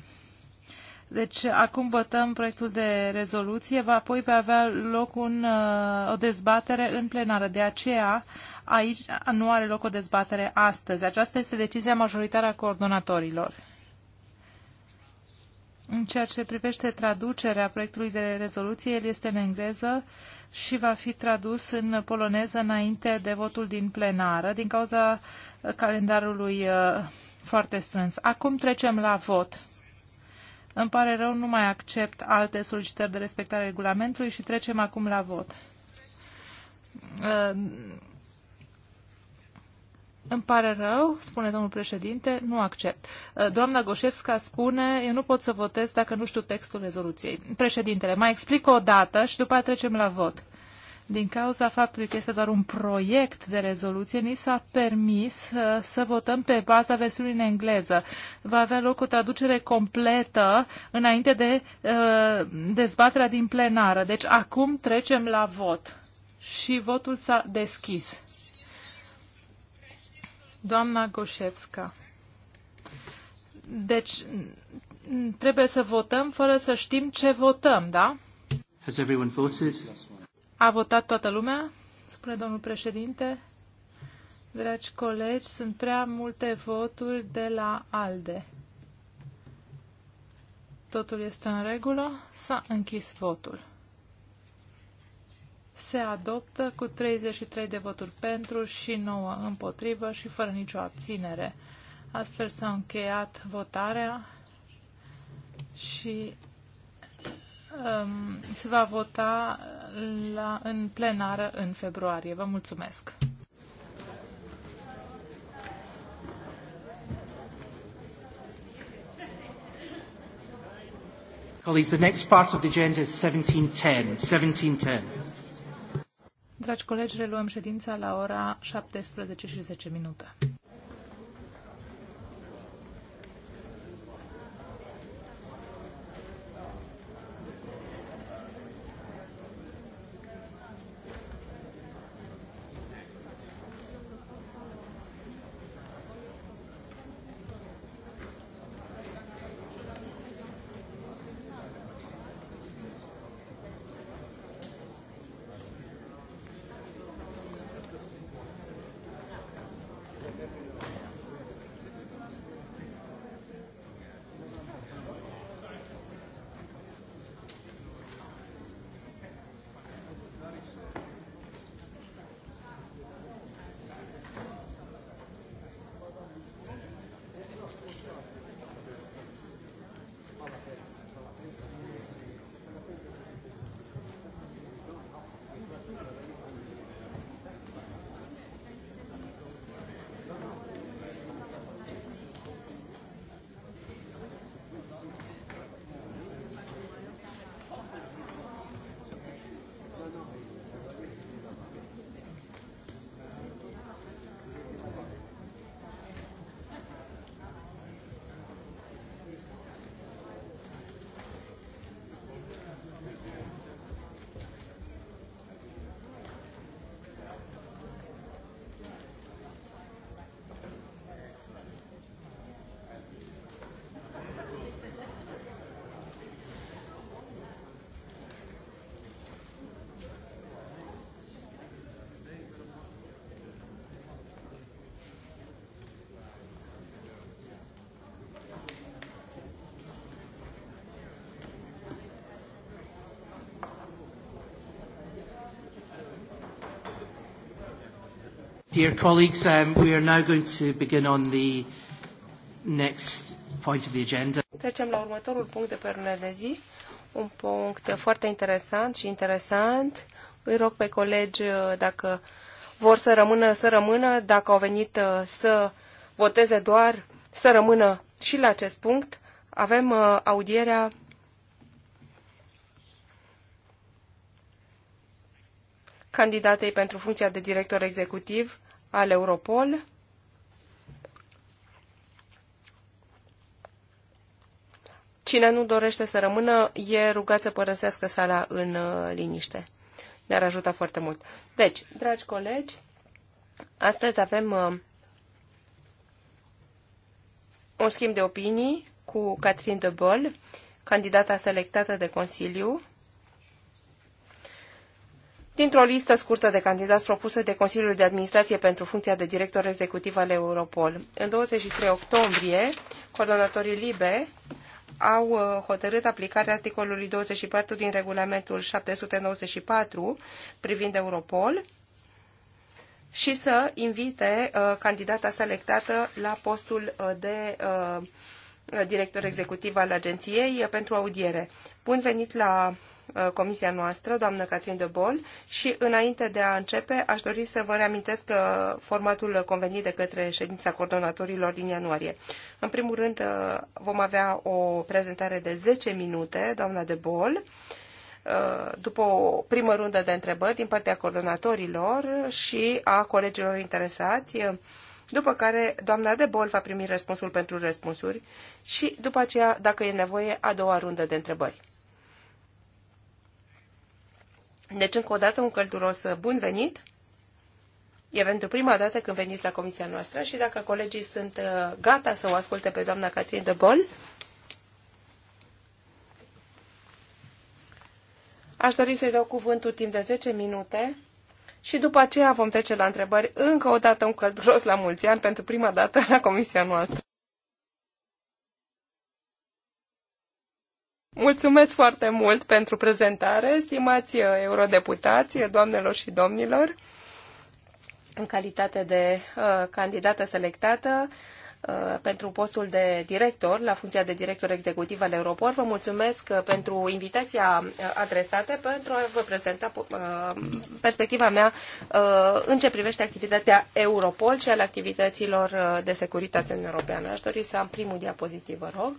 deci acum votăm proiectul de rezoluție, va apoi va avea loc un, uh, o dezbatere în plenară. De aceea aici nu are loc o dezbatere astăzi. Aceasta este decizia majoritară a coordonatorilor. În ceea ce privește traducerea proiectului de rezoluție, el este în engleză și va fi tradus în poloneză înainte de votul din plenară, din cauza calendarului uh, foarte strâns. Acum trecem la vot. Îmi pare rău, nu mai accept alte solicitări de respectare a regulamentului și trecem acum la vot. Uh, îmi pare rău, spune domnul președinte, nu accept. Uh, doamna Goșevska spune, eu nu pot să votez dacă nu știu textul rezoluției. Președintele, mai explic o dată și după aceea trecem la vot din cauza faptului că este doar un proiect de rezoluție, ni s-a permis uh, să votăm pe baza versiunii în engleză. Va avea loc o traducere completă înainte de uh, dezbaterea din plenară. Deci acum trecem la vot. Și votul s-a deschis. Doamna Goșevska. Deci trebuie să votăm fără să știm ce votăm, da? Has everyone voted? Yes, a votat toată lumea? Spune domnul președinte. Dragi colegi, sunt prea multe voturi de la ALDE. Totul este în regulă. S-a închis votul. Se adoptă cu 33 de voturi pentru și 9 împotrivă și fără nicio abținere. Astfel s-a încheiat votarea și Um, se va vota la, în plenară în februarie. Vă mulțumesc! Colleagues, the next part of the agenda is 1710. 1710. Dragi colegi, reluăm ședința la ora 17 și 10 minute. Dear colleagues, um, we are now going to begin on the next point of the agenda. Trecem la următorul punct de pe ordinea de zi, un punct foarte interesant și interesant. Îi rog pe colegi uh, dacă vor să rămână, să rămână, dacă au venit uh, să voteze doar, să rămână și la acest punct. Avem uh, audierea candidatei pentru funcția de director executiv al Europol. Cine nu dorește să rămână, e rugat să părăsească sala în uh, liniște. Ne-ar ajuta foarte mult. Deci, dragi colegi, astăzi avem uh, un schimb de opinii cu Catherine de Boll, candidata selectată de Consiliu dintr-o listă scurtă de candidați propusă de Consiliul de Administrație pentru funcția de director executiv al Europol. În 23 octombrie, coordonatorii LIBE au uh, hotărât aplicarea articolului 24 din regulamentul 794 privind Europol și să invite uh, candidata selectată la postul uh, de director executiv al agenției pentru audiere. Bun venit la Uh, comisia noastră, doamnă Catherine de Bol, și înainte de a începe, aș dori să vă reamintesc uh, formatul convenit de către ședința coordonatorilor din ianuarie. În primul rând, uh, vom avea o prezentare de 10 minute, doamna de Bol, după o primă rundă de întrebări din partea coordonatorilor și a colegilor interesați, după care doamna de bol va primi răspunsul pentru răspunsuri și, după aceea, dacă e nevoie, a doua rundă de întrebări. Deci, încă o dată, un călduros uh, bun venit. E pentru prima dată când veniți la comisia noastră și dacă colegii sunt uh, gata să o asculte pe doamna Catherine de Bol, aș dori să-i dau cuvântul timp de 10 minute și după aceea vom trece la întrebări. Încă o dată un călduros la mulți ani pentru prima dată la comisia noastră. Mulțumesc foarte mult pentru prezentare, stimați uh, eurodeputați, doamnelor și domnilor. În calitate de uh, candidată selectată uh, pentru postul de director, la funcția de director executiv al Europol, vă mulțumesc uh, pentru invitația uh, adresată pentru a vă prezenta uh, perspectiva mea uh, în ce privește activitatea Europol și al activităților uh, de securitate în europeană. Aș dori să am primul diapozitiv, vă rog.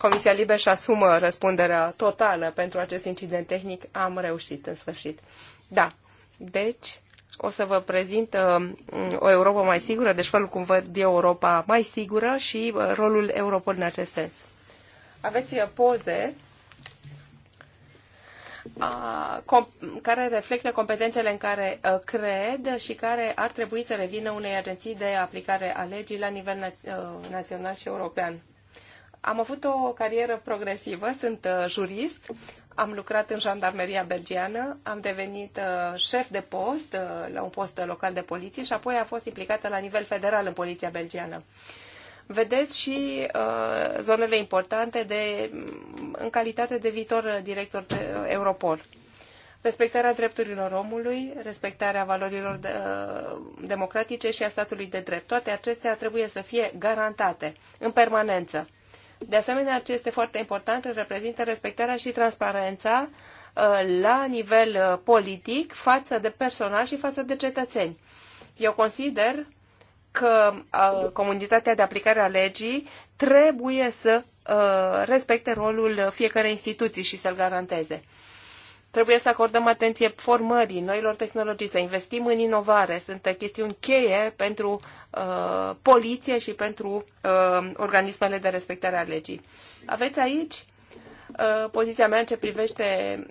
Comisia Libe și asumă răspunderea totală pentru acest incident tehnic, am reușit în sfârșit. Da, deci o să vă prezint uh, o Europa mai sigură, deci felul cum văd Europa mai sigură și uh, rolul Europol în acest sens. Aveți uh, poze care reflectă competențele în care uh, cred și care ar trebui să revină unei agenții de aplicare a legii la nivel na- uh, național și european. Am avut o carieră progresivă, sunt uh, jurist, am lucrat în jandarmeria belgiană, am devenit uh, șef de post uh, la un post local de poliție și apoi am fost implicată la nivel federal în poliția belgiană. Vedeți și uh, zonele importante de, mm, în calitate de viitor director de Europol. Respectarea drepturilor omului, respectarea valorilor de, uh, democratice și a statului de drept. Toate acestea trebuie să fie garantate în permanență de asemenea, ce este foarte important, îl reprezintă respectarea și transparența uh, la nivel uh, politic față de personal și față de cetățeni. Eu consider că uh, comunitatea de aplicare a legii trebuie să respecte rolul fiecărei instituții și să-l garanteze. Trebuie să acordăm atenție formării, noilor tehnologii, să investim în inovare. Sunt chestiuni cheie pentru uh, poliție și pentru uh, organismele de respectare a legii. Aveți aici uh, poziția mea în ce privește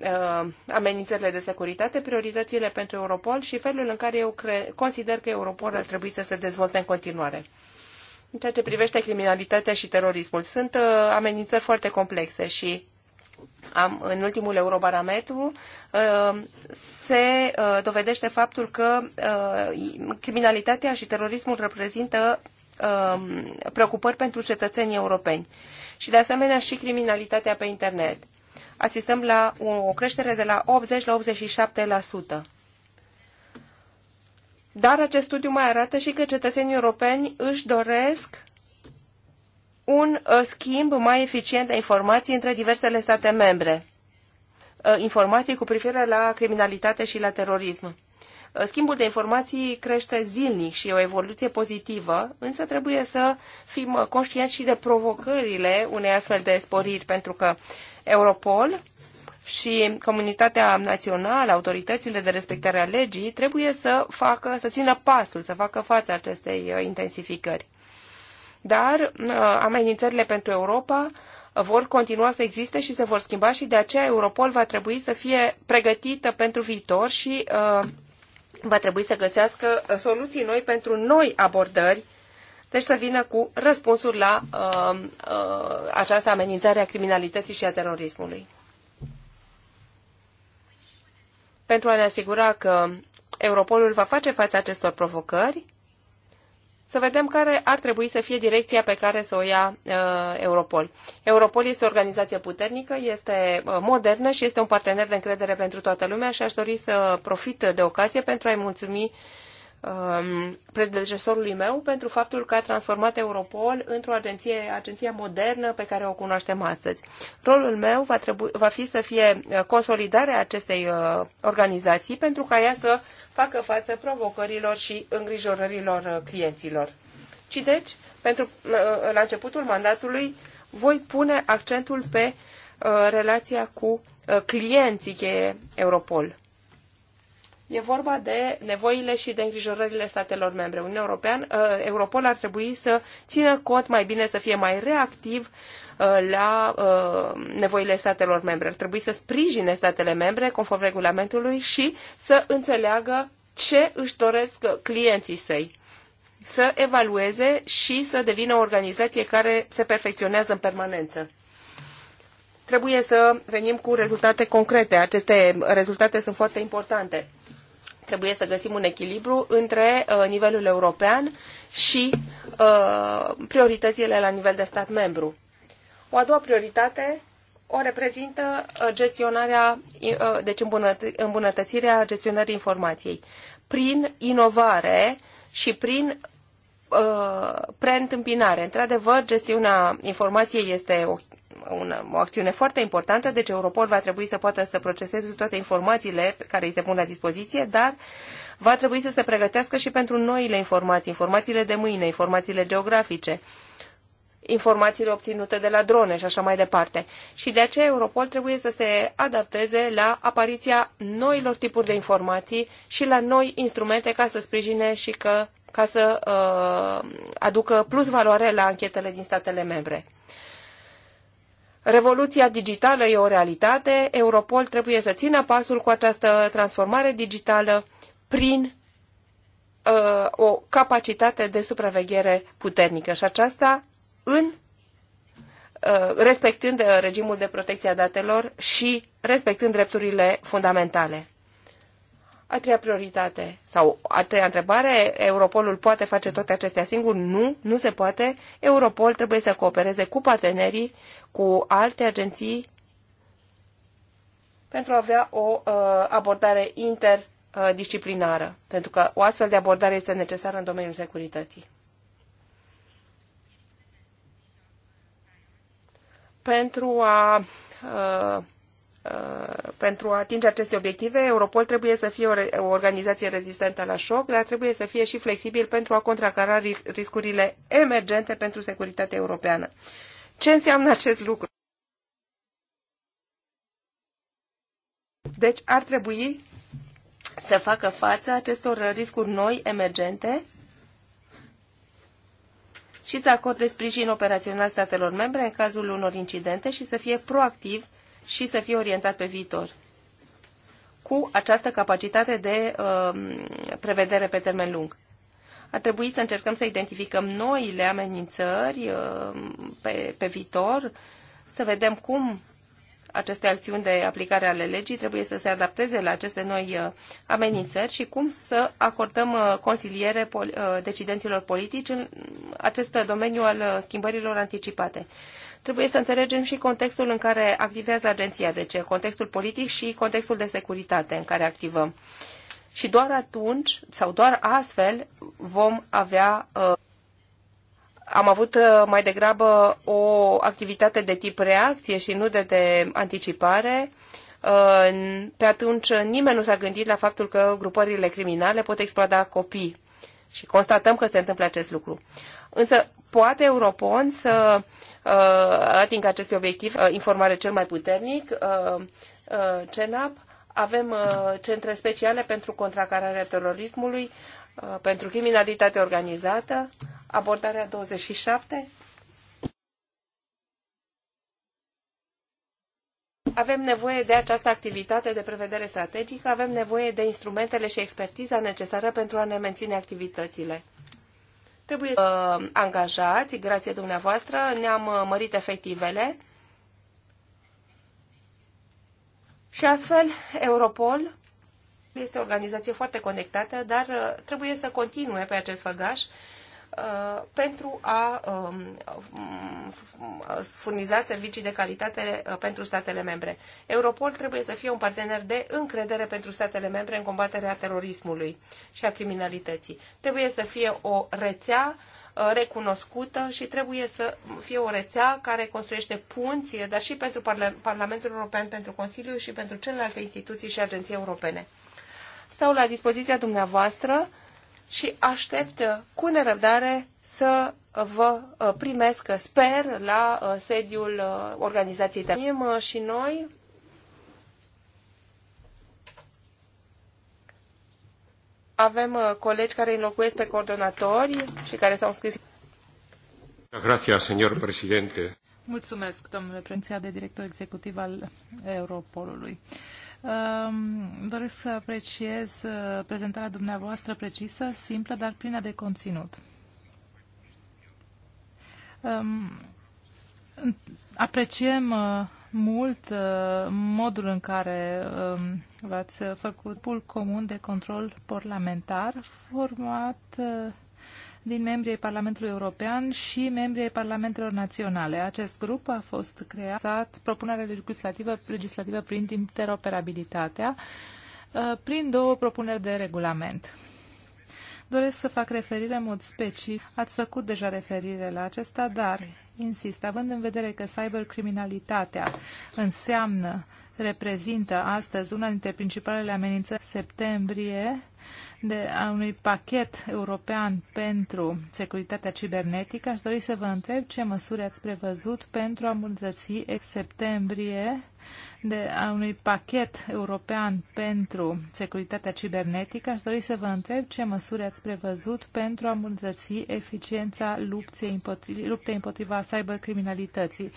uh, amenințările de securitate, prioritățile pentru Europol și felul în care eu consider că Europol ar trebui să se dezvolte în continuare. În ceea ce privește criminalitatea și terorismul, sunt uh, amenințări foarte complexe și am, în ultimul eurobarometru, uh, se uh, dovedește faptul că uh, criminalitatea și terorismul reprezintă um, preocupări pentru cetățenii europeni și, de asemenea, și criminalitatea pe internet. Asistăm la o creștere de la 80 la 87%. Dar acest studiu mai arată și că cetățenii europeni își doresc un uh, schimb mai eficient de informații între diversele state membre, uh, informații cu privire la criminalitate și la terorism. Uh, schimbul de informații crește zilnic și e o evoluție pozitivă, însă trebuie să fim conștienți și de provocările unei astfel de sporiri, pentru că Europol și comunitatea națională, autoritățile de respectare a legii, trebuie să facă, să țină pasul, să facă față acestei intensificări dar uh, amenințările pentru Europa vor continua să existe și se vor schimba și de aceea Europol va trebui să fie pregătită pentru viitor și uh, va trebui să găsească uh, soluții noi pentru noi abordări, deci să vină cu răspunsuri la această amenințare a criminalității și a terorismului. Pentru a ne asigura că Europolul va face față acestor provocări, să vedem care ar trebui să fie direcția pe care să o ia uh, Europol. Europol este o organizație puternică, este uh, modernă și este un partener de încredere pentru toată lumea și aș dori să profit de ocazie pentru a-i mulțumi uh, um, predecesorului meu pentru faptul că a transformat Europol într-o agenție, agenție modernă pe care o cunoaștem astăzi. Rolul meu va, trebu- va fi să fie uh, consolidarea acestei uh, organizații pentru ca ea să facă față provocărilor și îngrijorărilor uh, clienților. Și deci, pentru, uh, la începutul mandatului, voi pune accentul pe uh, relația cu uh, clienții cheie Europol E vorba de nevoile și de îngrijorările statelor membre. Uniunea uh, Europol ar trebui să țină cont mai bine, să fie mai reactiv uh, la uh, nevoile statelor membre. Ar trebui să sprijine statele membre conform regulamentului și să înțeleagă ce își doresc clienții săi să evalueze și să devină o organizație care se perfecționează în permanență trebuie să venim cu rezultate concrete. Aceste rezultate sunt foarte importante. Trebuie să găsim un echilibru între uh, nivelul european și uh, prioritățile la nivel de stat membru. O a doua prioritate o reprezintă uh, gestionarea, deci îmbunătățirea gestionării informației prin inovare și prin Uh, preîntâmpinare. Într-adevăr, gestiunea informației este o, una, o acțiune foarte importantă, deci Europol va trebui să poată să proceseze toate informațiile pe care îi se pun la dispoziție, dar va trebui să se pregătească și pentru noile informații, informațiile de mâine, informațiile geografice informațiile obținute de la drone și așa mai departe. Și de aceea Europol trebuie să se adapteze la apariția noilor tipuri de informații și la noi instrumente ca să sprijine și că, ca să uh, aducă plus valoare la anchetele din statele membre. Revoluția digitală e o realitate, Europol trebuie să țină pasul cu această transformare digitală prin uh, o capacitate de supraveghere puternică și aceasta în uh, respectând uh, regimul de protecție a datelor și respectând drepturile fundamentale. A treia prioritate sau a treia întrebare, Europolul poate face toate acestea singur? Nu, nu se poate. Europol trebuie să coopereze cu partenerii, cu alte agenții pentru a avea o uh, abordare interdisciplinară, pentru că o astfel de abordare este necesară în domeniul securității. pentru a uh, pentru a atinge aceste obiective, Europol trebuie să fie o, organizație rezistentă la șoc, dar trebuie să fie și flexibil pentru a contracara riscurile emergente pentru securitatea europeană. Ce înseamnă acest lucru? Deci ar trebui să facă față acestor riscuri noi emergente și să acorde sprijin operațional statelor membre în cazul unor incidente și să fie proactiv și să fie orientat pe viitor cu această capacitate de uh, prevedere pe termen lung. Ar trebui să încercăm să identificăm noile amenințări uh, pe, pe viitor, să vedem cum aceste acțiuni de aplicare ale legii trebuie să se adapteze la aceste noi uh, amenințări și cum să acordăm uh, consiliere uh, decidenților politici în acest domeniu al schimbărilor anticipate. Trebuie să înțelegem și contextul în care activează agenția, deci contextul politic și contextul de securitate în care activăm. Și doar atunci sau doar astfel vom avea uh, am avut uh, mai degrabă o activitate de tip reacție și nu de, de anticipare. Uh, pe atunci uh, nimeni nu s-a gândit la faptul că grupările criminale pot exploda copii și constatăm că se întâmplă acest lucru. Însă poate Europon să uh, atingă acest obiectiv. uh, informare cel mai puternic, uh, uh, CENAP, avem uh, centre speciale pentru contracararea terorismului, uh, pentru criminalitate organizată, Abordarea 27. Avem nevoie de această activitate de prevedere strategică, avem nevoie de instrumentele și expertiza necesară pentru a ne menține activitățile. Trebuie să uh, angajați, grație dumneavoastră, ne-am uh, mărit efectivele și astfel Europol este o organizație foarte conectată, dar uh, trebuie să continue pe acest făgaș Uh, pentru a um, uh, furniza servicii de calitate uh, pentru statele membre. Europol trebuie să fie un partener de încredere pentru statele membre în combaterea terorismului și a criminalității. Trebuie să fie o rețea recunoscută și trebuie să fie o rețea care construiește punți, dar și pentru Parlamentul European, pentru Consiliu și pentru celelalte instituții și agenții europene. Stau la dispoziția dumneavoastră și aștept uh, cu nerăbdare să vă uh, primesc, uh, sper, la sediul organizației Termin și noi. Avem colegi care înlocuiesc pe coordonatori și care s-au scris. Gracias, señor presidente. Mulțumesc, domnule președinte de director executiv al Europolului. Doresc să apreciez uh, prezentarea dumneavoastră precisă, simplă, dar plină de conținut. Apreciem uh, mult uh, modul în care um, v-ați făcut pul comun de control parlamentar format din membrii Parlamentului European și membrii Parlamentelor Naționale. Acest grup a fost creat propunerea legislativă, legislativă prin interoperabilitatea uh, prin două propuneri de regulament. Doresc să fac referire în mod specific. Ați făcut deja referire la acesta, dar insist, având în vedere că cybercriminalitatea înseamnă, reprezintă astăzi una dintre principalele amenințări septembrie, de, a unui pachet european pentru securitatea cibernetică, aș dori să vă întreb ce măsuri ați prevăzut pentru a îmbunătăți septembrie de, a unui pachet european pentru securitatea cibernetică, aș dori să vă întreb ce măsuri ați prevăzut pentru a îmbunătăți eficiența luptei împotriva, lupte împotriva cybercriminalității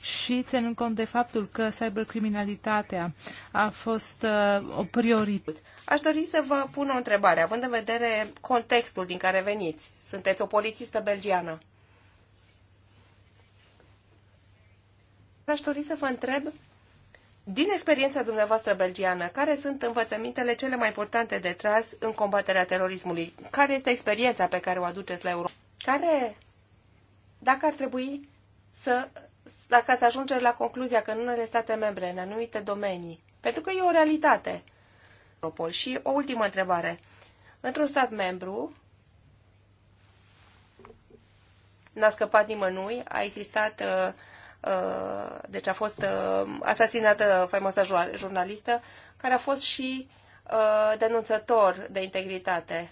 și ținând cont de faptul că cybercriminalitatea a fost uh, o prioritate. Aș dori să vă pun o întrebare, având în vedere contextul din care veniți. Sunteți o polițistă belgiană. Aș dori să vă întreb din experiența dumneavoastră belgiană, care sunt învățămintele cele mai importante de tras în combaterea terorismului? Care este experiența pe care o aduceți la Europa? Care, dacă ar trebui să, dacă ați ajunge la concluzia că în unele state membre, în anumite domenii, pentru că e o realitate. Și o ultimă întrebare. Într-un stat membru, n-a scăpat nimănui, a existat uh, Uh, deci a fost uh, asasinată faimoasa jurnalistă, care a fost și uh, denunțător de integritate.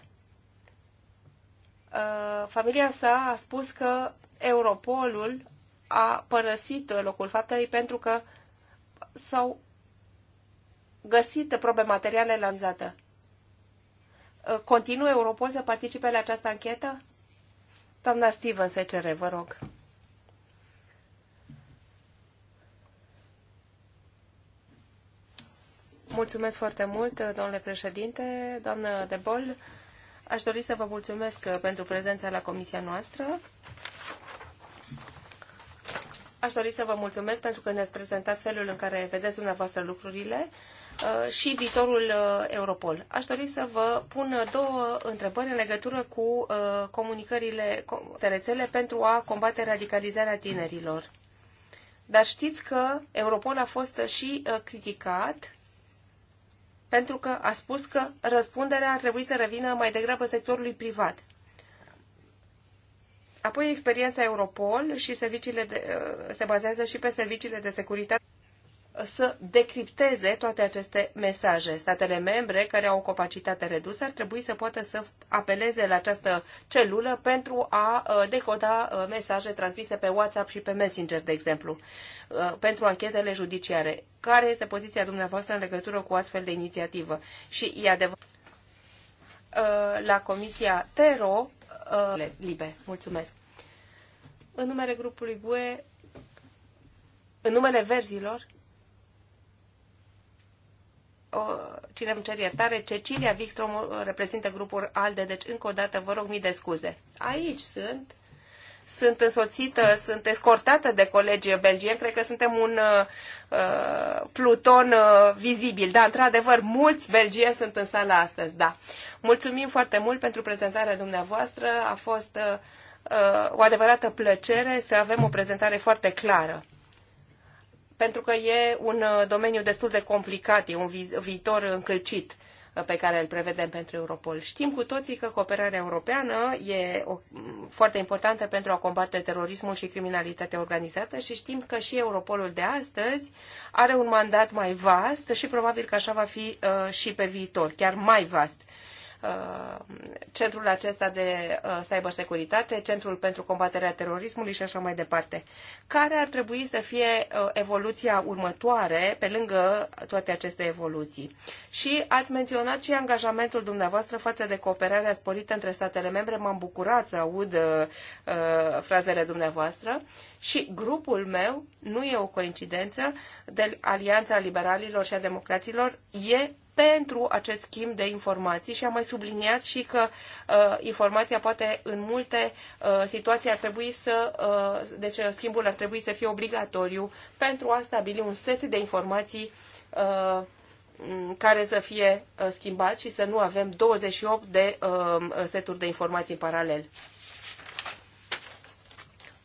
Familia sa a spus că Europolul a părăsit locul faptei pentru că s-au găsit probe materiale lanzate. Continuă Europol să participe la această anchetă? Doamna Steven se cere, vă rog. Mulțumesc foarte mult, domnule președinte, doamnă de Bol. Aș dori să vă mulțumesc pentru prezența la comisia noastră. Aș dori să vă mulțumesc pentru că ne-ați prezentat felul în care vedeți dumneavoastră lucrurile uh, și viitorul uh, Europol. Aș dori să vă pun două întrebări în legătură cu uh, comunicările de rețele pentru a combate radicalizarea tinerilor. Dar știți că Europol a fost și criticat pentru că a spus că răspunderea ar trebui să revină mai degrabă sectorului privat. Apoi experiența Europol și serviciile de, uh, se bazează și pe serviciile de securitate să decripteze toate aceste mesaje. Statele membre care au o capacitate redusă ar trebui să poată să apeleze la această celulă pentru a uh, decoda uh, mesaje transmise pe WhatsApp și pe Messenger, de exemplu, uh, pentru anchetele judiciare. Care este poziția dumneavoastră în legătură cu astfel de inițiativă? Și e adevărat la Comisia Tero Libe. Mulțumesc. În numele grupului GUE, în numele verzilor, cine îmi cer iertare, Cecilia Wikstrom reprezintă grupul ALDE, deci încă o dată vă rog mii de scuze. Aici sunt, sunt însoțită, sunt escortată de colegi belgieni, cred că suntem un uh, uh pluton uh, vizibil. Da, într-adevăr, mulți belgieni sunt în sala astăzi, da. Mulțumim foarte mult pentru prezentarea dumneavoastră, a fost uh, uh o adevărată plăcere să avem o prezentare foarte clară pentru că e un uh, domeniu destul de complicat, e un viitor încălcit uh, pe care îl prevedem pentru Europol. Știm cu toții că cooperarea europeană e o, mm, foarte importantă pentru a combate terorismul și criminalitatea organizată și știm că și Europolul de astăzi are un mandat mai vast și probabil că așa va fi uh, și pe viitor, chiar mai vast. Uh, Uh, centrul acesta de uh, cybersecuritate, centrul pentru combaterea terorismului și așa mai departe. Care ar trebui să fie uh, evoluția următoare pe lângă toate aceste evoluții? Și ați menționat și angajamentul dumneavoastră față de cooperarea sporită între statele membre. M-am bucurat să aud frazele dumneavoastră și grupul meu, nu e o coincidență, de Alianța Liberalilor și a Democraților e pentru acest schimb de informații și am mai subliniat și că uh, informația poate în multe uh, situații ar trebui să, uh, deci uh, schimbul ar trebui să fie obligatoriu pentru a stabili un set de informații uh, care să fie uh, schimbat și să nu avem 28 de uh, seturi de informații în paralel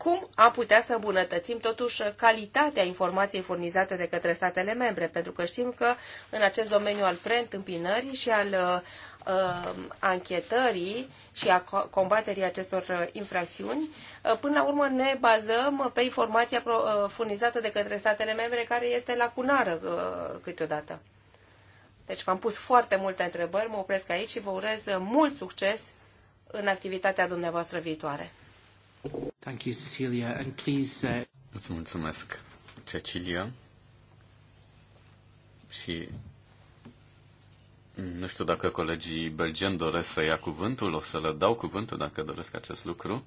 cum am putea să îmbunătățim totuși calitatea informației furnizate de către statele membre, pentru că știm că în acest domeniu al preîntâmpinării și al uh, anchetării și a combaterii acestor uh, infracțiuni. Uh, până la urmă ne bazăm pe informația furnizată de către statele membre care este lacunară câteodată. Deci v-am pus foarte multe întrebări, mă opresc aici și vă urez mult succes în activitatea dumneavoastră viitoare. Thank you, Cecilia, and please... Uh... Îți mulțumesc, Cecilia. Și nu știu dacă colegii belgeni doresc să ia cuvântul, o să le dau cuvântul dacă doresc acest lucru.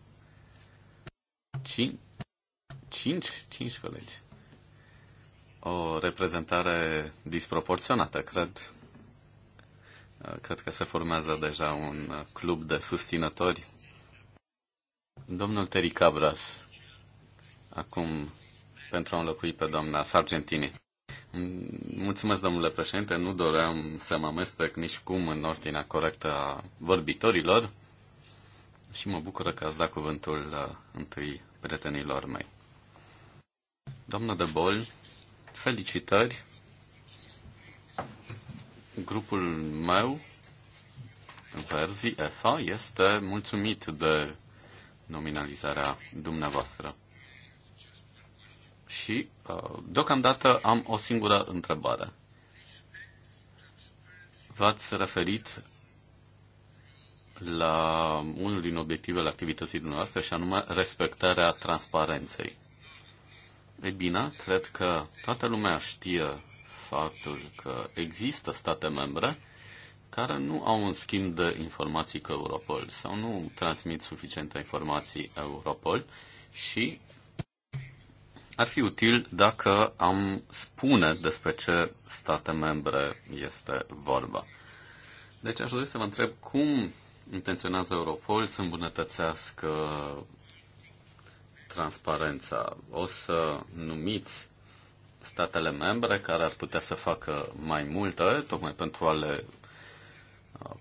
Cin- cinci? Cinci colegi. O reprezentare disproporționată, cred. Cred că se formează deja un club de susținători Domnul Teri Cabras, acum pentru a înlocui pe doamna Sargentini. Mulțumesc, domnule președinte. Nu doream să mă amestec nici cum în ordinea corectă a vorbitorilor și mă bucură că ați dat cuvântul uh, întâi prietenilor mei. Doamnă de Bol, felicitări. Grupul meu, Verzi EFA, este mulțumit de nominalizarea dumneavoastră. Și, uh, deocamdată, am o singură întrebare. V-ați referit la unul din obiectivele activității dumneavoastră și anume respectarea transparenței. Ei bine, cred că toată lumea știe faptul că există state membre care nu au un schimb de informații cu Europol sau nu transmit suficiente informații Europol și ar fi util dacă am spune despre ce state membre este vorba. Deci aș dori să vă întreb cum intenționează Europol să îmbunătățească transparența. O să numiți statele membre care ar putea să facă mai multe, tocmai pentru a le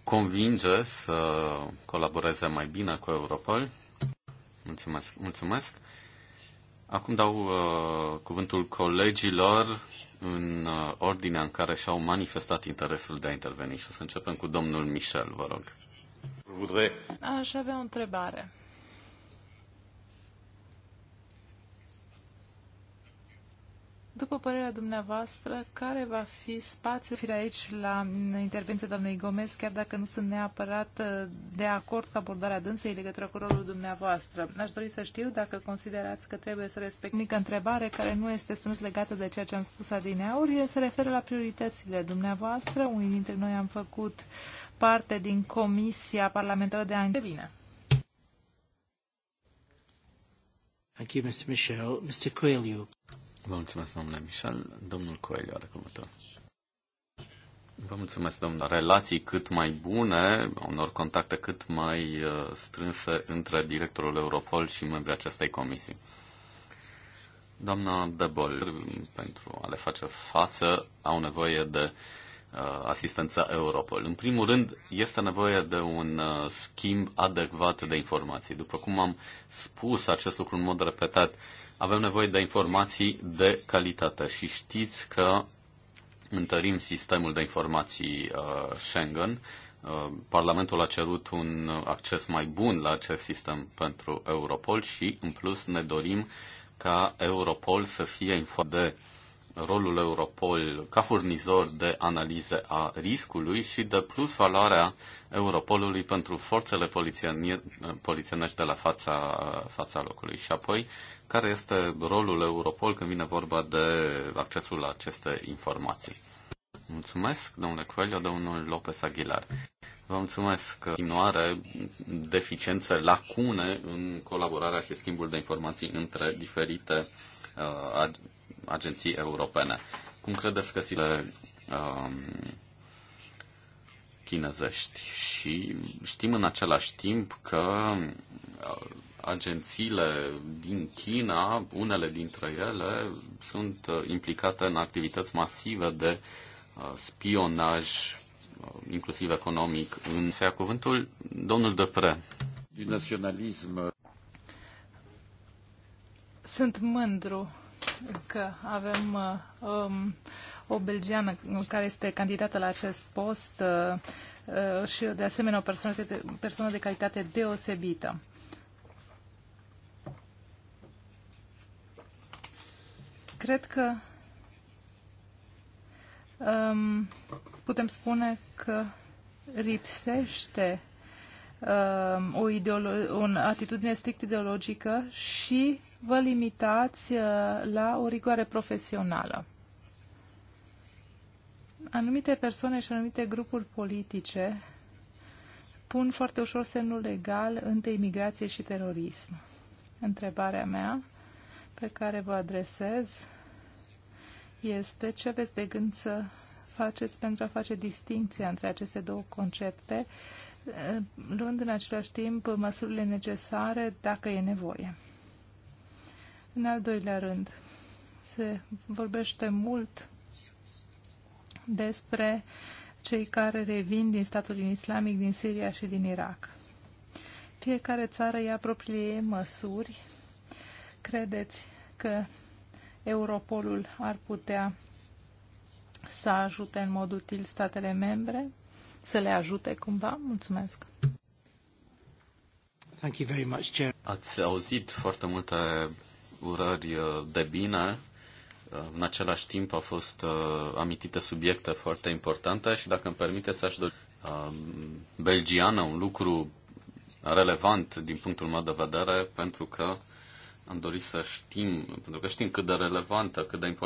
convinge să colaboreze mai bine cu Europol. Mulțumesc. mulțumesc. Acum dau uh, cuvântul colegilor în uh, ordinea în care și-au manifestat interesul de a interveni. Și o să începem cu domnul Michel, vă rog. Aș avea o întrebare. După părerea dumneavoastră, care va fi spațiul? Fir aici la intervenția doamnei Gomez, chiar dacă nu sunt neapărat uh, de acord cu abordarea dânsei legătură cu rolul dumneavoastră. Aș dori să știu dacă considerați că trebuie să respect mică întrebare care nu este strâns legată de ceea ce am spus adineauri, se referă la prioritățile dumneavoastră. Unii dintre noi am făcut parte din Comisia Parlamentară de Anghelie. Bine. Thank you, Mr. Michel. Mr. Coelho. Vă mulțumesc, domnule Michel. Domnul Coelho are cuvântul. Vă mulțumesc, domnule. Relații cât mai bune, unor contacte cât mai uh, strânse între directorul Europol și membrii acestei comisii. Doamna Debol, pentru a le face față, au nevoie de uh, asistența Europol. În primul rând, este nevoie de un uh, schimb adecvat de informații. După cum am spus acest lucru în mod repetat, uh, avem nevoie de informații de calitate și știți că întărim sistemul de informații uh, Schengen. Uh, Parlamentul a cerut un acces mai bun la acest sistem pentru Europol și, în plus, ne dorim ca Europol să fie informat de rolul Europol ca furnizor de analize a riscului și de plus valoarea Europolului pentru forțele polițienești de la fața, fața locului. Și apoi, care este rolul Europol când vine vorba de accesul la aceste informații? Mulțumesc, domnule Coelho, domnul Lopez Aguilar. Vă mulțumesc. Continuare, deficiențe, lacune în colaborarea și schimbul de informații între diferite uh, agenții europene. Cum credeți că zile uh, um, chinezești? Și știm în același timp că uh, agențiile din China, unele dintre ele, sunt uh, implicate în activități masive de uh, spionaj, uh, inclusiv economic. În se cuvântul domnul Depre. Du naționalism. Sunt mândru că avem uh, um, o belgiană care este candidată la acest post uh, uh, și de asemenea o persoană de, persoană de calitate deosebită. Cred că um, putem spune că lipsește um, o, o atitudine strict ideologică și vă limitați uh, la o rigoare profesională. Anumite persoane și anumite grupuri politice pun foarte ușor semnul legal între imigrație și terorism. Întrebarea mea pe care vă adresez este ce aveți de gând să faceți pentru a face distinția între aceste două concepte, uh, luând în același timp măsurile necesare dacă e nevoie. În al doilea rând, se vorbește mult despre cei care revin din statul islamic, din Siria și din Irak. Fiecare țară ia propriile măsuri. Credeți că Europolul ar putea să ajute în mod util statele membre? Să le ajute cumva? Mulțumesc! Thank you very much, Chair. Ați auzit foarte multe urări uh, de bine. Uh, în același timp au fost uh, amintite subiecte foarte importante și, dacă îmi permiteți, aș dori belgiană, un lucru relevant din punctul meu de vedere, pentru că am dorit să știm, pentru că știm cât de relevantă, cât de importantă